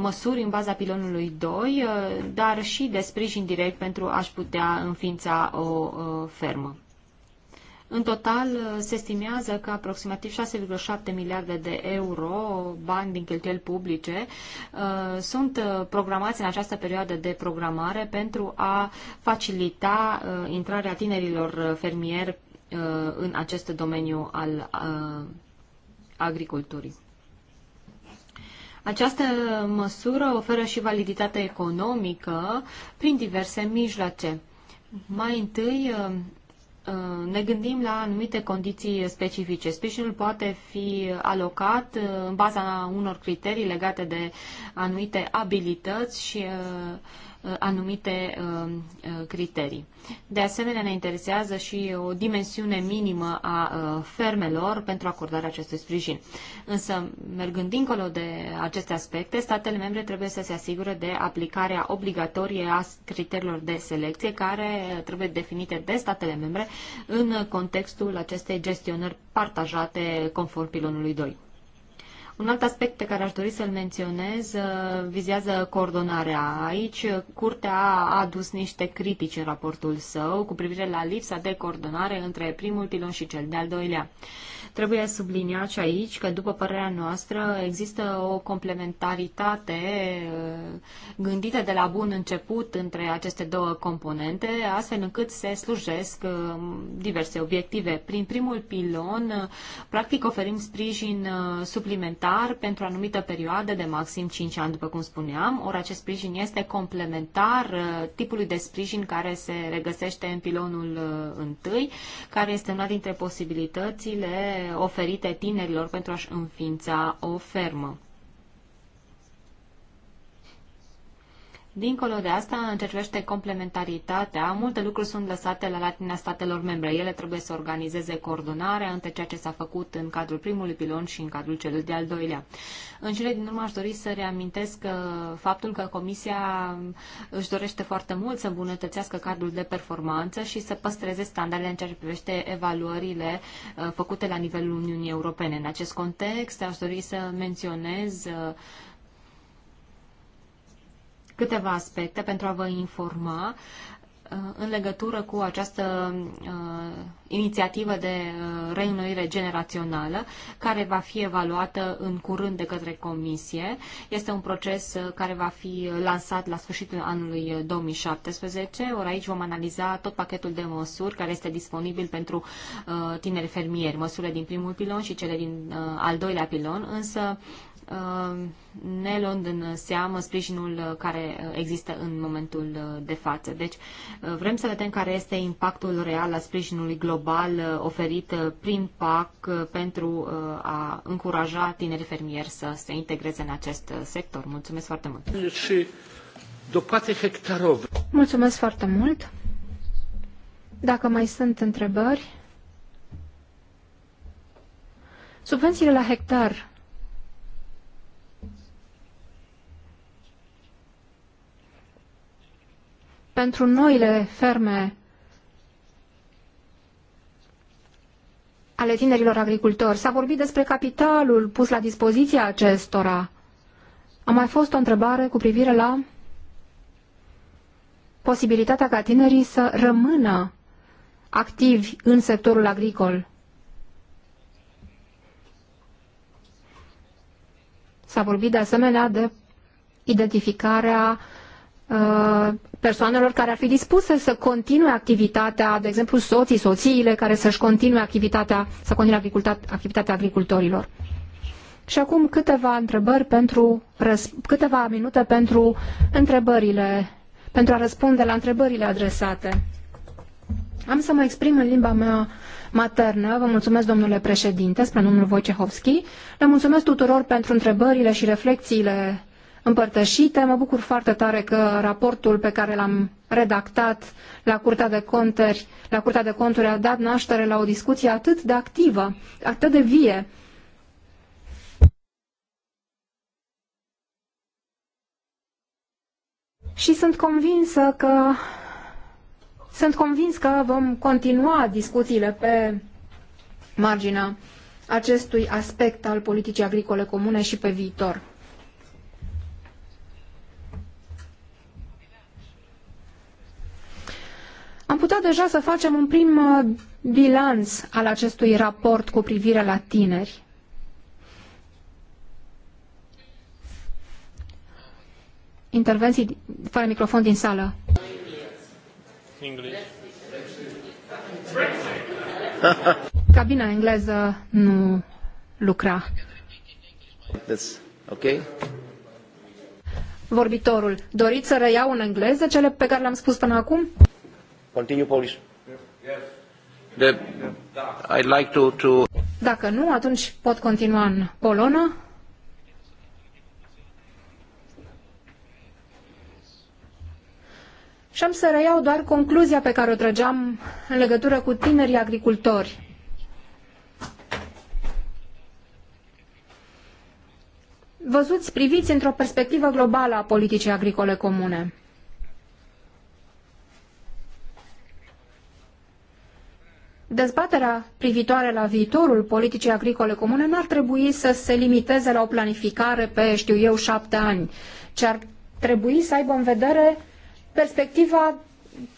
măsuri în baza pilonului 2, dar și de sprijin direct pentru a-și putea înființa o fermă. În total, uh, se estimează că aproximativ 6,7 miliarde de euro, bani din cheltuieli publice, uh, sunt uh, programați în această perioadă de programare pentru a facilita intrarea tinerilor fermieri în acest domeniu al agriculturii. Această măsură oferă și validitate economică prin diverse mijloace. Mai întâi, Uh, ne gândim la anumite condiții specifice. Sprijinul poate fi alocat uh, în baza unor criterii legate de anumite abilități și uh, Uh, anumite uh, uh, criterii. De asemenea, ne interesează și o dimensiune minimă a fermelor pentru acordarea acestui sprijin. Însă, mergând dincolo de aceste aspecte, statele membre trebuie să se asigure de aplicarea obligatorie a criteriilor de selecție care trebuie definite de statele membre în contextul acestei gestionări partajate conform pilonului 2. Un alt aspect pe care aș dori să-l menționez uh, vizează coordonarea. Aici, uh, Curtea a adus niște critici în raportul său cu privire la lipsa de coordonare între primul pilon și cel de-al doilea. Trebuie subliniat și aici că, după părerea noastră, există o complementaritate uh, gândită de la bun început între aceste două componente, astfel încât se slujesc uh, diverse obiective. Prin primul pilon, uh, practic oferim sprijin suplimentar pentru o anumită perioadă de maxim 5 ani, după cum spuneam, ori acest sprijin este complementar tipului de sprijin care se regăsește în pilonul întâi, care este una dintre posibilitățile oferite tinerilor pentru a-și înființa o fermă. Dincolo de asta, în ce privește complementaritatea, multe lucruri sunt lăsate la latina statelor membre. Ele trebuie să organizeze coordonarea între ceea ce s-a făcut în cadrul primului pilon și în cadrul celui de-al doilea. În cele din urmă aș dori să reamintesc uh, faptul că Comisia uh, își dorește foarte mult să îmbunătățească cadrul de performanță și să păstreze standardele în ceea ce privește evaluările uh, făcute la nivelul Uniunii Europene. În acest context, aș dori să menționez câteva aspecte pentru a vă informa uh, în legătură cu această uh, inițiativă de uh, reînnoire generațională, care va fi evaluată în curând de către Comisie. Este un proces uh, care va fi lansat la sfârșitul anului 2017, uh, ori aici vom analiza tot pachetul de măsuri care este disponibil pentru uh, tineri fermieri, măsurile din primul pilon și cele din uh, al doilea pilon, însă uh, Um, ne luând în seamă sprijinul uh, care uh, există în momentul uh, de față. Deci vrem să vedem care este impactul real al sprijinului global oferit prin PAC pentru a încuraja tinerii fermieri să se integreze în acest sector. Mulțumesc foarte mult! Și dopate hectarove. Mulțumesc foarte mult! Dacă mai sunt întrebări... Subvențiile la hectar pentru noile ferme ale tinerilor agricultori. S-a vorbit despre capitalul pus la dispoziția acestora. A mai fost o întrebare cu privire la posibilitatea ca tinerii să rămână activi în sectorul agricol. S-a vorbit de asemenea de identificarea Uh, persoanelor care ar fi dispuse să continue activitatea, de exemplu soții, soțiile care să-și continue activitatea, să continue activitatea agricultorilor. Și acum câteva întrebări pentru, câteva minute pentru întrebările, pentru a răspunde la întrebările adresate. Am să mă exprim în limba mea maternă. Vă mulțumesc, domnule președinte, spre domnul Wojciechowski. Le mulțumesc tuturor pentru întrebările și reflexiile împărtășite. Mă bucur foarte tare că raportul pe care l-am redactat la Curtea de Conturi, la Curtea de Conturi a dat naștere la o discuție atât de activă, atât de vie. Și sunt convinsă că sunt convins că vom continua discuțiile pe marginea acestui aspect al politicii agricole comune și pe viitor. am putea deja să facem un prim uh, bilanț al acestui raport cu privire la tineri. Intervenții fără microfon din sală. Cabina engleză nu lucra. okay. Vorbitorul, doriți să reiau în engleză cele pe care le-am spus până acum? Continue, Polish. The, I'd like to, to... Dacă nu, atunci pot continua în polonă. Și am să reiau doar concluzia pe care o trăgeam în legătură cu tinerii agricultori. Văzuți, priviți într-o perspectivă globală a politicii agricole comune. Dezbaterea privitoare la viitorul politicii agricole comune n-ar trebui să se limiteze la o planificare pe, știu eu, șapte ani, ci ar trebui să aibă în vedere perspectiva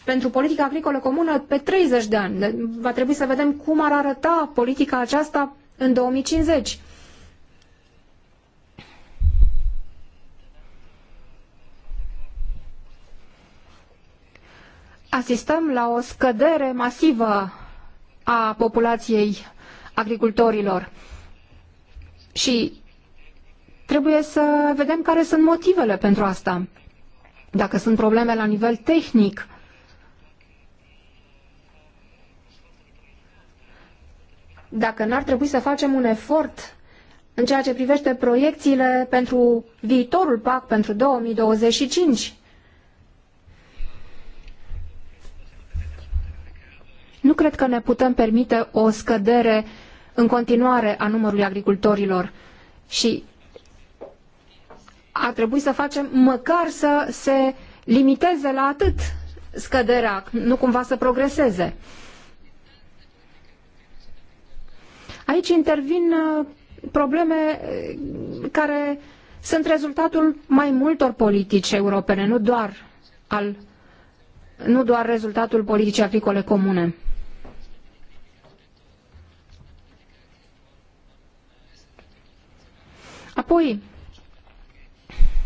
pentru politica agricolă comună pe 30 de ani. Va trebui să vedem cum ar arăta politica aceasta în 2050. Asistăm la o scădere masivă a populației agricultorilor. Și trebuie să vedem care sunt motivele pentru asta. Dacă sunt probleme la nivel tehnic, dacă n-ar trebui să facem un efort în ceea ce privește proiecțiile pentru viitorul PAC pentru 2025, Nu cred că ne putem permite o scădere în continuare a numărului agricultorilor și ar trebui să facem măcar să se limiteze la atât scăderea, nu cumva să progreseze. Aici intervin uh, probleme uh, care sunt rezultatul mai multor politici europene, nu doar, al, nu doar rezultatul politicii agricole comune. Apoi,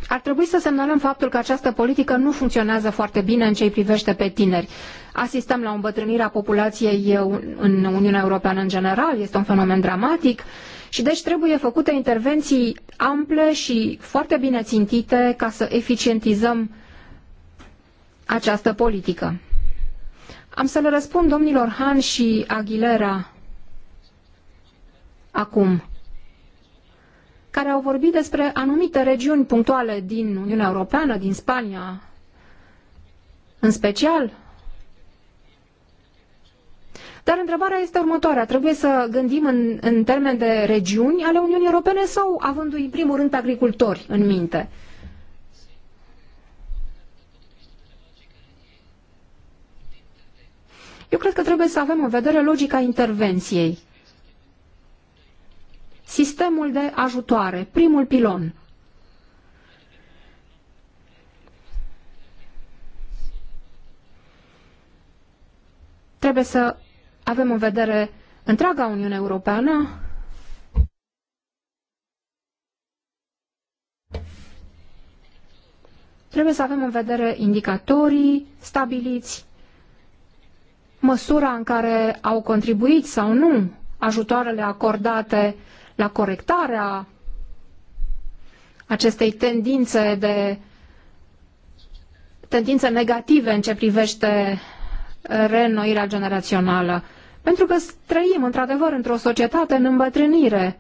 ar trebui să semnalăm faptul că această politică nu funcționează foarte bine în ce îi privește pe tineri. Asistăm la îmbătrânirea populației în Uniunea Europeană în general, este un fenomen dramatic și deci trebuie făcute intervenții ample și foarte bine țintite ca să eficientizăm această politică. Am să le răspund domnilor Han și Aguilera acum care au vorbit despre anumite regiuni punctuale din Uniunea Europeană, din Spania, în special. Dar întrebarea este următoarea. Trebuie să gândim în, în termen de regiuni ale Uniunii Europene sau avându-i în primul rând agricultori în minte? Eu cred că trebuie să avem în vedere logica intervenției Sistemul de ajutoare, primul pilon. Trebuie să avem în vedere întreaga Uniune Europeană, trebuie să avem în vedere indicatorii stabiliți, măsura în care au contribuit sau nu ajutoarele acordate la corectarea acestei tendințe de tendințe negative în ce privește reînnoirea generațională. Pentru că trăim într-adevăr într-o societate în îmbătrânire.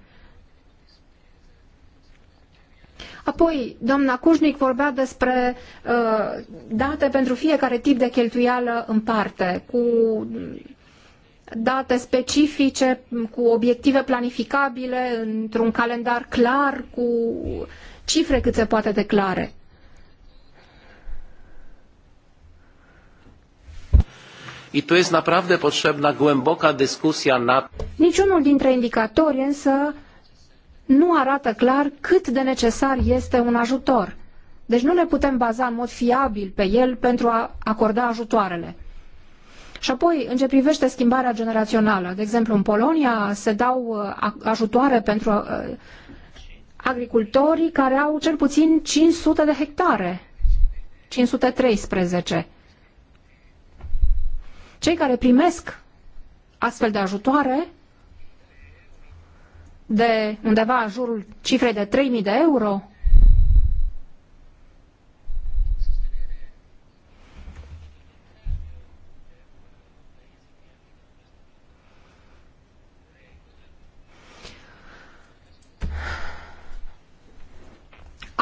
Apoi, doamna Cușnic vorbea despre uh, date pentru fiecare tip de cheltuială în parte, cu date specifice, cu obiective planificabile, într-un calendar clar, cu cifre cât se poate de clare. I tu jest naprawdę potrzebna głęboka dyskusja na... Niciunul dintre indicatori însă nu arată clar cât de necesar este un ajutor. Deci nu ne putem baza în mod fiabil pe el pentru a acorda ajutoarele. Și apoi, în ce privește schimbarea generațională, de exemplu, în Polonia se dau uh, ajutoare pentru uh, agricultorii care au cel puțin 500 de hectare, 513. Cei care primesc astfel de ajutoare de undeva în jurul cifrei de 3.000 de euro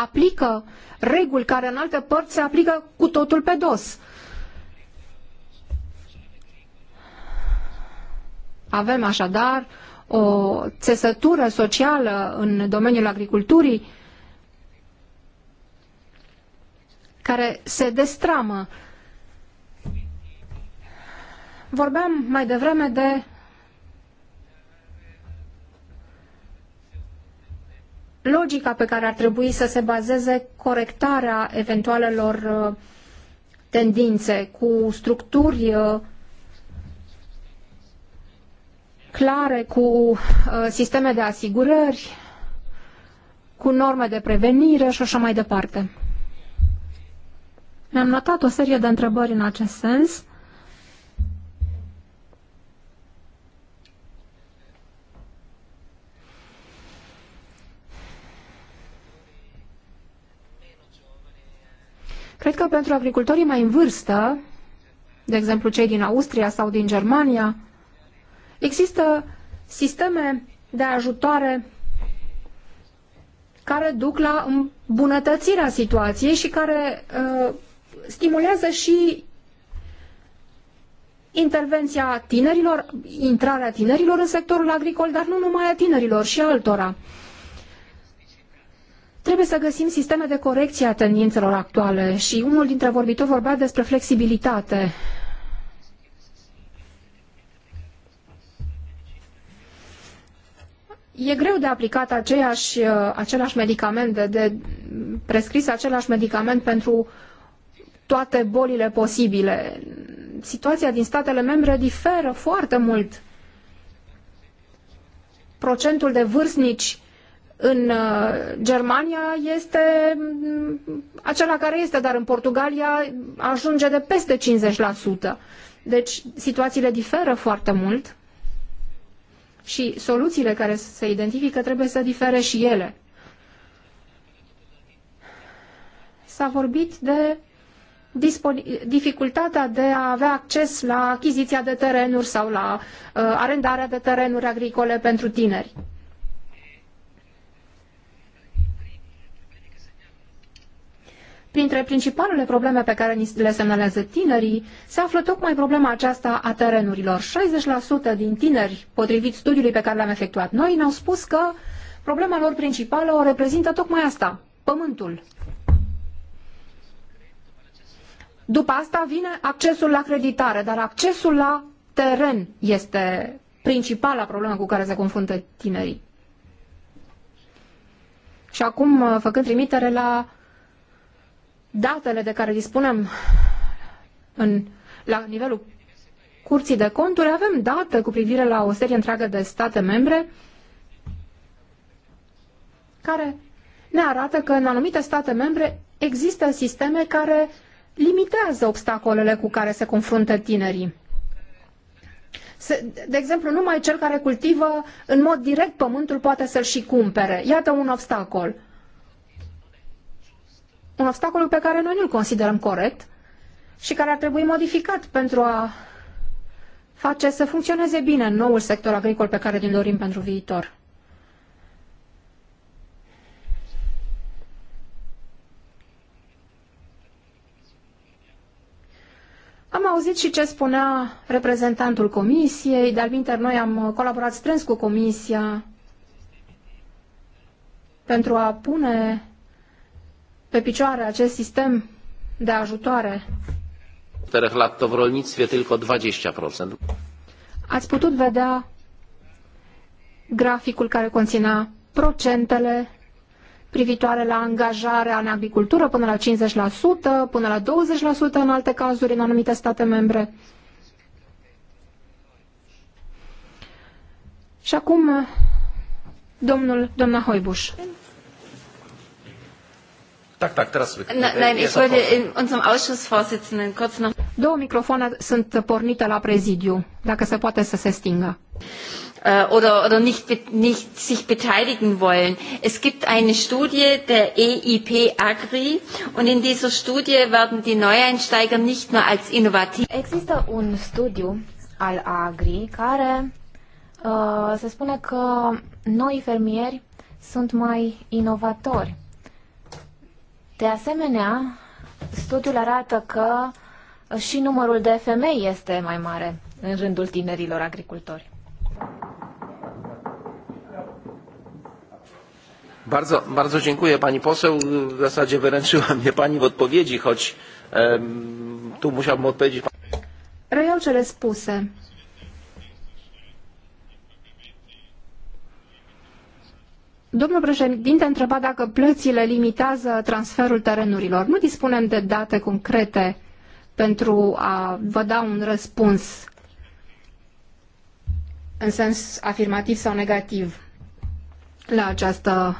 aplică reguli care în alte părți se aplică cu totul pe dos. Avem așadar o țesătură socială în domeniul agriculturii care se destramă. Vorbeam mai devreme de logica pe care ar trebui să se bazeze corectarea eventualelor uh, tendințe cu structuri uh, clare, cu uh, sisteme de asigurări, cu norme de prevenire și așa mai departe. Mi-am notat o serie de întrebări în acest sens Cred că pentru agricultorii mai în vârstă, de exemplu cei din Austria sau din Germania, există sisteme de ajutoare care duc la îmbunătățirea situației și care uh, stimulează și intervenția tinerilor, intrarea tinerilor în sectorul agricol, dar nu numai a tinerilor și altora. Trebuie să găsim sisteme de corecție a tendințelor actuale și unul dintre vorbitori vorbea despre flexibilitate. E greu de aplicat aceeași, același medicament, de, de prescris același medicament pentru toate bolile posibile. Situația din statele membre diferă foarte mult. Procentul de vârstnici în uh, Germania este mm, acela care este, dar în Portugalia ajunge de peste 50%. Deci situațiile diferă foarte mult și soluțiile care se identifică trebuie să difere și ele. S-a vorbit de dificultatea de a avea acces la achiziția de terenuri sau la uh, arendarea de terenuri agricole pentru tineri. Printre principalele probleme pe care le semnalează tinerii se află tocmai problema aceasta a terenurilor. 60% din tineri, potrivit studiului pe care l-am efectuat noi, ne-au spus că problema lor principală o reprezintă tocmai asta, pământul. După asta vine accesul la creditare, dar accesul la teren este principala problemă cu care se confruntă tinerii. Și acum, făcând trimitere la datele de care dispunem în, la nivelul curții de conturi, avem date cu privire la o serie întreagă de state membre care ne arată că în anumite state membre există sisteme care limitează obstacolele cu care se confruntă tinerii. De exemplu, numai cel care cultivă în mod direct pământul poate să-l și cumpere. Iată un obstacol un obstacol pe care noi nu-l considerăm corect și care ar trebui modificat pentru a face să funcționeze bine noul sector agricol pe care îl dorim pentru viitor. Am auzit și ce spunea reprezentantul comisiei, de-al noi am colaborat strâns cu comisia pentru a pune pe picioare acest sistem de ajutoare? Czterech la to tylko 20%. Ați putut vedea graficul care conținea procentele privitoare la angajarea în agricultură până la 50%, până la 20% în alte cazuri în anumite state membre. Și acum, domnul, doamna Hoibuș. Tak, tak, teraz Nein, ich wollte in unserem Ausschussvorsitzenden kurz noch... Două microfoane sunt pornite la prezidiu, dacă se poate să se stingă. Oder, oder nicht, nicht sich beteiligen wollen. Es gibt eine Studie der EIP Agri und in dieser Studie werden die Neueinsteiger nicht nur als innovativ. Există un studiu al Agri care uh, se spune că noi fermieri sunt mai inovatori de asemenea, studiul arată că și numărul de femei este mai mare în rândul tinerilor agricultori. Bardzo, bardzo dziękuję pani poseł. W zasadzie wyręczyła mnie pani w odpowiedzi, choć um, tu musiałbym odpowiedzieć. Reiau cele spuse. Domnul președinte întreba dacă plățile limitează transferul terenurilor. Nu dispunem de date concrete pentru a vă da un răspuns în sens afirmativ sau negativ la această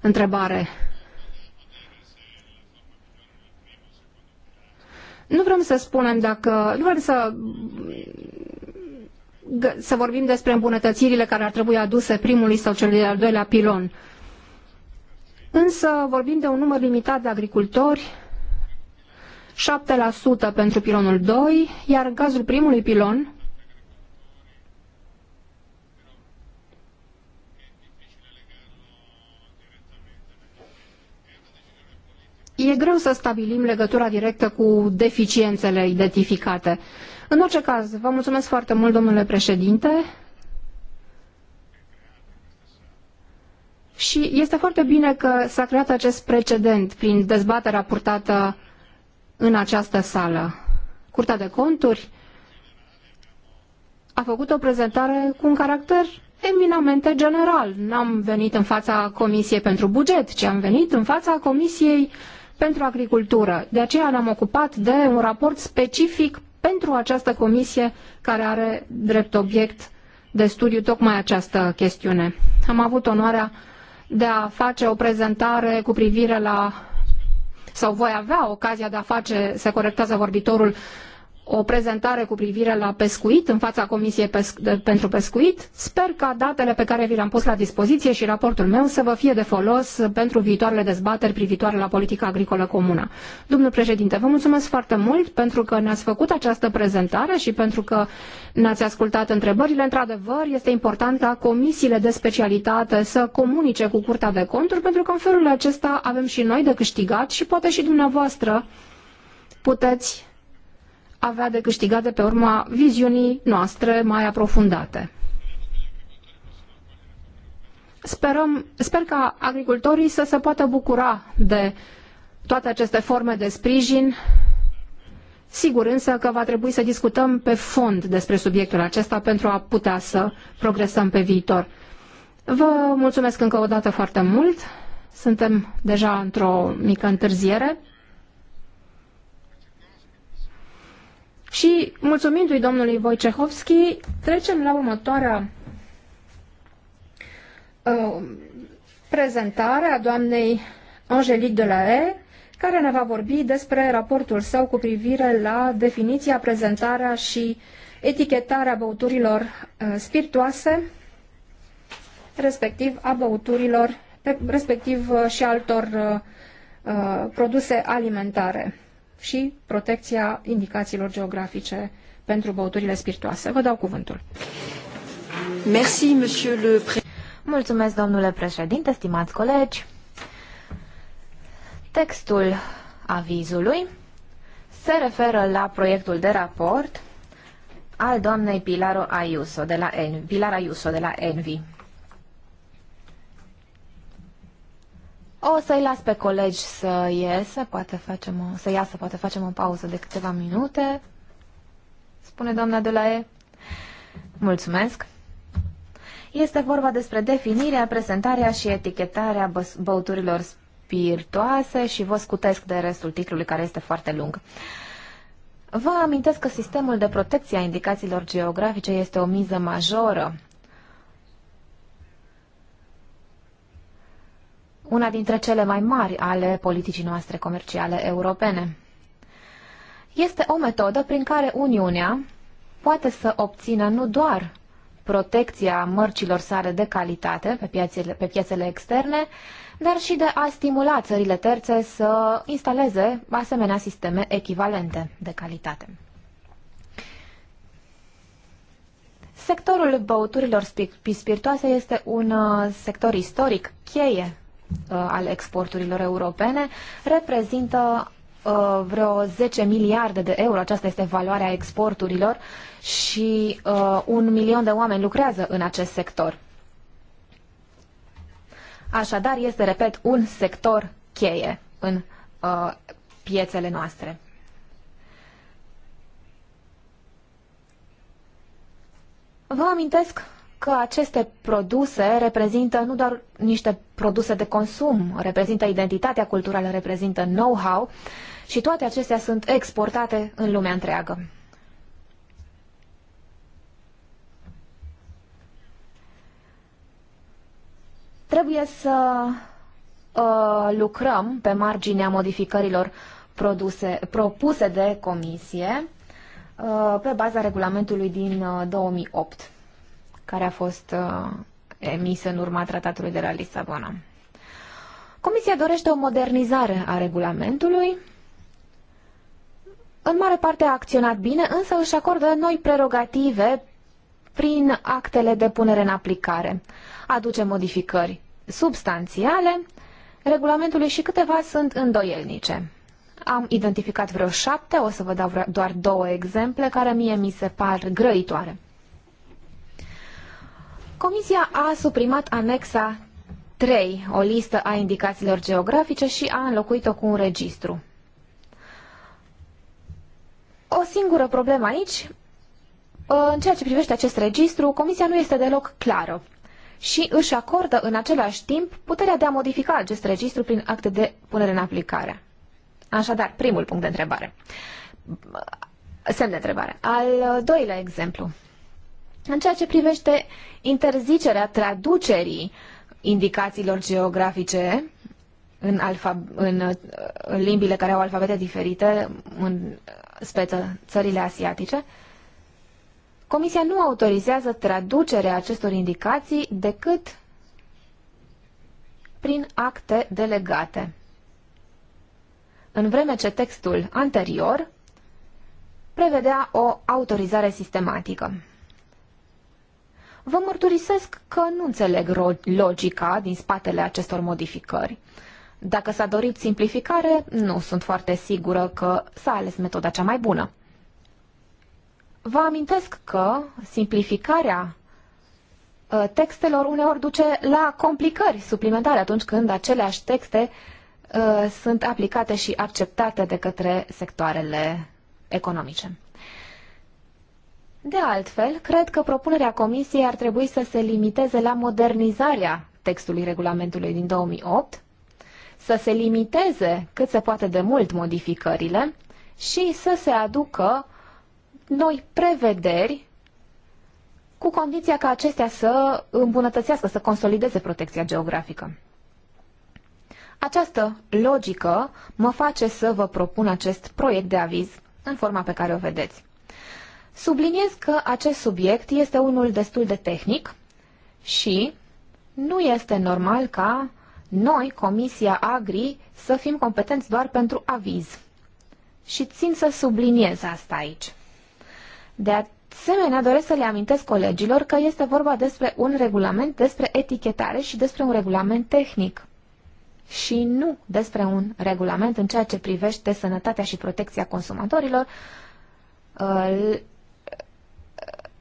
întrebare. Nu vrem să spunem dacă, nu vrem să să vorbim despre îmbunătățirile care ar trebui aduse primului sau celui de-al doilea pilon. Însă vorbim de un număr limitat de agricultori, 7% pentru pilonul 2, iar în cazul primului pilon, E greu să stabilim legătura directă cu deficiențele identificate. În orice caz, vă mulțumesc foarte mult, domnule președinte. Și este foarte bine că s-a creat acest precedent prin dezbaterea purtată în această sală. Curtea de conturi a făcut o prezentare cu un caracter eminamente general. N-am venit în fața Comisiei pentru Buget, ci am venit în fața Comisiei pentru Agricultură. De aceea ne-am ocupat de un raport specific pentru această comisie care are drept obiect de studiu tocmai această chestiune. Am avut onoarea de a face o prezentare cu privire la sau voi avea ocazia de a face, se corectează vorbitorul, o prezentare cu privire la pescuit în fața Comisiei Pesc pentru Pescuit. Sper ca datele pe care vi le-am pus la dispoziție și raportul meu să vă fie de folos pentru viitoarele dezbateri privitoare la politica agricolă comună. Domnul președinte, vă mulțumesc foarte mult pentru că ne-ați făcut această prezentare și pentru că ne-ați ascultat întrebările. Într-adevăr, este important ca comisiile de specialitate să comunice cu Curtea de Conturi, pentru că în felul acesta avem și noi de câștigat și poate și dumneavoastră puteți avea de câștigat de pe urma viziunii noastre mai aprofundate. Sperăm, sper ca agricultorii să se poată bucura de toate aceste forme de sprijin. Sigur însă că va trebui să discutăm pe fond despre subiectul acesta pentru a putea să progresăm pe viitor. Vă mulțumesc încă o dată foarte mult. Suntem deja într-o mică întârziere. Și mulțumindu-i domnului Wojciechowski, trecem la următoarea uh, prezentare a doamnei Angelique E, care ne va vorbi despre raportul său cu privire la definiția, prezentarea și etichetarea băuturilor uh, spiritoase, respectiv a băuturilor, respectiv uh, și altor produse alimentare și protecția indicațiilor geografice pentru băuturile spiritoase. Vă dau cuvântul. Merci, monsieur le pre... Mulțumesc, domnule președinte, stimați colegi. Textul avizului se referă la proiectul de raport al doamnei Pilar Ayuso de la Envi. Pilar Ayuso de la Envi. O să-i las pe colegi să iese, poate facem o, să iasă, poate facem o pauză de câteva minute, spune doamna de la E. Mulțumesc. Este vorba despre definirea, prezentarea și etichetarea băuturilor spiritoase și vă scutesc de restul titlului care este foarte lung. Vă amintesc că sistemul de protecție a indicațiilor geografice este o miză majoră una dintre cele mai mari ale politicii noastre comerciale europene. Este o metodă prin care Uniunea poate să obțină nu doar protecția mărcilor sale de calitate pe piațele, pe piațele externe, dar și de a stimula țările terțe să instaleze asemenea sisteme echivalente de calitate. Sectorul băuturilor spiritoase este un uh, sector istoric cheie Uh, al exporturilor europene reprezintă uh, vreo 10 miliarde de euro, aceasta este valoarea exporturilor și uh, un milion de oameni lucrează în acest sector. Așadar, este, repet, un sector cheie în uh, piețele noastre. Vă amintesc că aceste produse reprezintă nu doar niște produse de consum, reprezintă identitatea culturală, reprezintă know-how și toate acestea sunt exportate în lumea întreagă. Trebuie să uh, lucrăm pe marginea modificărilor produse, propuse de comisie uh, pe baza regulamentului din uh, 2008 care a fost uh, emisă în urma tratatului de la Lisabona. Comisia dorește o modernizare a regulamentului. În mare parte a acționat bine, însă își acordă noi prerogative prin actele de punere în aplicare. Aduce modificări substanțiale regulamentului și câteva sunt îndoielnice. Am identificat vreo șapte, o să vă dau doar două exemple care mie mi se par grăitoare. Comisia a suprimat anexa 3, o listă a indicațiilor geografice și a înlocuit-o cu un registru. O singură problemă aici, uh, în ceea ce privește acest registru, Comisia nu este deloc clară și își acordă în același timp puterea de a modifica acest registru prin acte de punere în aplicare. Așadar, primul punct de întrebare. Semn de întrebare. Al doilea exemplu. În ceea ce privește interzicerea traducerii indicațiilor geografice în, în, în limbile care au alfabete diferite, în speță țările asiatice, Comisia nu autorizează traducerea acestor indicații decât prin acte delegate. În vreme ce textul anterior prevedea o autorizare sistematică. Vă mărturisesc că nu înțeleg logica din spatele acestor modificări. Dacă s-a dorit simplificare, nu sunt foarte sigură că s-a ales metoda cea mai bună. Vă amintesc că simplificarea ă, textelor uneori duce la complicări suplimentare atunci când aceleași texte ă, sunt aplicate și acceptate de către sectoarele economice. De altfel, cred că propunerea Comisiei ar trebui să se limiteze la modernizarea textului regulamentului din 2008, să se limiteze cât se poate de mult modificările și să se aducă noi prevederi cu condiția ca acestea să îmbunătățească, să consolideze protecția geografică. Această logică mă face să vă propun acest proiect de aviz în forma pe care o vedeți. Subliniez că acest subiect este unul destul de tehnic și nu este normal ca noi, Comisia Agri, să fim competenți doar pentru aviz. Și țin să subliniez asta aici. De asemenea, doresc să le amintesc colegilor că este vorba despre un regulament despre etichetare și despre un regulament tehnic și nu despre un regulament în ceea ce privește sănătatea și protecția consumatorilor, uh,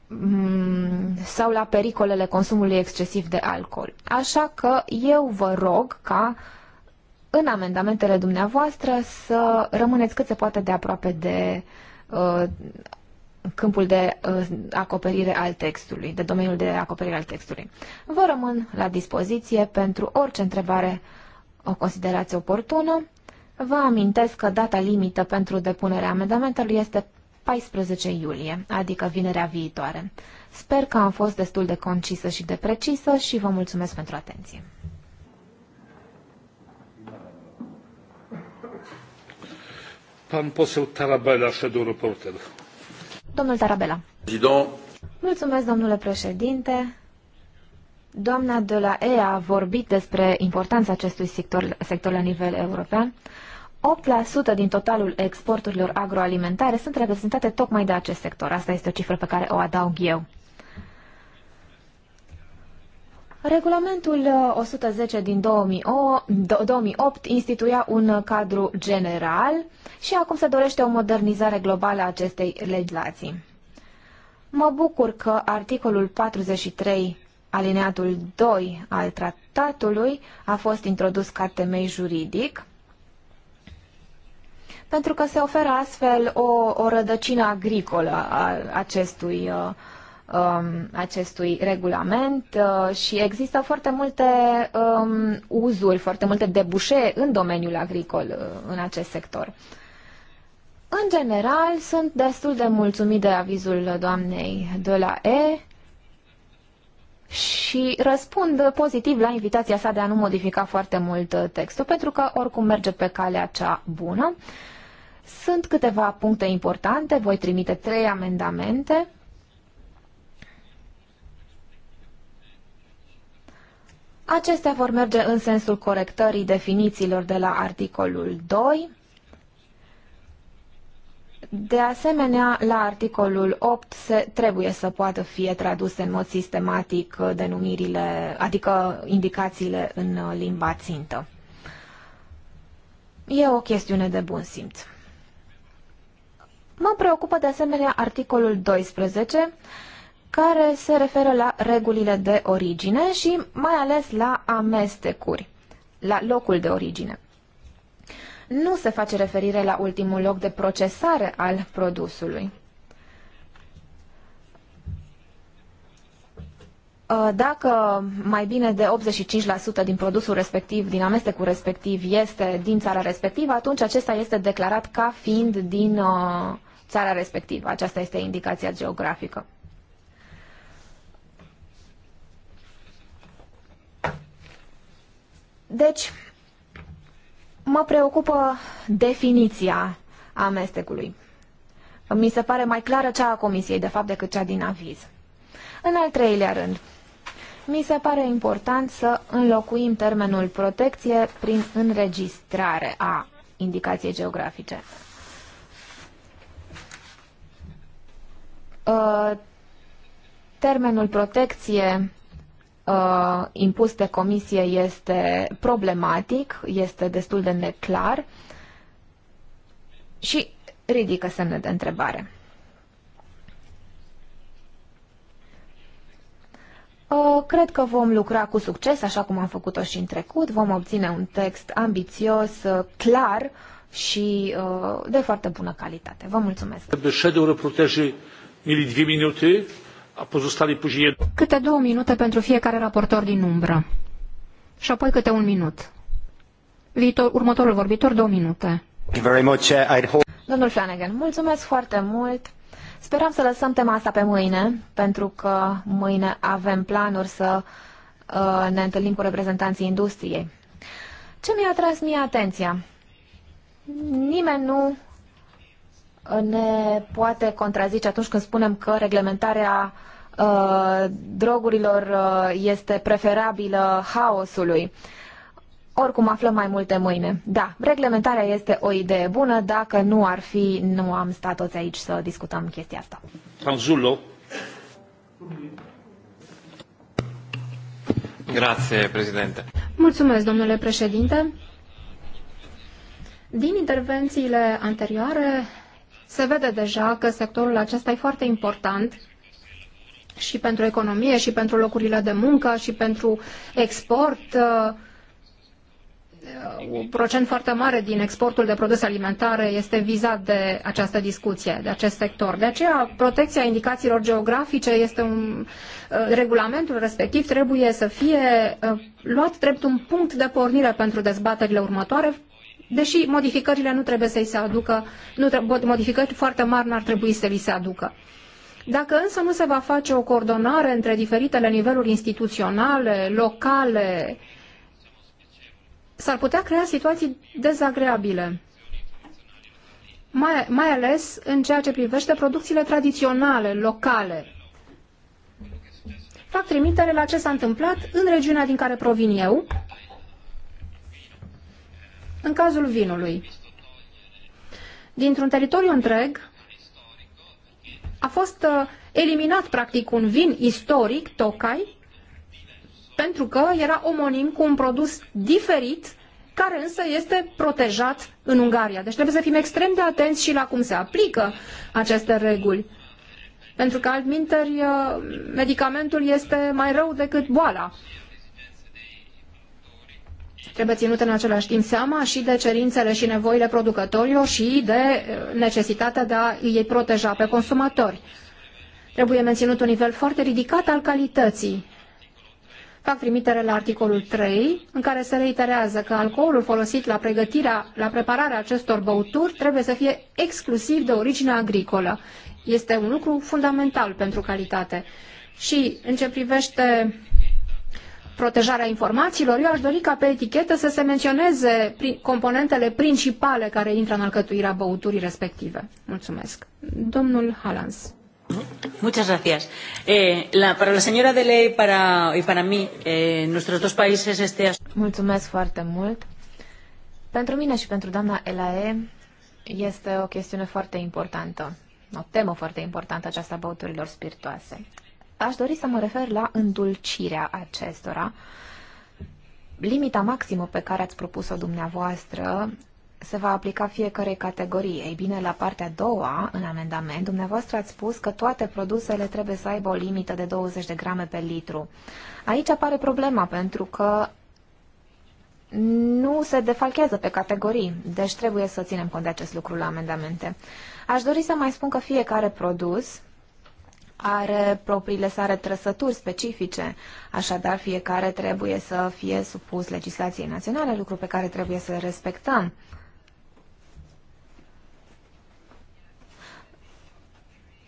Mm, sau la pericolele consumului excesiv de alcool. Așa că eu vă rog ca în amendamentele dumneavoastră să rămâneți cât se poate de aproape de uh, câmpul de uh, acoperire al textului, de domeniul de acoperire al textului. Vă rămân la dispoziție pentru orice întrebare o considerați oportună. Vă amintesc că data limită pentru depunerea amendamentelor este 14 iulie, adică vinerea viitoare. Sper că am fost destul de concisă și de precisă și vă mulțumesc pentru atenție. Pan poseł Tarabella, ședul reporter. Domnul Tarabella. Zidon. Mulțumesc, domnule președinte. Doamna de la EA a vorbit despre importanța acestui sector, sector la nivel european. 8% din totalul exporturilor agroalimentare sunt reprezentate tocmai de acest sector. Asta este o cifră pe care o adaug eu. Regulamentul 110 uh, din 2008 instituia un cadru general și acum se dorește o modernizare globală a acestei legislații. Mă bucur că articolul 43 alineatul 2 al tratatului a fost introdus ca temei juridic pentru că se oferă astfel o, o rădăcină agricolă a acestui, uh, um, acestui regulament uh, și există foarte multe um, uzuri, foarte multe debușe în domeniul agricol, uh, în acest sector. În general, sunt destul de mulțumit de avizul doamnei de la E și răspund pozitiv la invitația sa de a nu modifica foarte mult uh, textul, pentru că oricum merge pe calea cea bună. Uh, sunt câteva puncte importante, voi trimite trei amendamente. Acestea vor merge în sensul corectării definițiilor de la articolul 2. De asemenea, la articolul 8 se, trebuie să poată fi traduse în mod sistematic denumirile, adică indicațiile în limba țintă. E o chestiune de bun simț. Mă preocupă de asemenea articolul 12, care se referă la regulile de origine și mai ales la amestecuri, la locul de origine. Nu se face referire la ultimul loc de procesare al produsului. Ă, dacă mai bine de 85% din produsul respectiv, din amestecul respectiv, este din țara respectivă, atunci acesta este declarat ca fiind din uh, țara respectivă. Aceasta este indicația geografică. Deci, mă preocupă definiția amestecului. Mi se pare mai clară cea a comisiei, de fapt, decât cea din aviz. În al treilea rând, mi se pare important să înlocuim termenul protecție prin înregistrare a indicației geografice. Uh, termenul protecție uh, impus de comisie este problematic, este destul de neclar și ridică semne de întrebare. Uh, cred că vom lucra cu succes, așa cum am făcut-o și în trecut. Vom obține un text ambițios, clar și de foarte bună calitate. Vă mulțumesc! mieli dwie minuty, a pozostali później... Câte două minute pentru fiecare raportor din umbră. Și apoi câte un minut. Viitor, următorul vorbitor, două minute. Very much, uh, hope. Domnul Flanagan, mulțumesc foarte mult. Sperăm să lăsăm tema asta pe mâine, pentru că mâine avem planuri să uh, ne întâlnim cu reprezentanții industriei. Ce mi-a tras mie atenția? Nimeni nu ne poate contrazice atunci când spunem că reglementarea uh, drogurilor uh, este preferabilă haosului. Oricum aflăm mai multe mâine. Da, reglementarea este o idee bună, dacă nu ar fi, nu am stat toți aici să discutăm chestia asta. Tanzulo. Grazie, președinte. Mulțumesc, domnule președinte. Din intervențiile anterioare se vede deja că sectorul acesta e foarte important și pentru economie, și pentru locurile de muncă, și pentru export. Uh, uh, un procent foarte mare din exportul de produse alimentare este vizat de această discuție, de acest sector. De aceea, protecția indicațiilor geografice este un. Uh, regulamentul respectiv trebuie să fie luat drept un punct de pornire pentru dezbaterile următoare, deși modificările nu trebuie să-i se aducă, nu trebuie, modificări foarte mari n-ar trebui să li se aducă. Dacă însă nu se va face o coordonare între diferitele niveluri instituționale, locale, s-ar putea crea situații dezagreabile. Mai, mai ales în ceea ce privește producțiile tradiționale, locale. Fac trimitere la ce s-a întâmplat în regiunea din care provin eu, în cazul vinului, dintr-un teritoriu întreg a fost uh, eliminat practic un vin istoric, Tokai, pentru că era omonim cu un produs diferit care însă este protejat în Ungaria. Deci trebuie să fim extrem de atenți și la cum se aplică aceste reguli. Pentru că altminteri uh, medicamentul este mai rău decât boala. Trebuie ținut în același timp seama și de cerințele și nevoile producătorilor și de uh, necesitatea de a îi proteja pe consumatori. Trebuie menținut un nivel foarte ridicat al calității. Fac trimitere la articolul 3, în care se reiterează că alcoolul folosit la pregătirea, la prepararea acestor băuturi trebuie să fie exclusiv de origine agricolă. Este un lucru fundamental pentru calitate. Și în ce privește protejarea informațiilor, eu aș dori ca pe etichetă să se menționeze componentele principale care intră în alcătuirea băuturii respective. Mulțumesc. Domnul Halans. Muchas gracias. Eh, la, para la señora para, y para mí, eh, nuestros dos países este Mulțumesc foarte mult. Pentru mine și pentru doamna Elae este o chestiune foarte importantă, o temă foarte importantă aceasta a băuturilor spiritoase. Aș dori să mă refer la îndulcirea acestora. Limita maximă pe care ați propus-o dumneavoastră se va aplica fiecare categorie. Ei bine, la partea a doua, în amendament, dumneavoastră ați spus că toate produsele trebuie să aibă o limită de 20 de grame pe litru. Aici apare problema, pentru că nu se defalchează pe categorii, deci trebuie să ținem cont de acest lucru la amendamente. Aș dori să mai spun că fiecare produs are propriile sale trăsături specifice, așadar fiecare trebuie să fie supus legislației naționale, lucru pe care trebuie să respectăm.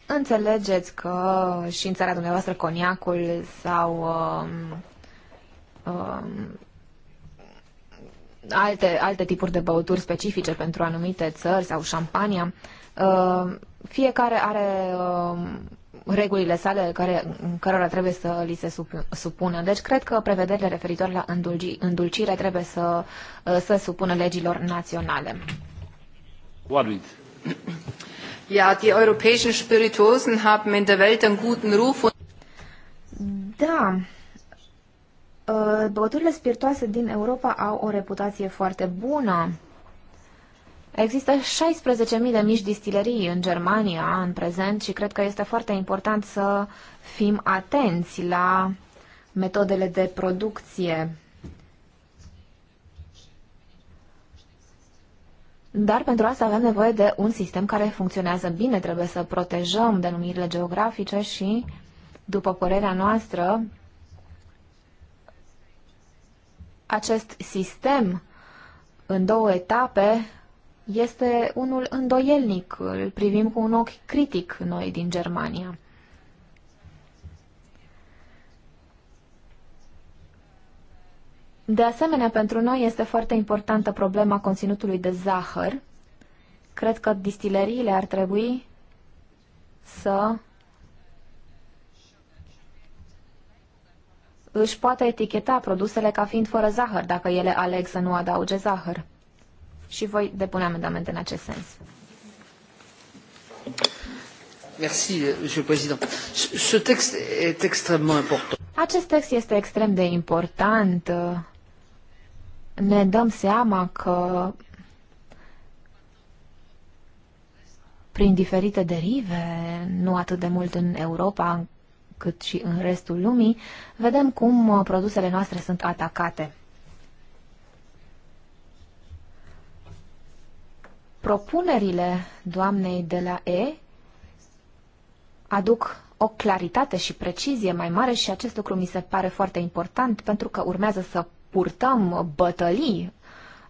Înțelegeți că și în țara dumneavoastră coniacul sau um, um, alte, alte tipuri de băuturi specifice pentru anumite țări sau șampania, uh, fiecare are um, regulile sale care, cărora trebuie să li se supună. Deci cred că prevederile referitoare la îndulgi, îndulcire trebuie să uh, se supună legilor naționale. Oaduit. Ja, die europäischen Spirituosen haben in der Welt einen guten Ruf. Und da, uh, băuturile spiritoase din Europa au o reputație foarte bună. Există 16.000 de mici distilerii în Germania în prezent și cred că este foarte important să fim atenți la metodele de producție. Dar pentru asta avem nevoie de un sistem care funcționează bine, trebuie să protejăm denumirile geografice și, după părerea noastră, acest sistem în două etape este unul îndoielnic, îl privim cu un ochi critic noi din Germania. De asemenea, pentru noi este foarte importantă problema conținutului de zahăr. Cred că distileriile ar trebui să își poată eticheta produsele ca fiind fără zahăr, dacă ele aleg să nu adauge zahăr și voi depune amendamente în acest sens. Acest text este extrem de important. Ne dăm seama că prin diferite derive, nu atât de mult în Europa cât și în restul lumii, vedem cum produsele noastre sunt atacate. Propunerile doamnei de la E aduc o claritate și precizie mai mare și acest lucru mi se pare foarte important pentru că urmează să purtăm bătălii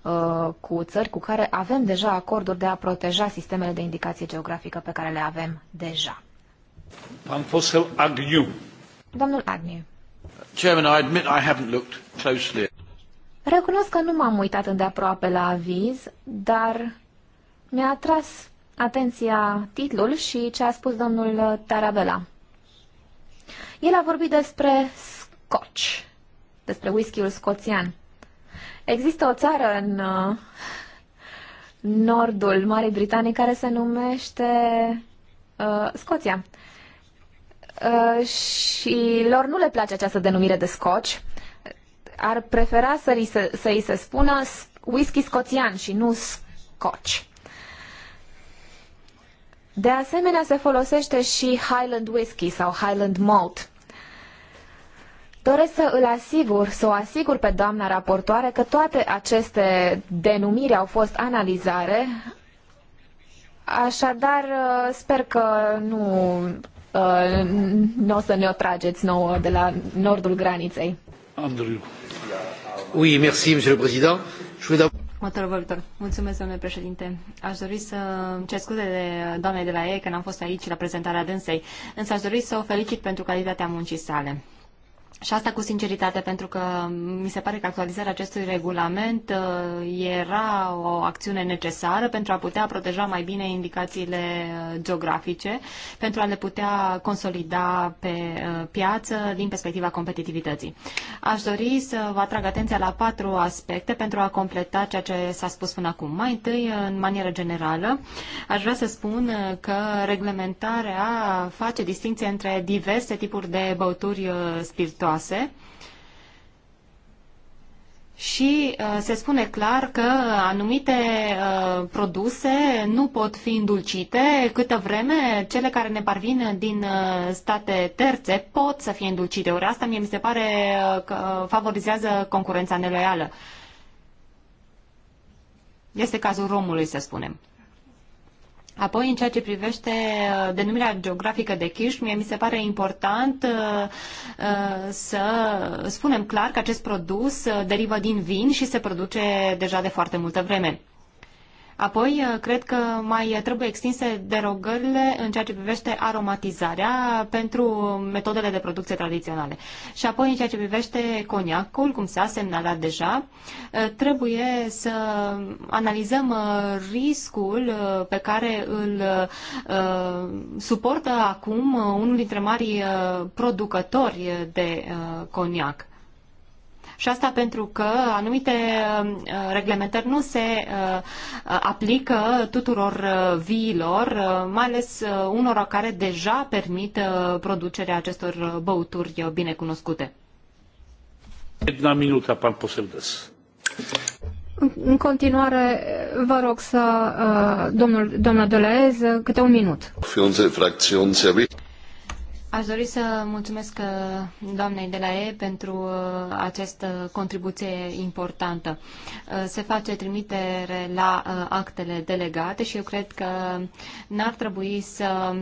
uh, cu țări cu care avem deja acorduri de a proteja sistemele de indicație geografică pe care le avem deja. Pan posel Agnew. Domnul Agnew. Chairman, I admit I haven't looked closely. Recunosc că nu m-am uitat îndeaproape la aviz, dar mi-a atras atenția titlul și ce a spus domnul Tarabella. El a vorbit despre scotch, despre whisky-ul scoțian. Există o țară în uh, nordul Marii Britanii care se numește uh, Scoția. Uh, și lor nu le place această denumire de scotch. Ar prefera să îi se, să îi se spună whisky scoțian și nu scotch. De asemenea, se folosește și Highland Whisky sau Highland Malt. Doresc să îl asigur, să o asigur pe doamna raportoare că toate aceste denumiri au fost analizare, așadar uh, sper că uh, nu, o să ne o trageți nouă de la nordul graniței. Andrew. Oui, merci, monsieur le président. Je vais Următorul Mulțumesc, domnule președinte. Aș dori să cer scuze de doamnei de la ei că n-am fost aici la prezentarea dânsei, însă aș dori să o felicit pentru calitatea muncii sale. Și asta cu sinceritate, pentru că mi se pare că actualizarea acestui regulament uh, era o acțiune necesară pentru a putea proteja mai bine indicațiile uh, geografice, pentru a le putea consolida pe uh, piață din perspectiva competitivității. Aș dori să vă atrag atenția la patru aspecte pentru a completa ceea ce s-a spus până acum. Mai întâi, în manieră generală, aș vrea să spun că reglementarea face distinție între diverse tipuri de băuturi spirituale serioase și uh, se spune clar că anumite uh, produse nu pot fi indulcite câtă vreme cele care ne parvin din uh, state terțe pot să fie indulcite. Ori asta mie mi se pare că favorizează concurența neloială. Este cazul Romului, să spunem. Apoi, în ceea ce privește uh, denumirea geografică de Chiș, mie mi se pare important uh, uh, să spunem clar că acest produs derivă din vin și se produce deja de foarte multă vreme. Apoi, uh, cred că mai trebuie extinse derogările în ceea ce privește aromatizarea pentru metodele de producție tradiționale. Și apoi, în ceea ce privește coniacul, cum s-a semnalat deja, uh, trebuie să analizăm uh, riscul pe care îl suportă acum unul dintre marii producători de coniac. Și asta pentru că anumite uh, reglementări nu se uh, aplică tuturor uh, viilor, mai ales unora care deja permit producerea acestor băuturi binecunoscute. Una minută, pan poseł În continuare, vă rog să, domnul, doamna Delez, câte un minut. Aș dori să mulțumesc uh, doamnei de la E pentru uh, această contribuție importantă. Uh, se face trimitere la actele delegate și eu cred că n-ar trebui să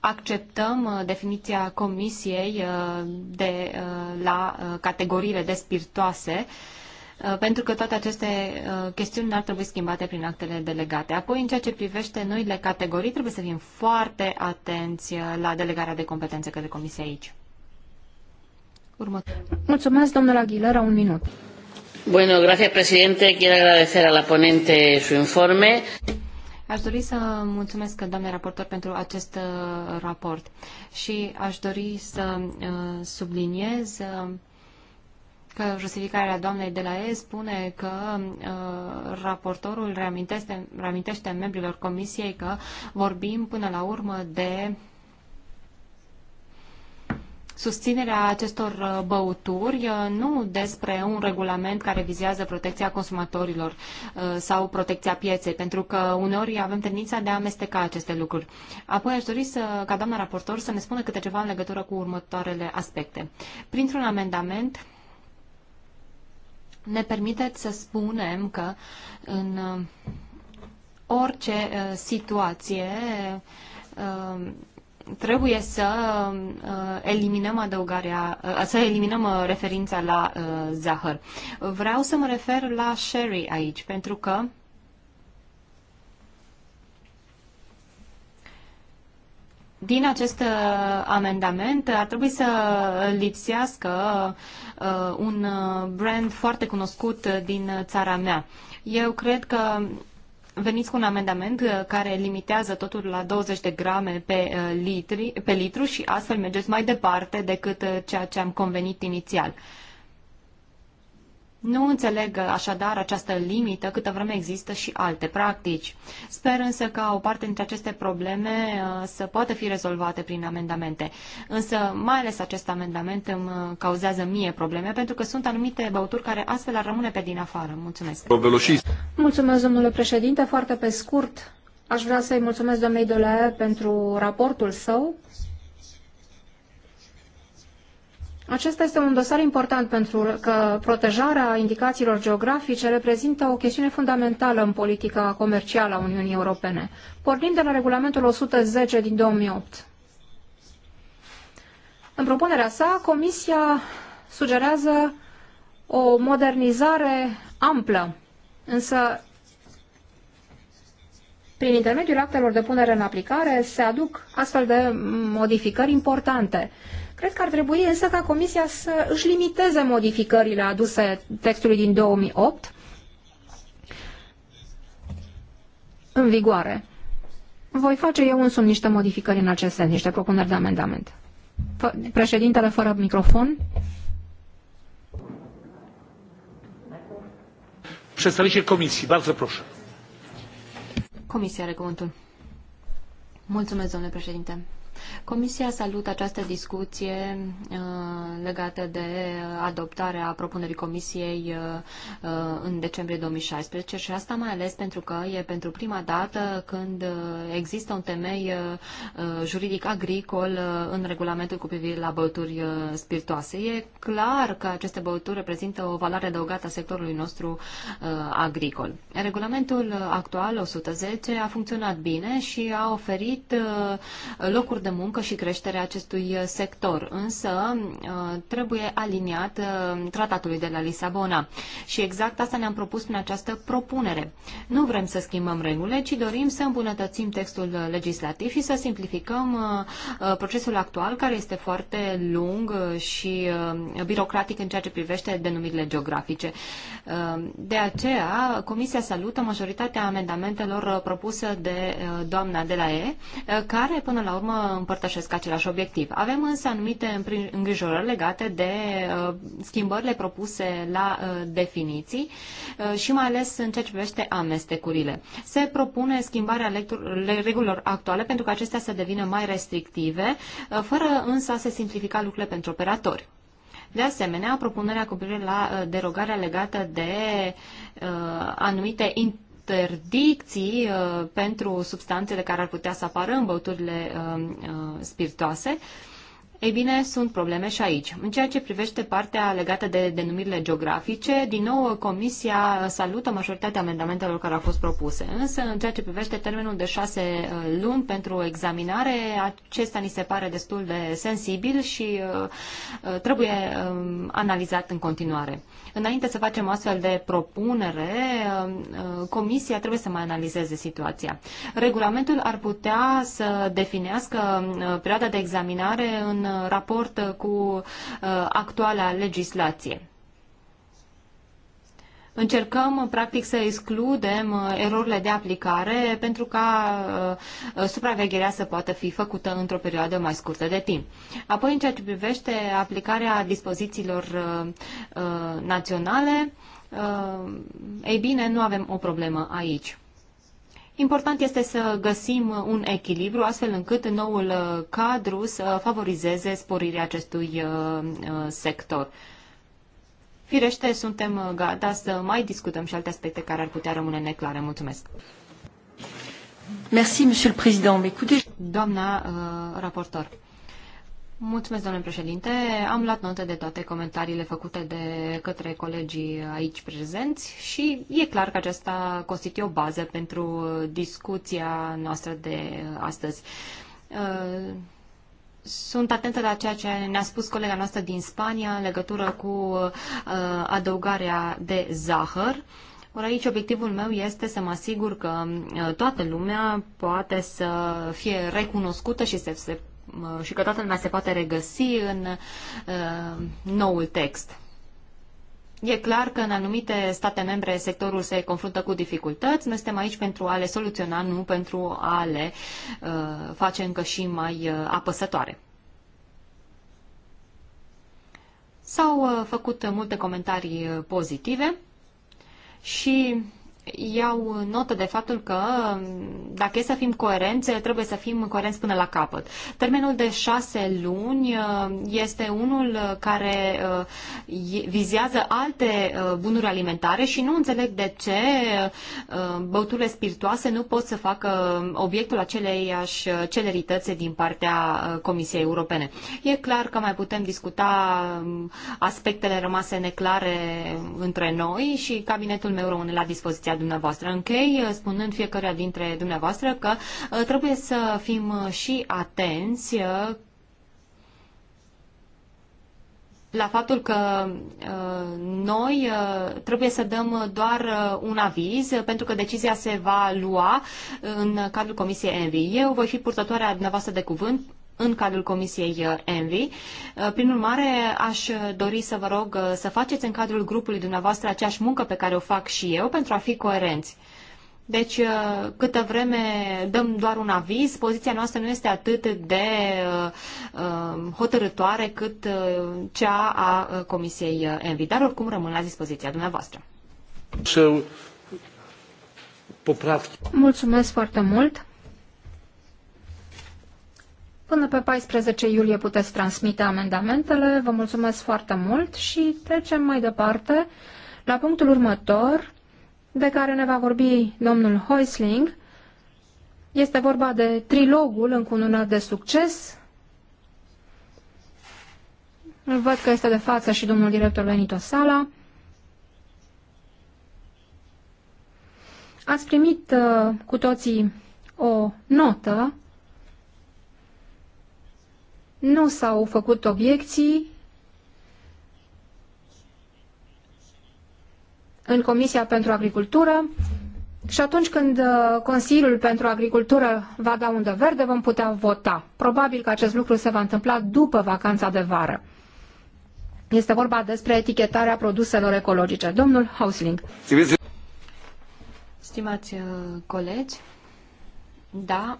acceptăm definiția comisiei de la categoriile de spiritoase, Uh, pentru că toate aceste uh, chestiuni n-ar trebui schimbate prin actele delegate. Apoi, în ceea ce privește noile categorii, trebuie să fim foarte atenți uh, la delegarea de competențe către Comisie aici. Următor. Mulțumesc, domnule Aguilera, un minut. Bueno, gracias, presidente. Quiero agradecer a la ponente su informe. Aș dori să mulțumesc, doamne raportor, pentru acest raport și aș dori să subliniez că justificarea doamnei de la E spune că uh, raportorul reamintește, reamintește membrilor comisiei că vorbim până la urmă de susținerea acestor uh, băuturi, uh, nu despre un regulament care vizează protecția consumatorilor uh, sau protecția pieței, pentru că uneori avem tendința de a amesteca aceste lucruri. Apoi aș dori să, ca doamna raportor să ne spună câte ceva în legătură cu următoarele aspecte. Printr-un amendament, ne permiteți să spunem că în uh, orice uh, situație uh, trebuie să eliminăm adăugarea, să eliminăm referința la zahăr. Vreau să mă refer la sherry aici, pentru că din acest uh, amendament ar trebui să lipsească uh, un uh, brand foarte cunoscut din țara mea. Eu cred că veniți cu un amendament care limitează totul la 20 de grame pe, litri, pe litru și astfel mergeți mai departe decât ceea ce am convenit inițial. Nu înțeleg uh, așadar această limită câtă vreme există și alte practici. Sper însă ca o parte dintre aceste probleme uh, să poată fi rezolvate prin amendamente. Însă mai ales acest amendament îmi uh, cauzează mie probleme pentru că sunt anumite băuturi care astfel ar rămâne pe din afară. Mulțumesc. Mulțumesc, domnule președinte. Foarte pe scurt, aș vrea să-i mulțumesc doamnei Dole pentru raportul său Acesta este un dosar important pentru că protejarea indicațiilor geografice reprezintă o chestiune fundamentală în politica comercială a Uniunii Europene. Pornim de la regulamentul 110 din 2008. În propunerea sa, Comisia sugerează o modernizare amplă, însă prin intermediul actelor de punere în aplicare se aduc astfel de modificări importante. Cred că ar trebui însă ca Comisia să își limiteze modificările aduse textului din 2008 în vigoare. Voi face eu însumi niște modificări în acest sens, niște propuneri de amendament. președintele fără microfon. Przedstawiciel Comisiei, bardzo proszę. Comisia are cuvântul. Mulțumesc, domnule președinte. Comisia salută această discuție uh, legată de adoptarea propunerii Comisiei uh, uh, în decembrie 2016 și asta mai ales pentru că e pentru prima dată când există un temei juridic agricol în regulamentul cu privire la băuturi spiritoase. E clar că aceste băuturi reprezintă o valoare adăugată a sectorului nostru agricol. Regulamentul actual 110 a funcționat bine și a oferit locuri de muncă și creșterea acestui uh, sector, însă uh, trebuie aliniat uh, tratatului de la Lisabona. Și exact asta ne-am propus prin această propunere. Nu vrem să schimbăm regulile, ci dorim să îmbunătățim textul legislativ și să simplificăm procesul actual, care este foarte lung și birocratic în ceea ce privește denumirile geografice. De aceea, Comisia salută majoritatea amendamentelor propuse de doamna de la E, care până la urmă împărtășesc același obiectiv. Avem însă anumite îngrijorări legate de uh, schimbările propuse la uh, definiții uh, și mai ales în ceea ce privește amestecurile. Se propune schimbarea regulilor actuale pentru că acestea să devină mai restrictive, fără însă a se simplifica lucrurile pentru operatori. De asemenea, propunerea cu privire la derogarea legată de uh, anumite in, interdicții uh, pentru substanțele care ar putea să apară în băuturile uh, uh, spiritoase. Uh, ei bine, sunt probleme și aici. În ceea ce privește partea legată de denumirile geografice, din nou Comisia salută majoritatea amendamentelor care au fost propuse. Însă, în ceea ce privește termenul de șase uh, luni pentru examinare, acesta ni se pare destul de sensibil și uh, uh, trebuie um, analizat în continuare. Înainte să facem astfel de propunere, um, Comisia trebuie să mai analizeze situația. Regulamentul ar putea să definească um, perioada de examinare în Uh, raport uh, cu uh, actuala legislație. Încercăm, practic, să excludem erorile de aplicare pentru ca supravegherea să poată fi făcută într-o perioadă mai scurtă de timp. Apoi, în ceea ce privește aplicarea dispozițiilor naționale, ei bine, nu avem o problemă aici. Important este să găsim un echilibru astfel încât noul uh, cadru să favorizeze sporirea acestui uh, uh, sector. Firește, suntem gata să mai discutăm și alte aspecte care ar putea rămâne neclare. Mulțumesc! Merci, Monsieur le Président. Doamna uh, raportor. Mulțumesc, domnule președinte. Am luat note de toate comentariile făcute de către colegii aici prezenți și e clar că aceasta constituie o bază pentru discuția noastră de astăzi. Uh, sunt atentă la ceea ce ne-a spus colega noastră din Spania în legătură cu uh, adăugarea de zahăr. Ori aici obiectivul meu este să mă asigur că uh, toată lumea poate să fie recunoscută și să se și că toată lumea se poate regăsi în uh, noul text. E clar că în anumite state membre sectorul se confruntă cu dificultăți. Noi suntem aici pentru a le soluționa, nu pentru a le uh, face încă și mai uh, apăsătoare. S-au uh, făcut multe comentarii uh, pozitive și iau uh, notă de faptul că, um, dacă e să fim coerenți, trebuie să fim coerenți până la capăt. Termenul de șase luni uh, este unul uh, care vizează alte bunuri alimentare și nu înțeleg de ce băuturile spiritoase nu pot să facă um, obiectul aceleiași celerități din partea Comisiei Europene. E clar că mai putem discuta um, aspectele rămase neclare între noi și cabinetul meu rămâne la dispoziția dumneavoastră. Închei uh, spunând fiecare dintre dumneavoastră că uh, trebuie să fim uh, și atenți la faptul că noi trebuie să dăm doar un aviz, pentru că decizia se va lua în cadrul Comisiei Envi. Eu voi fi purtătoarea dumneavoastră de cuvânt în cadrul Comisiei uh, ENVI. Uh, prin urmare, aș dori să vă rog uh, să faceți în cadrul grupului dumneavoastră aceeași muncă pe care o fac și eu pentru a fi coerenți. Deci, câtă vreme dăm doar un aviz, poziția noastră nu este atât de um, hotărătoare cât cea a Comisiei ENVI. Dar oricum rămân la dispoziția dumneavoastră. Mulțumesc foarte mult. Până pe 14 iulie puteți transmite amendamentele. Vă mulțumesc foarte mult și trecem mai departe la punctul următor de care ne va vorbi domnul Heusling. Este vorba de trilogul încununat de succes. Îl văd că este de față și domnul director Benito Sala. Ați primit uh, cu toții o notă nu s-au făcut obiecții. în Comisia pentru Agricultură și atunci când uh, Consiliul pentru Agricultură va da undă verde, vom putea vota. Probabil că acest lucru se va întâmpla după vacanța de vară. Este vorba despre etichetarea produselor ecologice. Domnul Hausling. Stimați uh, colegi, da,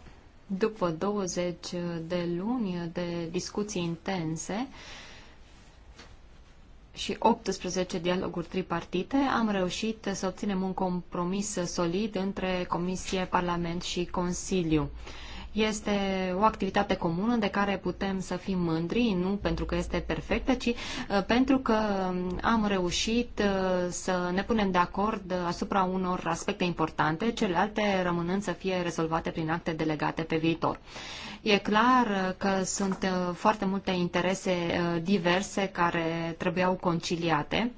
după 20 de luni de discuții intense și 18 dialoguri tripartite, am reușit să obținem un compromis solid între Comisie, Parlament și Consiliu. Este o activitate comună de care putem să fim mândri, nu pentru că este perfectă, ci uh, pentru că um, am reușit uh, să ne punem de acord asupra unor aspecte importante, celelalte rămânând să fie rezolvate prin acte delegate pe viitor. E clar uh, că sunt foarte multe interese diverse care trebuiau conciliate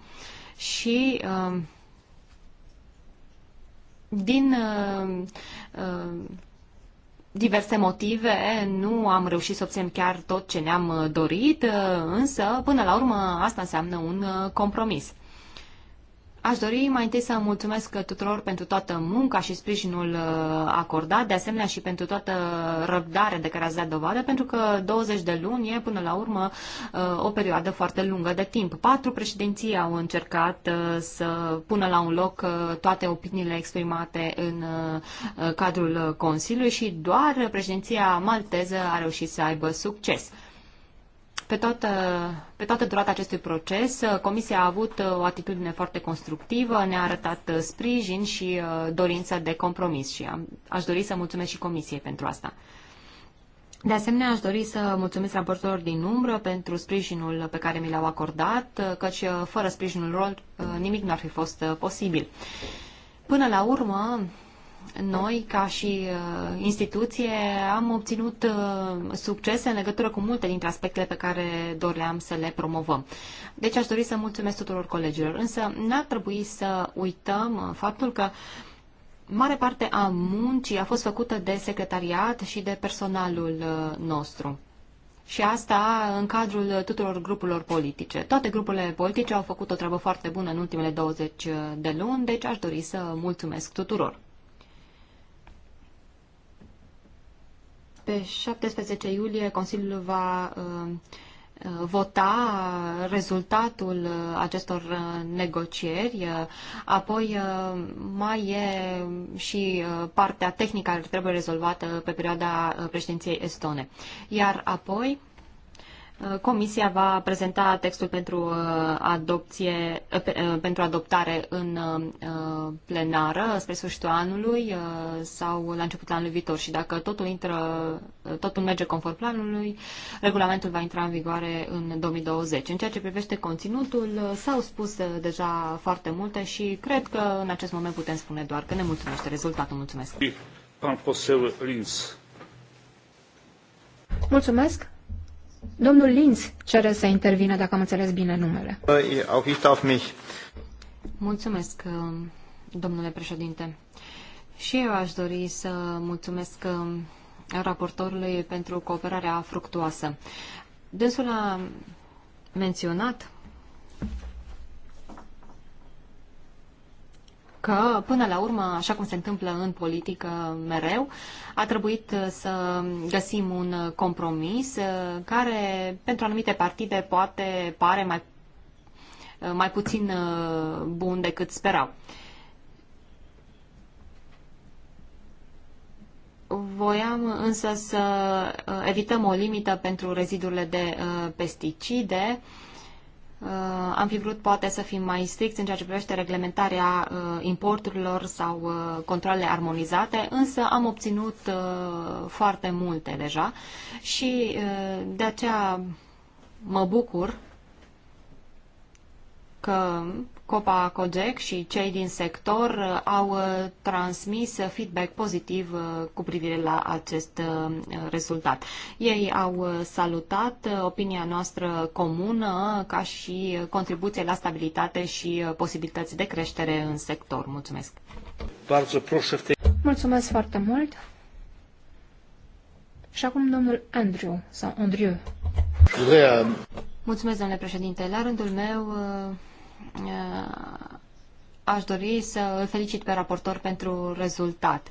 și um, din diverse motive nu am reușit să obținem chiar tot ce ne-am dorit, însă, până la urmă, asta înseamnă un uh, compromis. Aș dori mai întâi să mulțumesc tuturor pentru toată munca și sprijinul uh, acordat, de asemenea și pentru toată răbdarea de care ați dat dovadă, pentru că 20 de luni e până la urmă uh, o perioadă foarte lungă de timp. Patru președinții au încercat uh, să pună la un loc toate opiniile exprimate în cadrul Consiliului și doar președinția malteză a reușit să aibă succes. Pe toată, pe toată durata acestui proces, Comisia a avut o atitudine foarte constructivă, ne-a arătat sprijin și uh, dorința de compromis și aș dori să mulțumesc și Comisiei pentru asta. De asemenea, aș dori să mulțumesc raportorilor din umbră pentru sprijinul pe care mi l-au acordat, uh, căci uh, fără sprijinul lor nimic nu ar fi fost posibil. Până la urmă, noi, ca și uh, instituție, am obținut uh, succese în legătură cu multe dintre aspectele pe care doream să le promovăm. Deci aș dori să mulțumesc tuturor colegilor. Însă n-ar trebui să uităm uh, faptul că mare parte a muncii a fost făcută de secretariat și de personalul uh, nostru și asta în cadrul tuturor grupurilor politice. Toate grupurile politice au făcut o treabă foarte bună în ultimele 20 uh, de luni, deci aș dori să mulțumesc tuturor. Pe 17 iulie Consiliul va uh, uh, vota rezultatul uh, acestor negocieri. Apoi mai e și partea tehnică care trebuie rezolvată pe perioada președinției estone. Iar apoi Uh, Comisia va prezenta textul pentru, uh, adopție, uh, pentru adoptare în plenară spre sfârșitul anului sau la începutul anului viitor și dacă totul, intră, totul merge conform planului, regulamentul va intra în vigoare în 2020. În ceea ce privește conținutul, s-au spus deja foarte multe și cred că în acest moment putem spune doar că ne mulțumește rezultatul. Mulțumesc! Mulțumesc! Domnul Linz cere să intervină, dacă am înțeles bine numele. Mulțumesc, domnule președinte. Și eu aș dori să mulțumesc uh, raportorului pentru cooperarea fructuoasă. Dânsul a menționat că, până la urmă, așa cum se întâmplă în politică mereu, a trebuit uh, să găsim un uh, compromis uh, care, pentru anumite partide, poate pare mai, mai puțin bun decât sperau. Voiam însă să evităm o limită pentru rezidurile de pesticide, Uh, am fi vrut poate să fim mai stricți în ceea ce privește reglementarea uh, importurilor sau uh, controlele armonizate, însă am obținut foarte multe deja și de aceea mă bucur că Copa Cogec și cei din sector uh, au uh, transmis uh, feedback pozitiv cu privire la acest rezultat. Ei au salutat opinia noastră comună ca și contribuție la stabilitate și posibilități de creștere în sector. Mulțumesc! Mulțumesc foarte mult! Și acum domnul Andrew sau Andrew. Mulțumesc, domnule președinte. La rândul meu Eh, aș dori să îl felicit pe raportor pentru rezultat.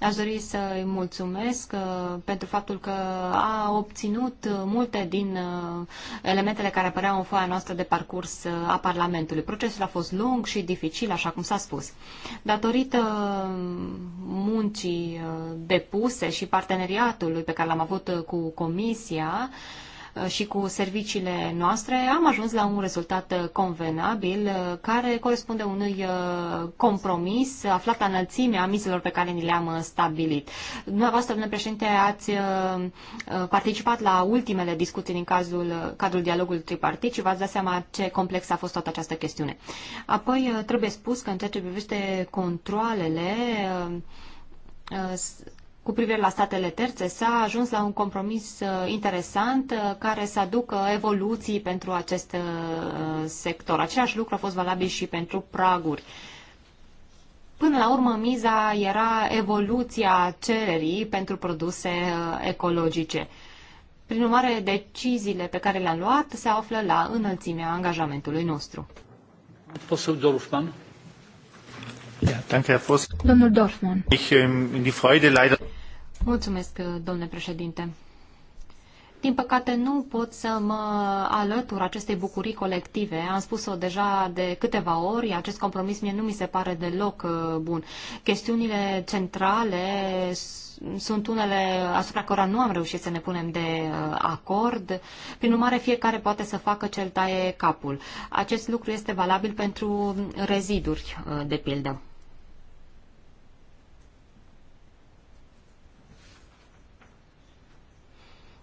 Aș dori să îi mulțumesc eh, pentru faptul că a obținut multe din eh, elementele care apăreau în foaia noastră de parcurs a Parlamentului. Procesul a fost lung și dificil, așa cum s-a spus. Datorită mm, muncii depuse și parteneriatului pe care l-am avut cu Comisia, Uh, și cu serviciile noastre, am ajuns la un rezultat uh, convenabil uh, care corespunde unui compromis aflat la înălțimea mizelor pe care ni le-am stabilit. Dumneavoastră, domnule președinte, ați participat la ultimele discuții din cazul, cadrul dialogului tripartit și v-ați dat seama ce complex a fost toată această chestiune. Apoi, trebuie spus că în ceea ce privește controlele, cu privire la statele terțe, s-a ajuns la un compromis uh, interesant uh, care să aducă evoluții pentru acest uh, sector. Același lucru a fost valabil și pentru praguri. Până la urmă, miza era evoluția cererii pentru produse ecologice. Prin urmare, deciziile pe care le-am luat se află la înălțimea angajamentului nostru. Posul Domnul Dorfman. Ähm, Mulțumesc, uh, domnule președinte. Din păcate nu pot să mă alătur acestei bucurii colective. Am spus-o deja de câteva ori, acest compromis mie nu mi se pare deloc uh, bun. Chestiunile centrale sunt unele asupra cărora nu am reușit să ne punem de uh, acord. Prin urmare, fiecare poate să facă cel taie capul. Acest lucru este valabil pentru reziduri, de pildă.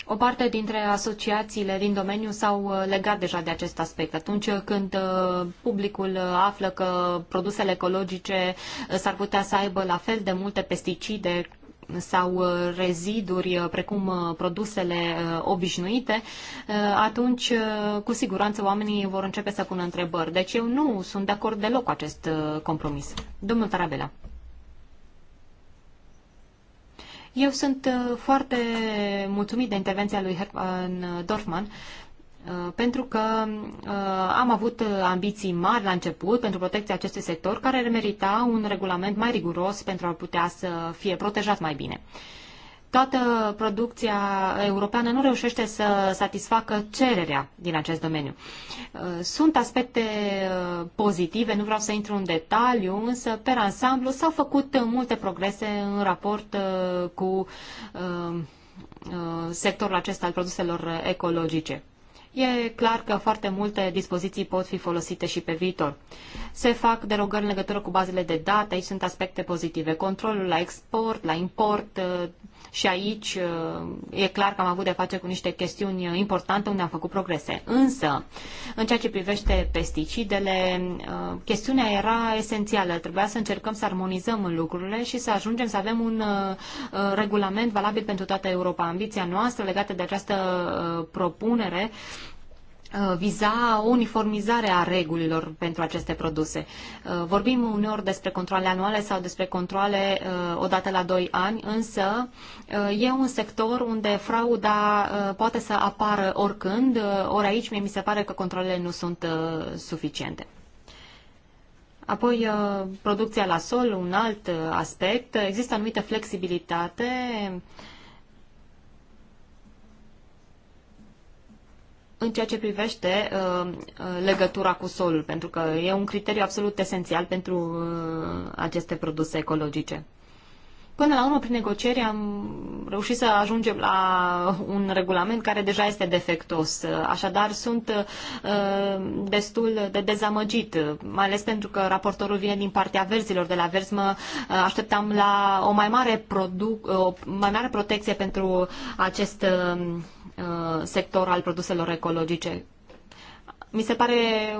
O parte dintre asociațiile din domeniu s-au uh, legat deja de acest aspect. Atunci când uh, publicul uh, află că produsele ecologice s-ar putea să aibă la fel de multe pesticide sau reziduri precum produsele obișnuite, atunci cu siguranță oamenii vor începe să pună întrebări. Deci eu nu sunt de acord deloc cu acest compromis. Domnul Tarabela. Eu sunt uh, foarte mulțumit de intervenția lui Herman uh, Dorfman, uh, pentru că am avut ambiții mari la început pentru protecția acestui sector, care merita un regulament mai riguros pentru a putea să fie protejat mai bine toată producția europeană nu reușește să satisfacă cererea din acest domeniu. Uh, sunt aspecte uh, pozitive, nu vreau să intru în detaliu, însă, pe ansamblu, s-au făcut uh, multe progrese în raport cu sectorul acesta al produselor ecologice. E clar că foarte multe dispoziții pot fi folosite și pe viitor. Se fac derogări în legătură cu bazele de date, aici sunt aspecte pozitive. Controlul la export, la import, și aici uh, e clar că am avut de face cu niște chestiuni uh, importante unde am făcut progrese. Însă, în ceea ce privește pesticidele, uh, chestiunea era esențială. Trebuia să încercăm să armonizăm lucrurile și să ajungem să avem un regulament valabil pentru toată Europa. Ambiția noastră legată de această propunere Uh, viza o uniformizare a regulilor pentru aceste produse. Uh, vorbim uneori despre controle anuale sau despre controle uh, odată la 2 ani, însă e un sector unde frauda poate să apară oricând, ori aici mie mi se pare că controlele nu sunt suficiente. Apoi, producția la sol, un alt aspect. Există anumită flexibilitate în ceea ce privește uh, uh, legătura cu solul, pentru că e un criteriu absolut esențial pentru uh, aceste produse ecologice. Până la urmă, prin negocieri, am reușit să ajungem la un regulament care deja este defectos. Așadar, sunt uh, destul de dezamăgit, mai ales pentru că raportorul vine din partea verzilor. De la verzi mă uh, așteptam la o mai mare, produc, o mai mare protecție pentru acest uh, sector al produselor ecologice. Mi se pare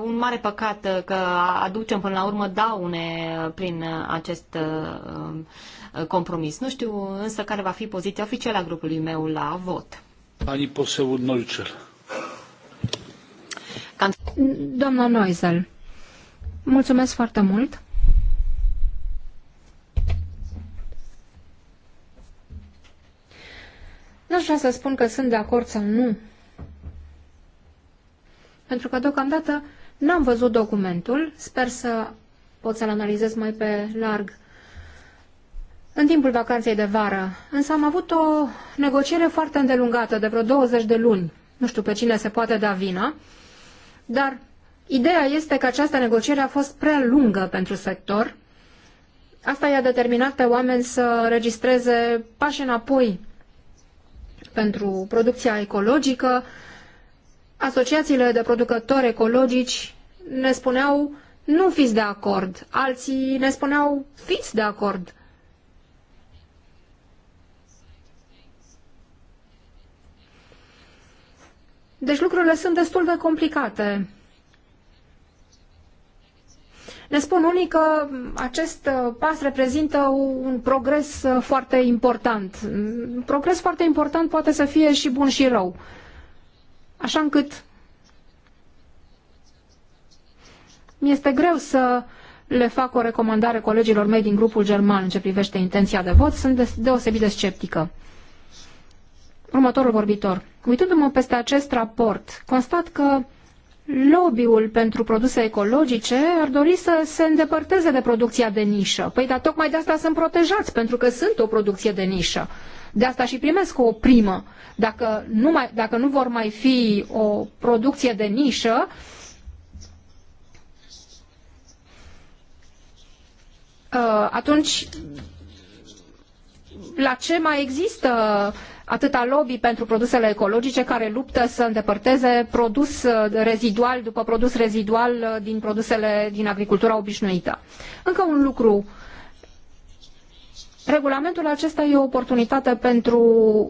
un mare păcat că aducem până la urmă daune prin acest uh, compromis. Nu știu însă care va fi poziția oficială a grupului meu la vot. Ani poseul Noicer. Doamna Noizel, mulțumesc foarte mult. N-aș vrea să spun că sunt de acord sau nu. Pentru că deocamdată n-am văzut documentul, sper să pot să-l analizez mai pe larg în timpul vacanței de vară, însă am avut o negociere foarte îndelungată, de vreo 20 de luni. Nu știu pe cine se poate da vina, dar ideea este că această negociere a fost prea lungă pentru sector. Asta i-a determinat pe oameni să registreze pași înapoi pentru producția ecologică. Asociațiile de producători ecologici ne spuneau nu fiți de acord, alții ne spuneau fiți de acord. Deci lucrurile sunt destul de complicate. Ne spun unii că acest uh, pas reprezintă un progres uh, foarte important. Un progres foarte important poate să fie și bun și rău. Așa încât mi este greu să le fac o recomandare colegilor mei din grupul german în ce privește intenția de vot. Sunt deosebit de sceptică. Următorul vorbitor. Uitându-mă peste acest raport, constat că lobby-ul pentru produse ecologice ar dori să se îndepărteze de producția de nișă. Păi, dar tocmai de asta sunt protejați, pentru că sunt o producție de nișă. De asta și primesc o primă. Dacă nu, mai, dacă nu vor mai fi o producție de nișă, uh, atunci la ce mai există uh, atâta lobby pentru produsele ecologice care luptă să îndepărteze produs uh, rezidual după produs rezidual uh, din produsele din agricultura obișnuită. Încă un lucru. Regulamentul acesta e o oportunitate pentru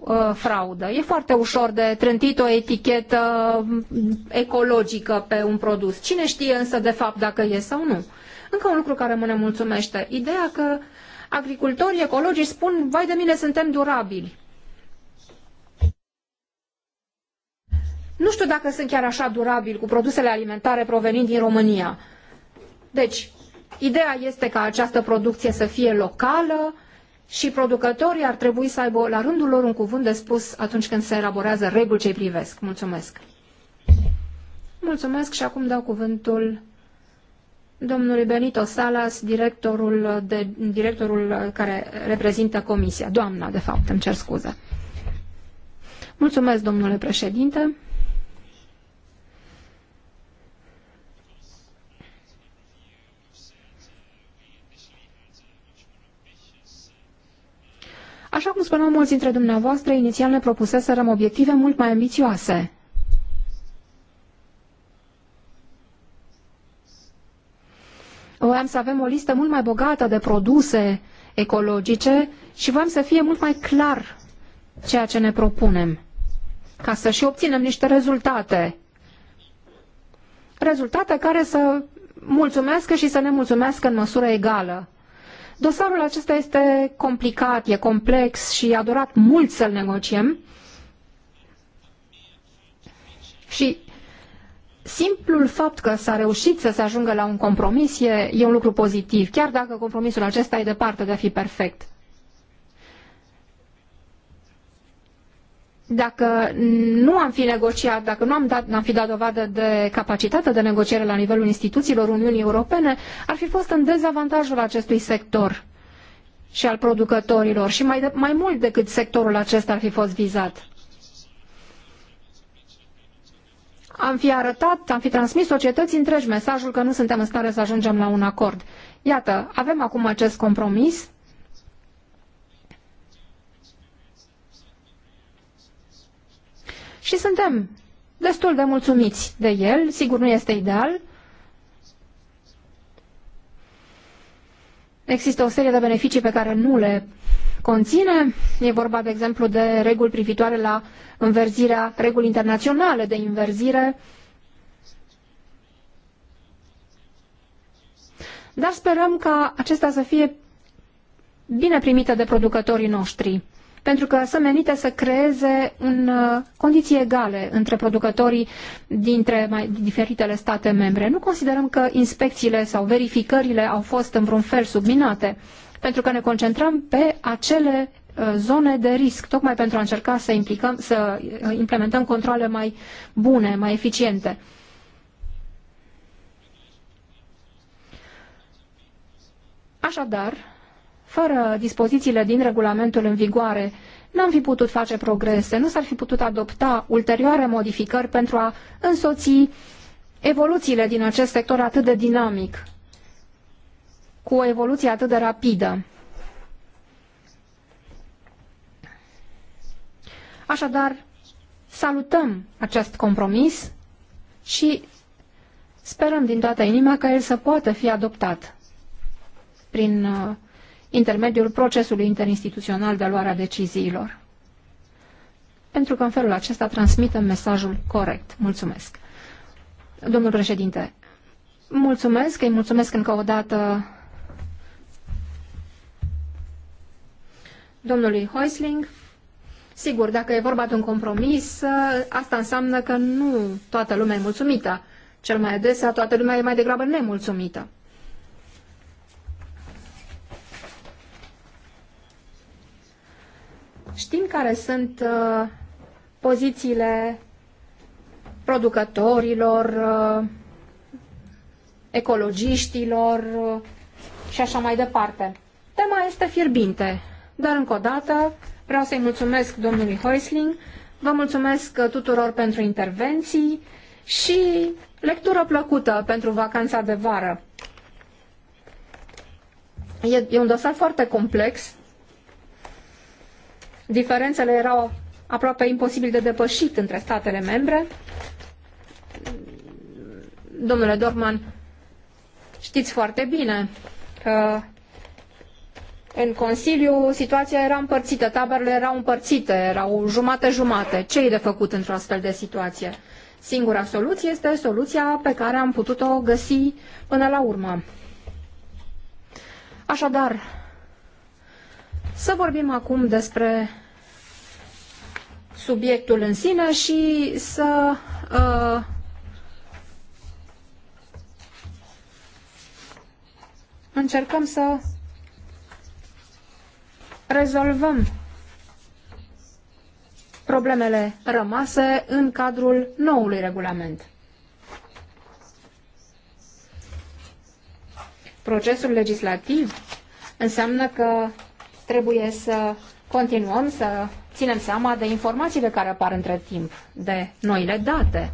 uh, fraudă. E foarte ușor de trântit o etichetă mm, ecologică pe un produs. Cine știe însă de fapt dacă e sau nu? Încă un lucru care mă nemulțumește. Ideea că agricultorii ecologici spun, vai de mine, suntem durabili. nu știu dacă sunt chiar așa durabil cu produsele alimentare provenind din România. Deci, ideea este ca această producție să fie locală și producătorii ar trebui să aibă la rândul lor un cuvânt de spus atunci când se elaborează reguli ce privesc. Mulțumesc! Mulțumesc și acum dau cuvântul domnului Benito Salas, directorul, de, directorul care reprezintă comisia. Doamna, de fapt, îmi cer scuze. Mulțumesc, domnule președinte. Așa cum spuneau mulți dintre dumneavoastră, inițial ne propuseserăm obiective mult mai ambițioase. Voiam să avem o listă mult mai bogată de produse ecologice și voiam să fie mult mai clar ceea ce ne propunem, ca să și obținem niște rezultate. Rezultate care să mulțumească și să ne mulțumească în măsură egală. Dosarul acesta este complicat, e complex și a durat mult să-l negociem. Și simplul fapt că s-a reușit să se ajungă la un compromis e, e un lucru pozitiv, chiar dacă compromisul acesta e departe de a fi perfect. dacă nu am fi negociat, dacă nu am, dat, am fi dat dovadă de capacitate de negociere la nivelul instituțiilor Uniunii Europene, ar fi fost în dezavantajul acestui sector și al producătorilor și mai, mai mult decât sectorul acesta ar fi fost vizat. Am fi arătat, am fi transmis societății întregi mesajul că nu suntem în stare să ajungem la un acord. Iată, avem acum acest compromis și suntem destul de mulțumiți de el. Sigur, nu este ideal. Există o serie de beneficii pe care nu le conține. E vorba, de exemplu, de reguli privitoare la înverzirea, reguli internaționale de inverzire. Dar sperăm ca acestea să fie bine primite de producătorii noștri pentru că sunt menite să creeze un, uh, condiții egale între producătorii dintre mai diferitele state membre. Nu considerăm că inspecțiile sau verificările au fost în vreun fel subminate, pentru că ne concentrăm pe acele uh, zone de risc, tocmai pentru a încerca să, implicăm, să uh, implementăm controle mai bune, mai eficiente. Așadar, fără dispozițiile din regulamentul în vigoare, n-am fi putut face progrese, nu s-ar fi putut adopta ulterioare modificări pentru a însoți evoluțiile din acest sector atât de dinamic, cu o evoluție atât de rapidă. Așadar, salutăm acest compromis și sperăm din toată inima că el să poată fi adoptat prin uh, intermediul procesului interinstituțional de luare a deciziilor. Pentru că în felul acesta transmitem mesajul corect. Mulțumesc. Domnul președinte, mulțumesc, îi mulțumesc încă o dată domnului Heusling. Sigur, dacă e vorba de un compromis, asta înseamnă că nu toată lumea e mulțumită. Cel mai adesea toată lumea e mai degrabă nemulțumită. Știm care sunt uh, pozițiile producătorilor, uh, ecologiștilor uh, și așa mai departe. Tema este fierbinte, dar încă o dată vreau să-i mulțumesc domnului Heusling, vă mulțumesc tuturor pentru intervenții și lectură plăcută pentru vacanța de vară. E, e un dosar foarte complex, Diferențele erau aproape imposibil de depășit între statele membre. Domnule Dorman, știți foarte bine că în Consiliu situația era împărțită, taberele erau împărțite, erau jumate-jumate. Ce e de făcut într-o astfel de situație? Singura soluție este soluția pe care am putut-o găsi până la urmă. Așadar, să vorbim acum despre subiectul în sine și să uh, încercăm să rezolvăm problemele rămase în cadrul noului regulament. Procesul legislativ înseamnă că Trebuie să continuăm să ținem seama de informațiile care apar între timp, de noile date.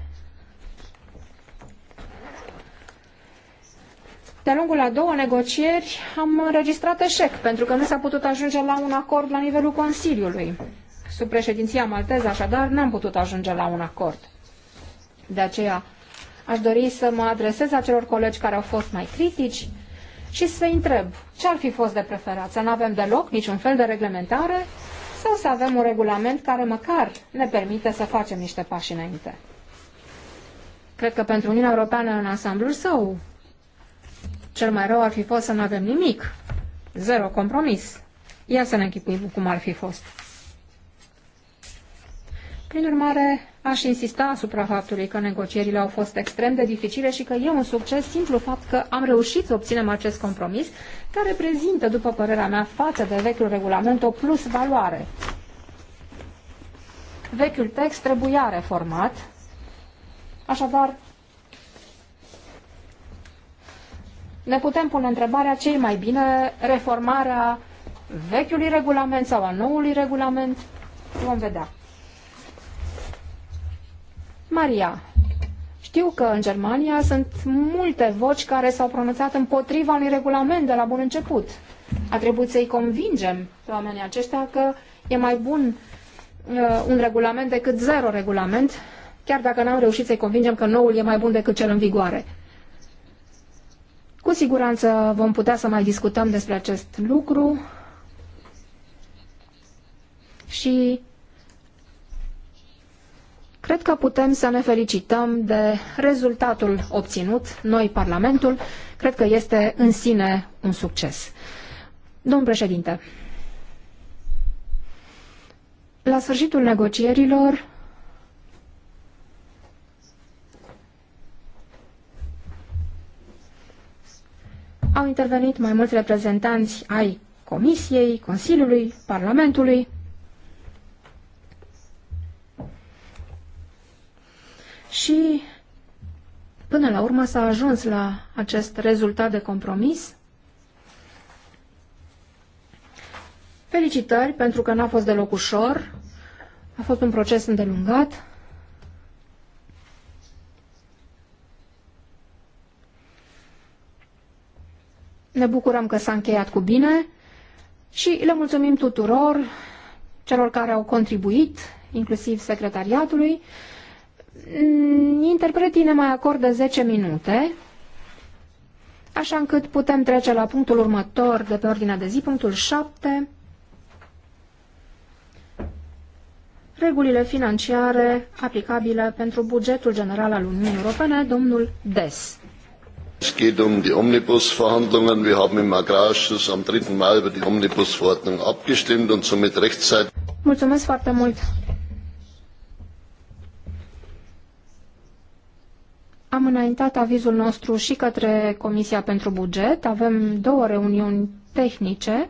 De-a lungul a două negocieri am înregistrat eșec, pentru că nu s-a putut ajunge la un acord la nivelul Consiliului. Sub președinția malteză, așadar, n-am putut ajunge la un acord. De aceea, aș dori să mă adresez acelor colegi care au fost mai critici și să întreb ce ar fi fost de preferat, să nu avem deloc niciun fel de reglementare sau să avem un regulament care măcar ne permite să facem niște pași înainte. Cred că pentru Uniunea Europeană în ansamblul său, cel mai rău ar fi fost să nu avem nimic, zero compromis. Ia să ne închipuim cum ar fi fost. Prin urmare, aș insista asupra faptului că negocierile au fost extrem de dificile și că e un succes simplu fapt că am reușit să obținem acest compromis, care reprezintă, după părerea mea, față de vechiul regulament, o plus valoare. Vechiul text trebuia reformat, așadar ne putem pune întrebarea ce e mai bine, reformarea vechiului regulament sau a noului regulament, vom vedea. Maria, știu că în Germania sunt multe voci care s-au pronunțat împotriva unui regulament de la bun început. A trebuit să-i convingem pe oamenii aceștia că e mai bun uh, un regulament decât zero regulament, chiar dacă n-am reușit să-i convingem că noul e mai bun decât cel în vigoare. Cu siguranță vom putea să mai discutăm despre acest lucru și Cred că putem să ne felicităm de rezultatul obținut, noi Parlamentul, cred că este în sine un succes. Domn președinte, la sfârșitul negocierilor, au intervenit mai mulți reprezentanți ai Comisiei, Consiliului, Parlamentului, și până la urmă s-a ajuns la acest rezultat de compromis. Felicitări pentru că n-a fost deloc ușor, a fost un proces îndelungat. Ne bucurăm că s-a încheiat cu bine și le mulțumim tuturor celor care au contribuit, inclusiv secretariatului. Mm, interpretii ne mai acordă 10 minute, așa încât putem trece la punctul următor de pe ordinea de zi, punctul 7, regulile financiare aplicabile pentru bugetul general al Uniunii Europene, domnul Des. Es geht um die Omnibusverhandlungen. Wir haben im Agrarausschuss am 3. Mai über die Omnibusverordnung abgestimmt und somit rechtzeitig. Mulțumesc foarte mult, Am înaintat avizul nostru și către Comisia pentru Buget. Avem două reuniuni tehnice.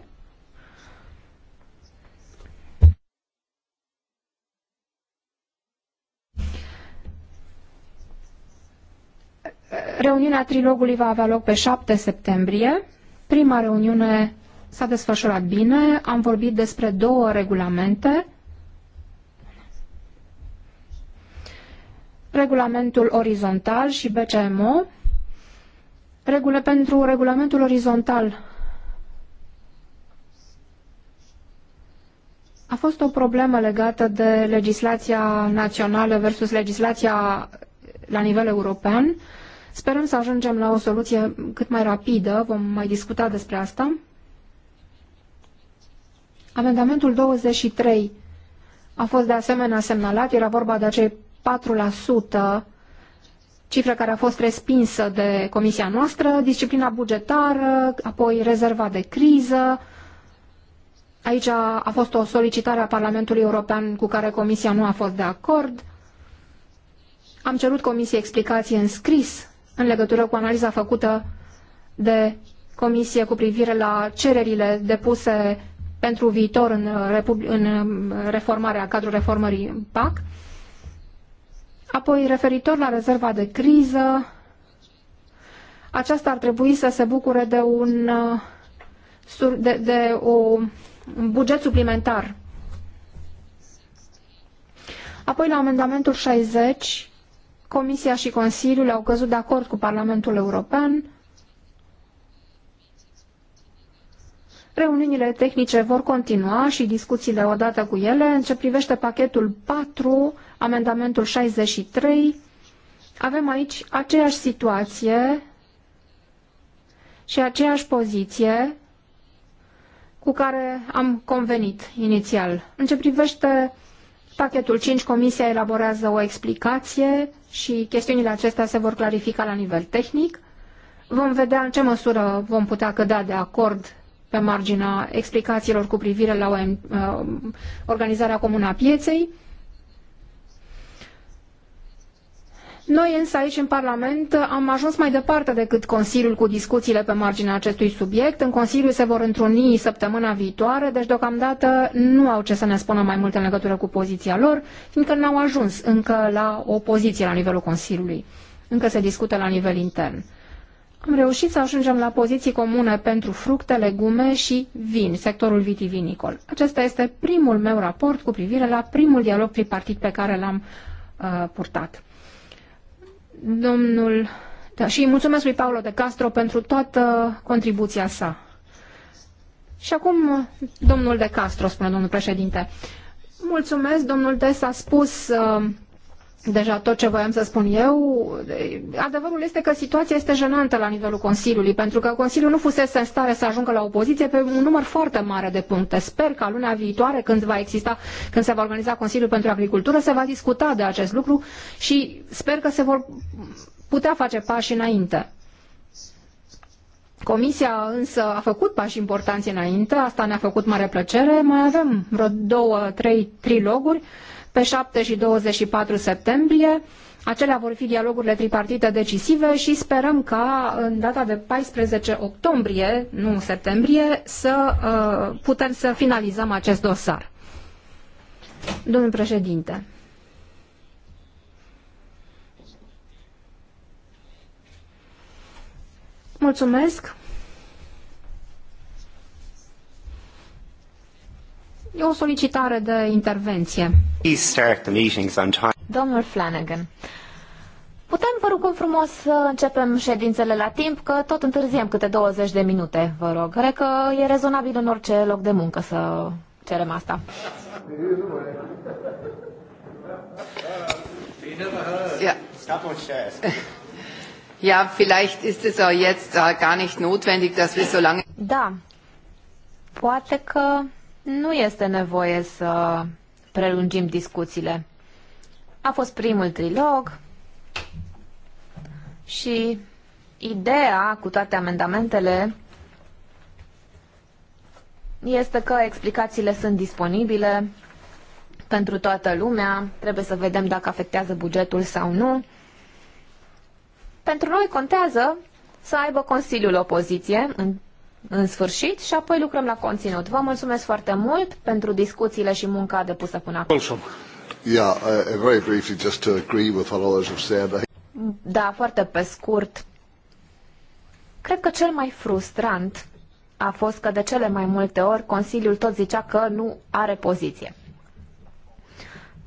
Reuniunea trilogului va avea loc pe 7 septembrie. Prima reuniune s-a desfășurat bine. Am vorbit despre două regulamente – regulamentul orizontal și BCMO. Regule pentru regulamentul orizontal a fost o problemă legată de legislația națională versus legislația la nivel european. Sperăm să ajungem la o soluție cât mai rapidă, vom mai discuta despre asta. Amendamentul 23 a fost de asemenea semnalat, era vorba de acei 4%, cifră care a fost respinsă de comisia noastră, disciplina bugetară, apoi rezerva de criză. Aici a, a fost o solicitare a Parlamentului European cu care comisia nu a fost de acord. Am cerut comisiei explicații în scris în legătură cu analiza făcută de comisie cu privire la cererile depuse pentru viitor în, în um, reformarea, cadrul reformării PAC. Apoi, referitor la rezerva de criză, aceasta ar trebui să se bucure de un, uh, de, de o, un buget suplimentar. Apoi, la amendamentul 60, Comisia și Consiliul au căzut de acord cu Parlamentul European. Reuniunile tehnice vor continua și discuțiile odată cu ele. În ce privește pachetul 4, amendamentul 63. Avem aici aceeași situație și aceeași poziție cu care am convenit inițial. În ce privește pachetul 5, Comisia elaborează o explicație și chestiunile acestea se vor clarifica la nivel tehnic. Vom vedea în ce măsură vom putea cădea de acord pe marginea explicațiilor cu privire la o, uh, organizarea comună a pieței. Noi însă aici în Parlament am ajuns mai departe decât Consiliul cu discuțiile pe marginea acestui subiect. În Consiliu se vor întruni săptămâna viitoare, deci deocamdată nu au ce să ne spună mai mult în legătură cu poziția lor, fiindcă n-au ajuns încă la o poziție la nivelul Consiliului. Încă se discută la nivel intern. Am reușit să ajungem la poziții comune pentru fructe, legume și vin, sectorul vitivinicol. Acesta este primul meu raport cu privire la primul dialog tripartit pe care l-am uh, purtat domnul da, și mulțumesc lui Paolo de Castro pentru toată contribuția sa. Și acum, domnul de Castro, spune domnul președinte. Mulțumesc, domnul Des a spus uh, deja tot ce voiam să spun eu. Adevărul este că situația este jenantă la nivelul Consiliului, pentru că Consiliul nu fusese în stare să ajungă la opoziție pe un număr foarte mare de puncte. Sper că luna viitoare, când va exista, când se va organiza Consiliul pentru Agricultură, se va discuta de acest lucru și sper că se vor putea face pași înainte. Comisia însă a făcut pași importanți înainte, asta ne-a făcut mare plăcere, mai avem vreo două, trei triloguri, loguri pe 7 și 24 septembrie. Acelea vor fi dialogurile tripartite decisive și sperăm ca în data de 14 octombrie, nu septembrie, să uh, putem să finalizăm acest dosar. Domnul președinte. Mulțumesc. o solicitare de intervenție. Domnul Flanagan, putem, vă rugăm frumos, să începem ședințele la timp, că tot întârziem câte 20 de minute, vă rog. Cred că e rezonabil în orice loc de muncă să cerem asta. Ja, vielleicht ist es auch jetzt gar nicht notwendig, dass wir so lange. Da. Poate că nu este nevoie să prelungim discuțiile. A fost primul trilog și ideea cu toate amendamentele este că explicațiile sunt disponibile pentru toată lumea, trebuie să vedem dacă afectează bugetul sau nu. Pentru noi contează să aibă Consiliul Opoziție în în sfârșit și apoi lucrăm la conținut. Vă mulțumesc foarte mult pentru discuțiile și munca depusă până acum. Uh, da, foarte pe scurt. Cred că cel mai frustrant a fost că de cele mai multe ori Consiliul tot zicea că nu are poziție.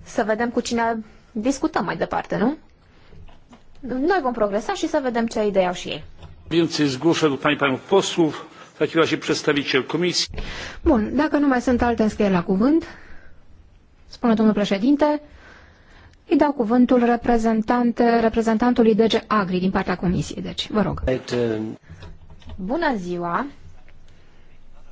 Să vedem cu cine discutăm mai departe, nu? Noi vom progresa și să vedem ce idei au și ei. Więcej zgłoszeń do pani panów posłów. W takim președintele Comisiei. Bun, dacă nu mai sunt alte înscrieri la cuvânt, spune domnul președinte, îi dau cuvântul reprezentant, reprezentantului DG Agri din partea comisiei, deci vă rog. Bună ziua!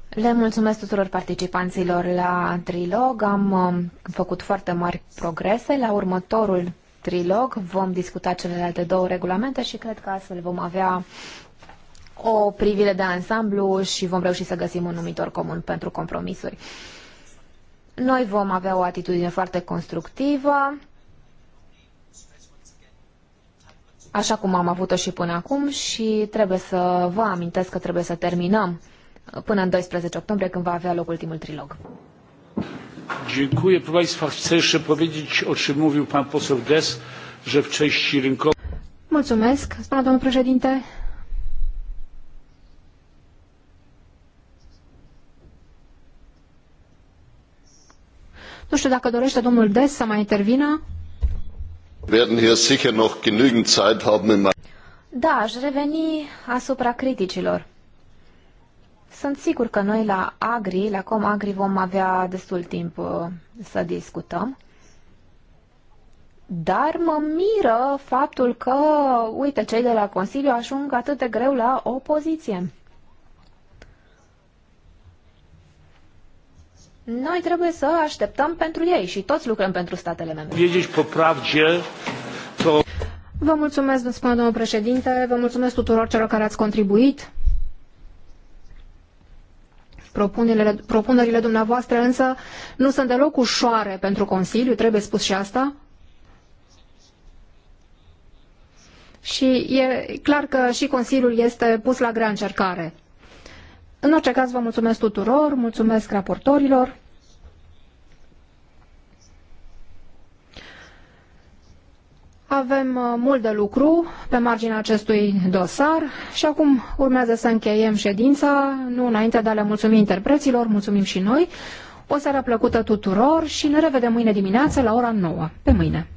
Le mulțumesc tuturor participanților la trilog. Am um, făcut foarte mari progrese. La următorul trilog vom discuta celelalte două regulamente și cred că astfel vom avea o privire de ansamblu și vom reuși să găsim un numitor comun pentru compromisuri. Noi vom avea o atitudine foarte constructivă, așa cum am avut-o și până acum și trebuie să vă amintesc că trebuie să terminăm până în 12 octombrie când va avea loc ultimul trilog. Dziękuję. Państwa, chcę jeszcze powiedzieć, o czym mówił Pan poseł Des, że w części rynkowej... Mulțumesc, spune domnul președinte. Nu știu dacă dorește domnul Des să mai intervină. Da, aș reveni asupra criticilor. Sunt sigur că noi la Agri, la Com Agri, vom avea destul timp uh, să discutăm. Dar mă miră faptul că, uite, cei de la Consiliu ajung atât de greu la opoziție. Noi trebuie să așteptăm pentru ei și toți lucrăm pentru statele membre. Vă mulțumesc, spune domnul președinte, vă mulțumesc tuturor celor care ați contribuit. Propunerile, propunerile dumneavoastră însă nu sunt deloc ușoare pentru Consiliu, trebuie spus și asta. Și e clar că și Consiliul este pus la grea încercare. În orice caz, vă mulțumesc tuturor, mulțumesc raportorilor. Avem uh, mult de lucru pe marginea acestui dosar și acum urmează să încheiem ședința, nu înainte de a le mulțumi interpreților, mulțumim și noi. O seară plăcută tuturor și ne revedem mâine dimineață la ora 9. Pe mâine!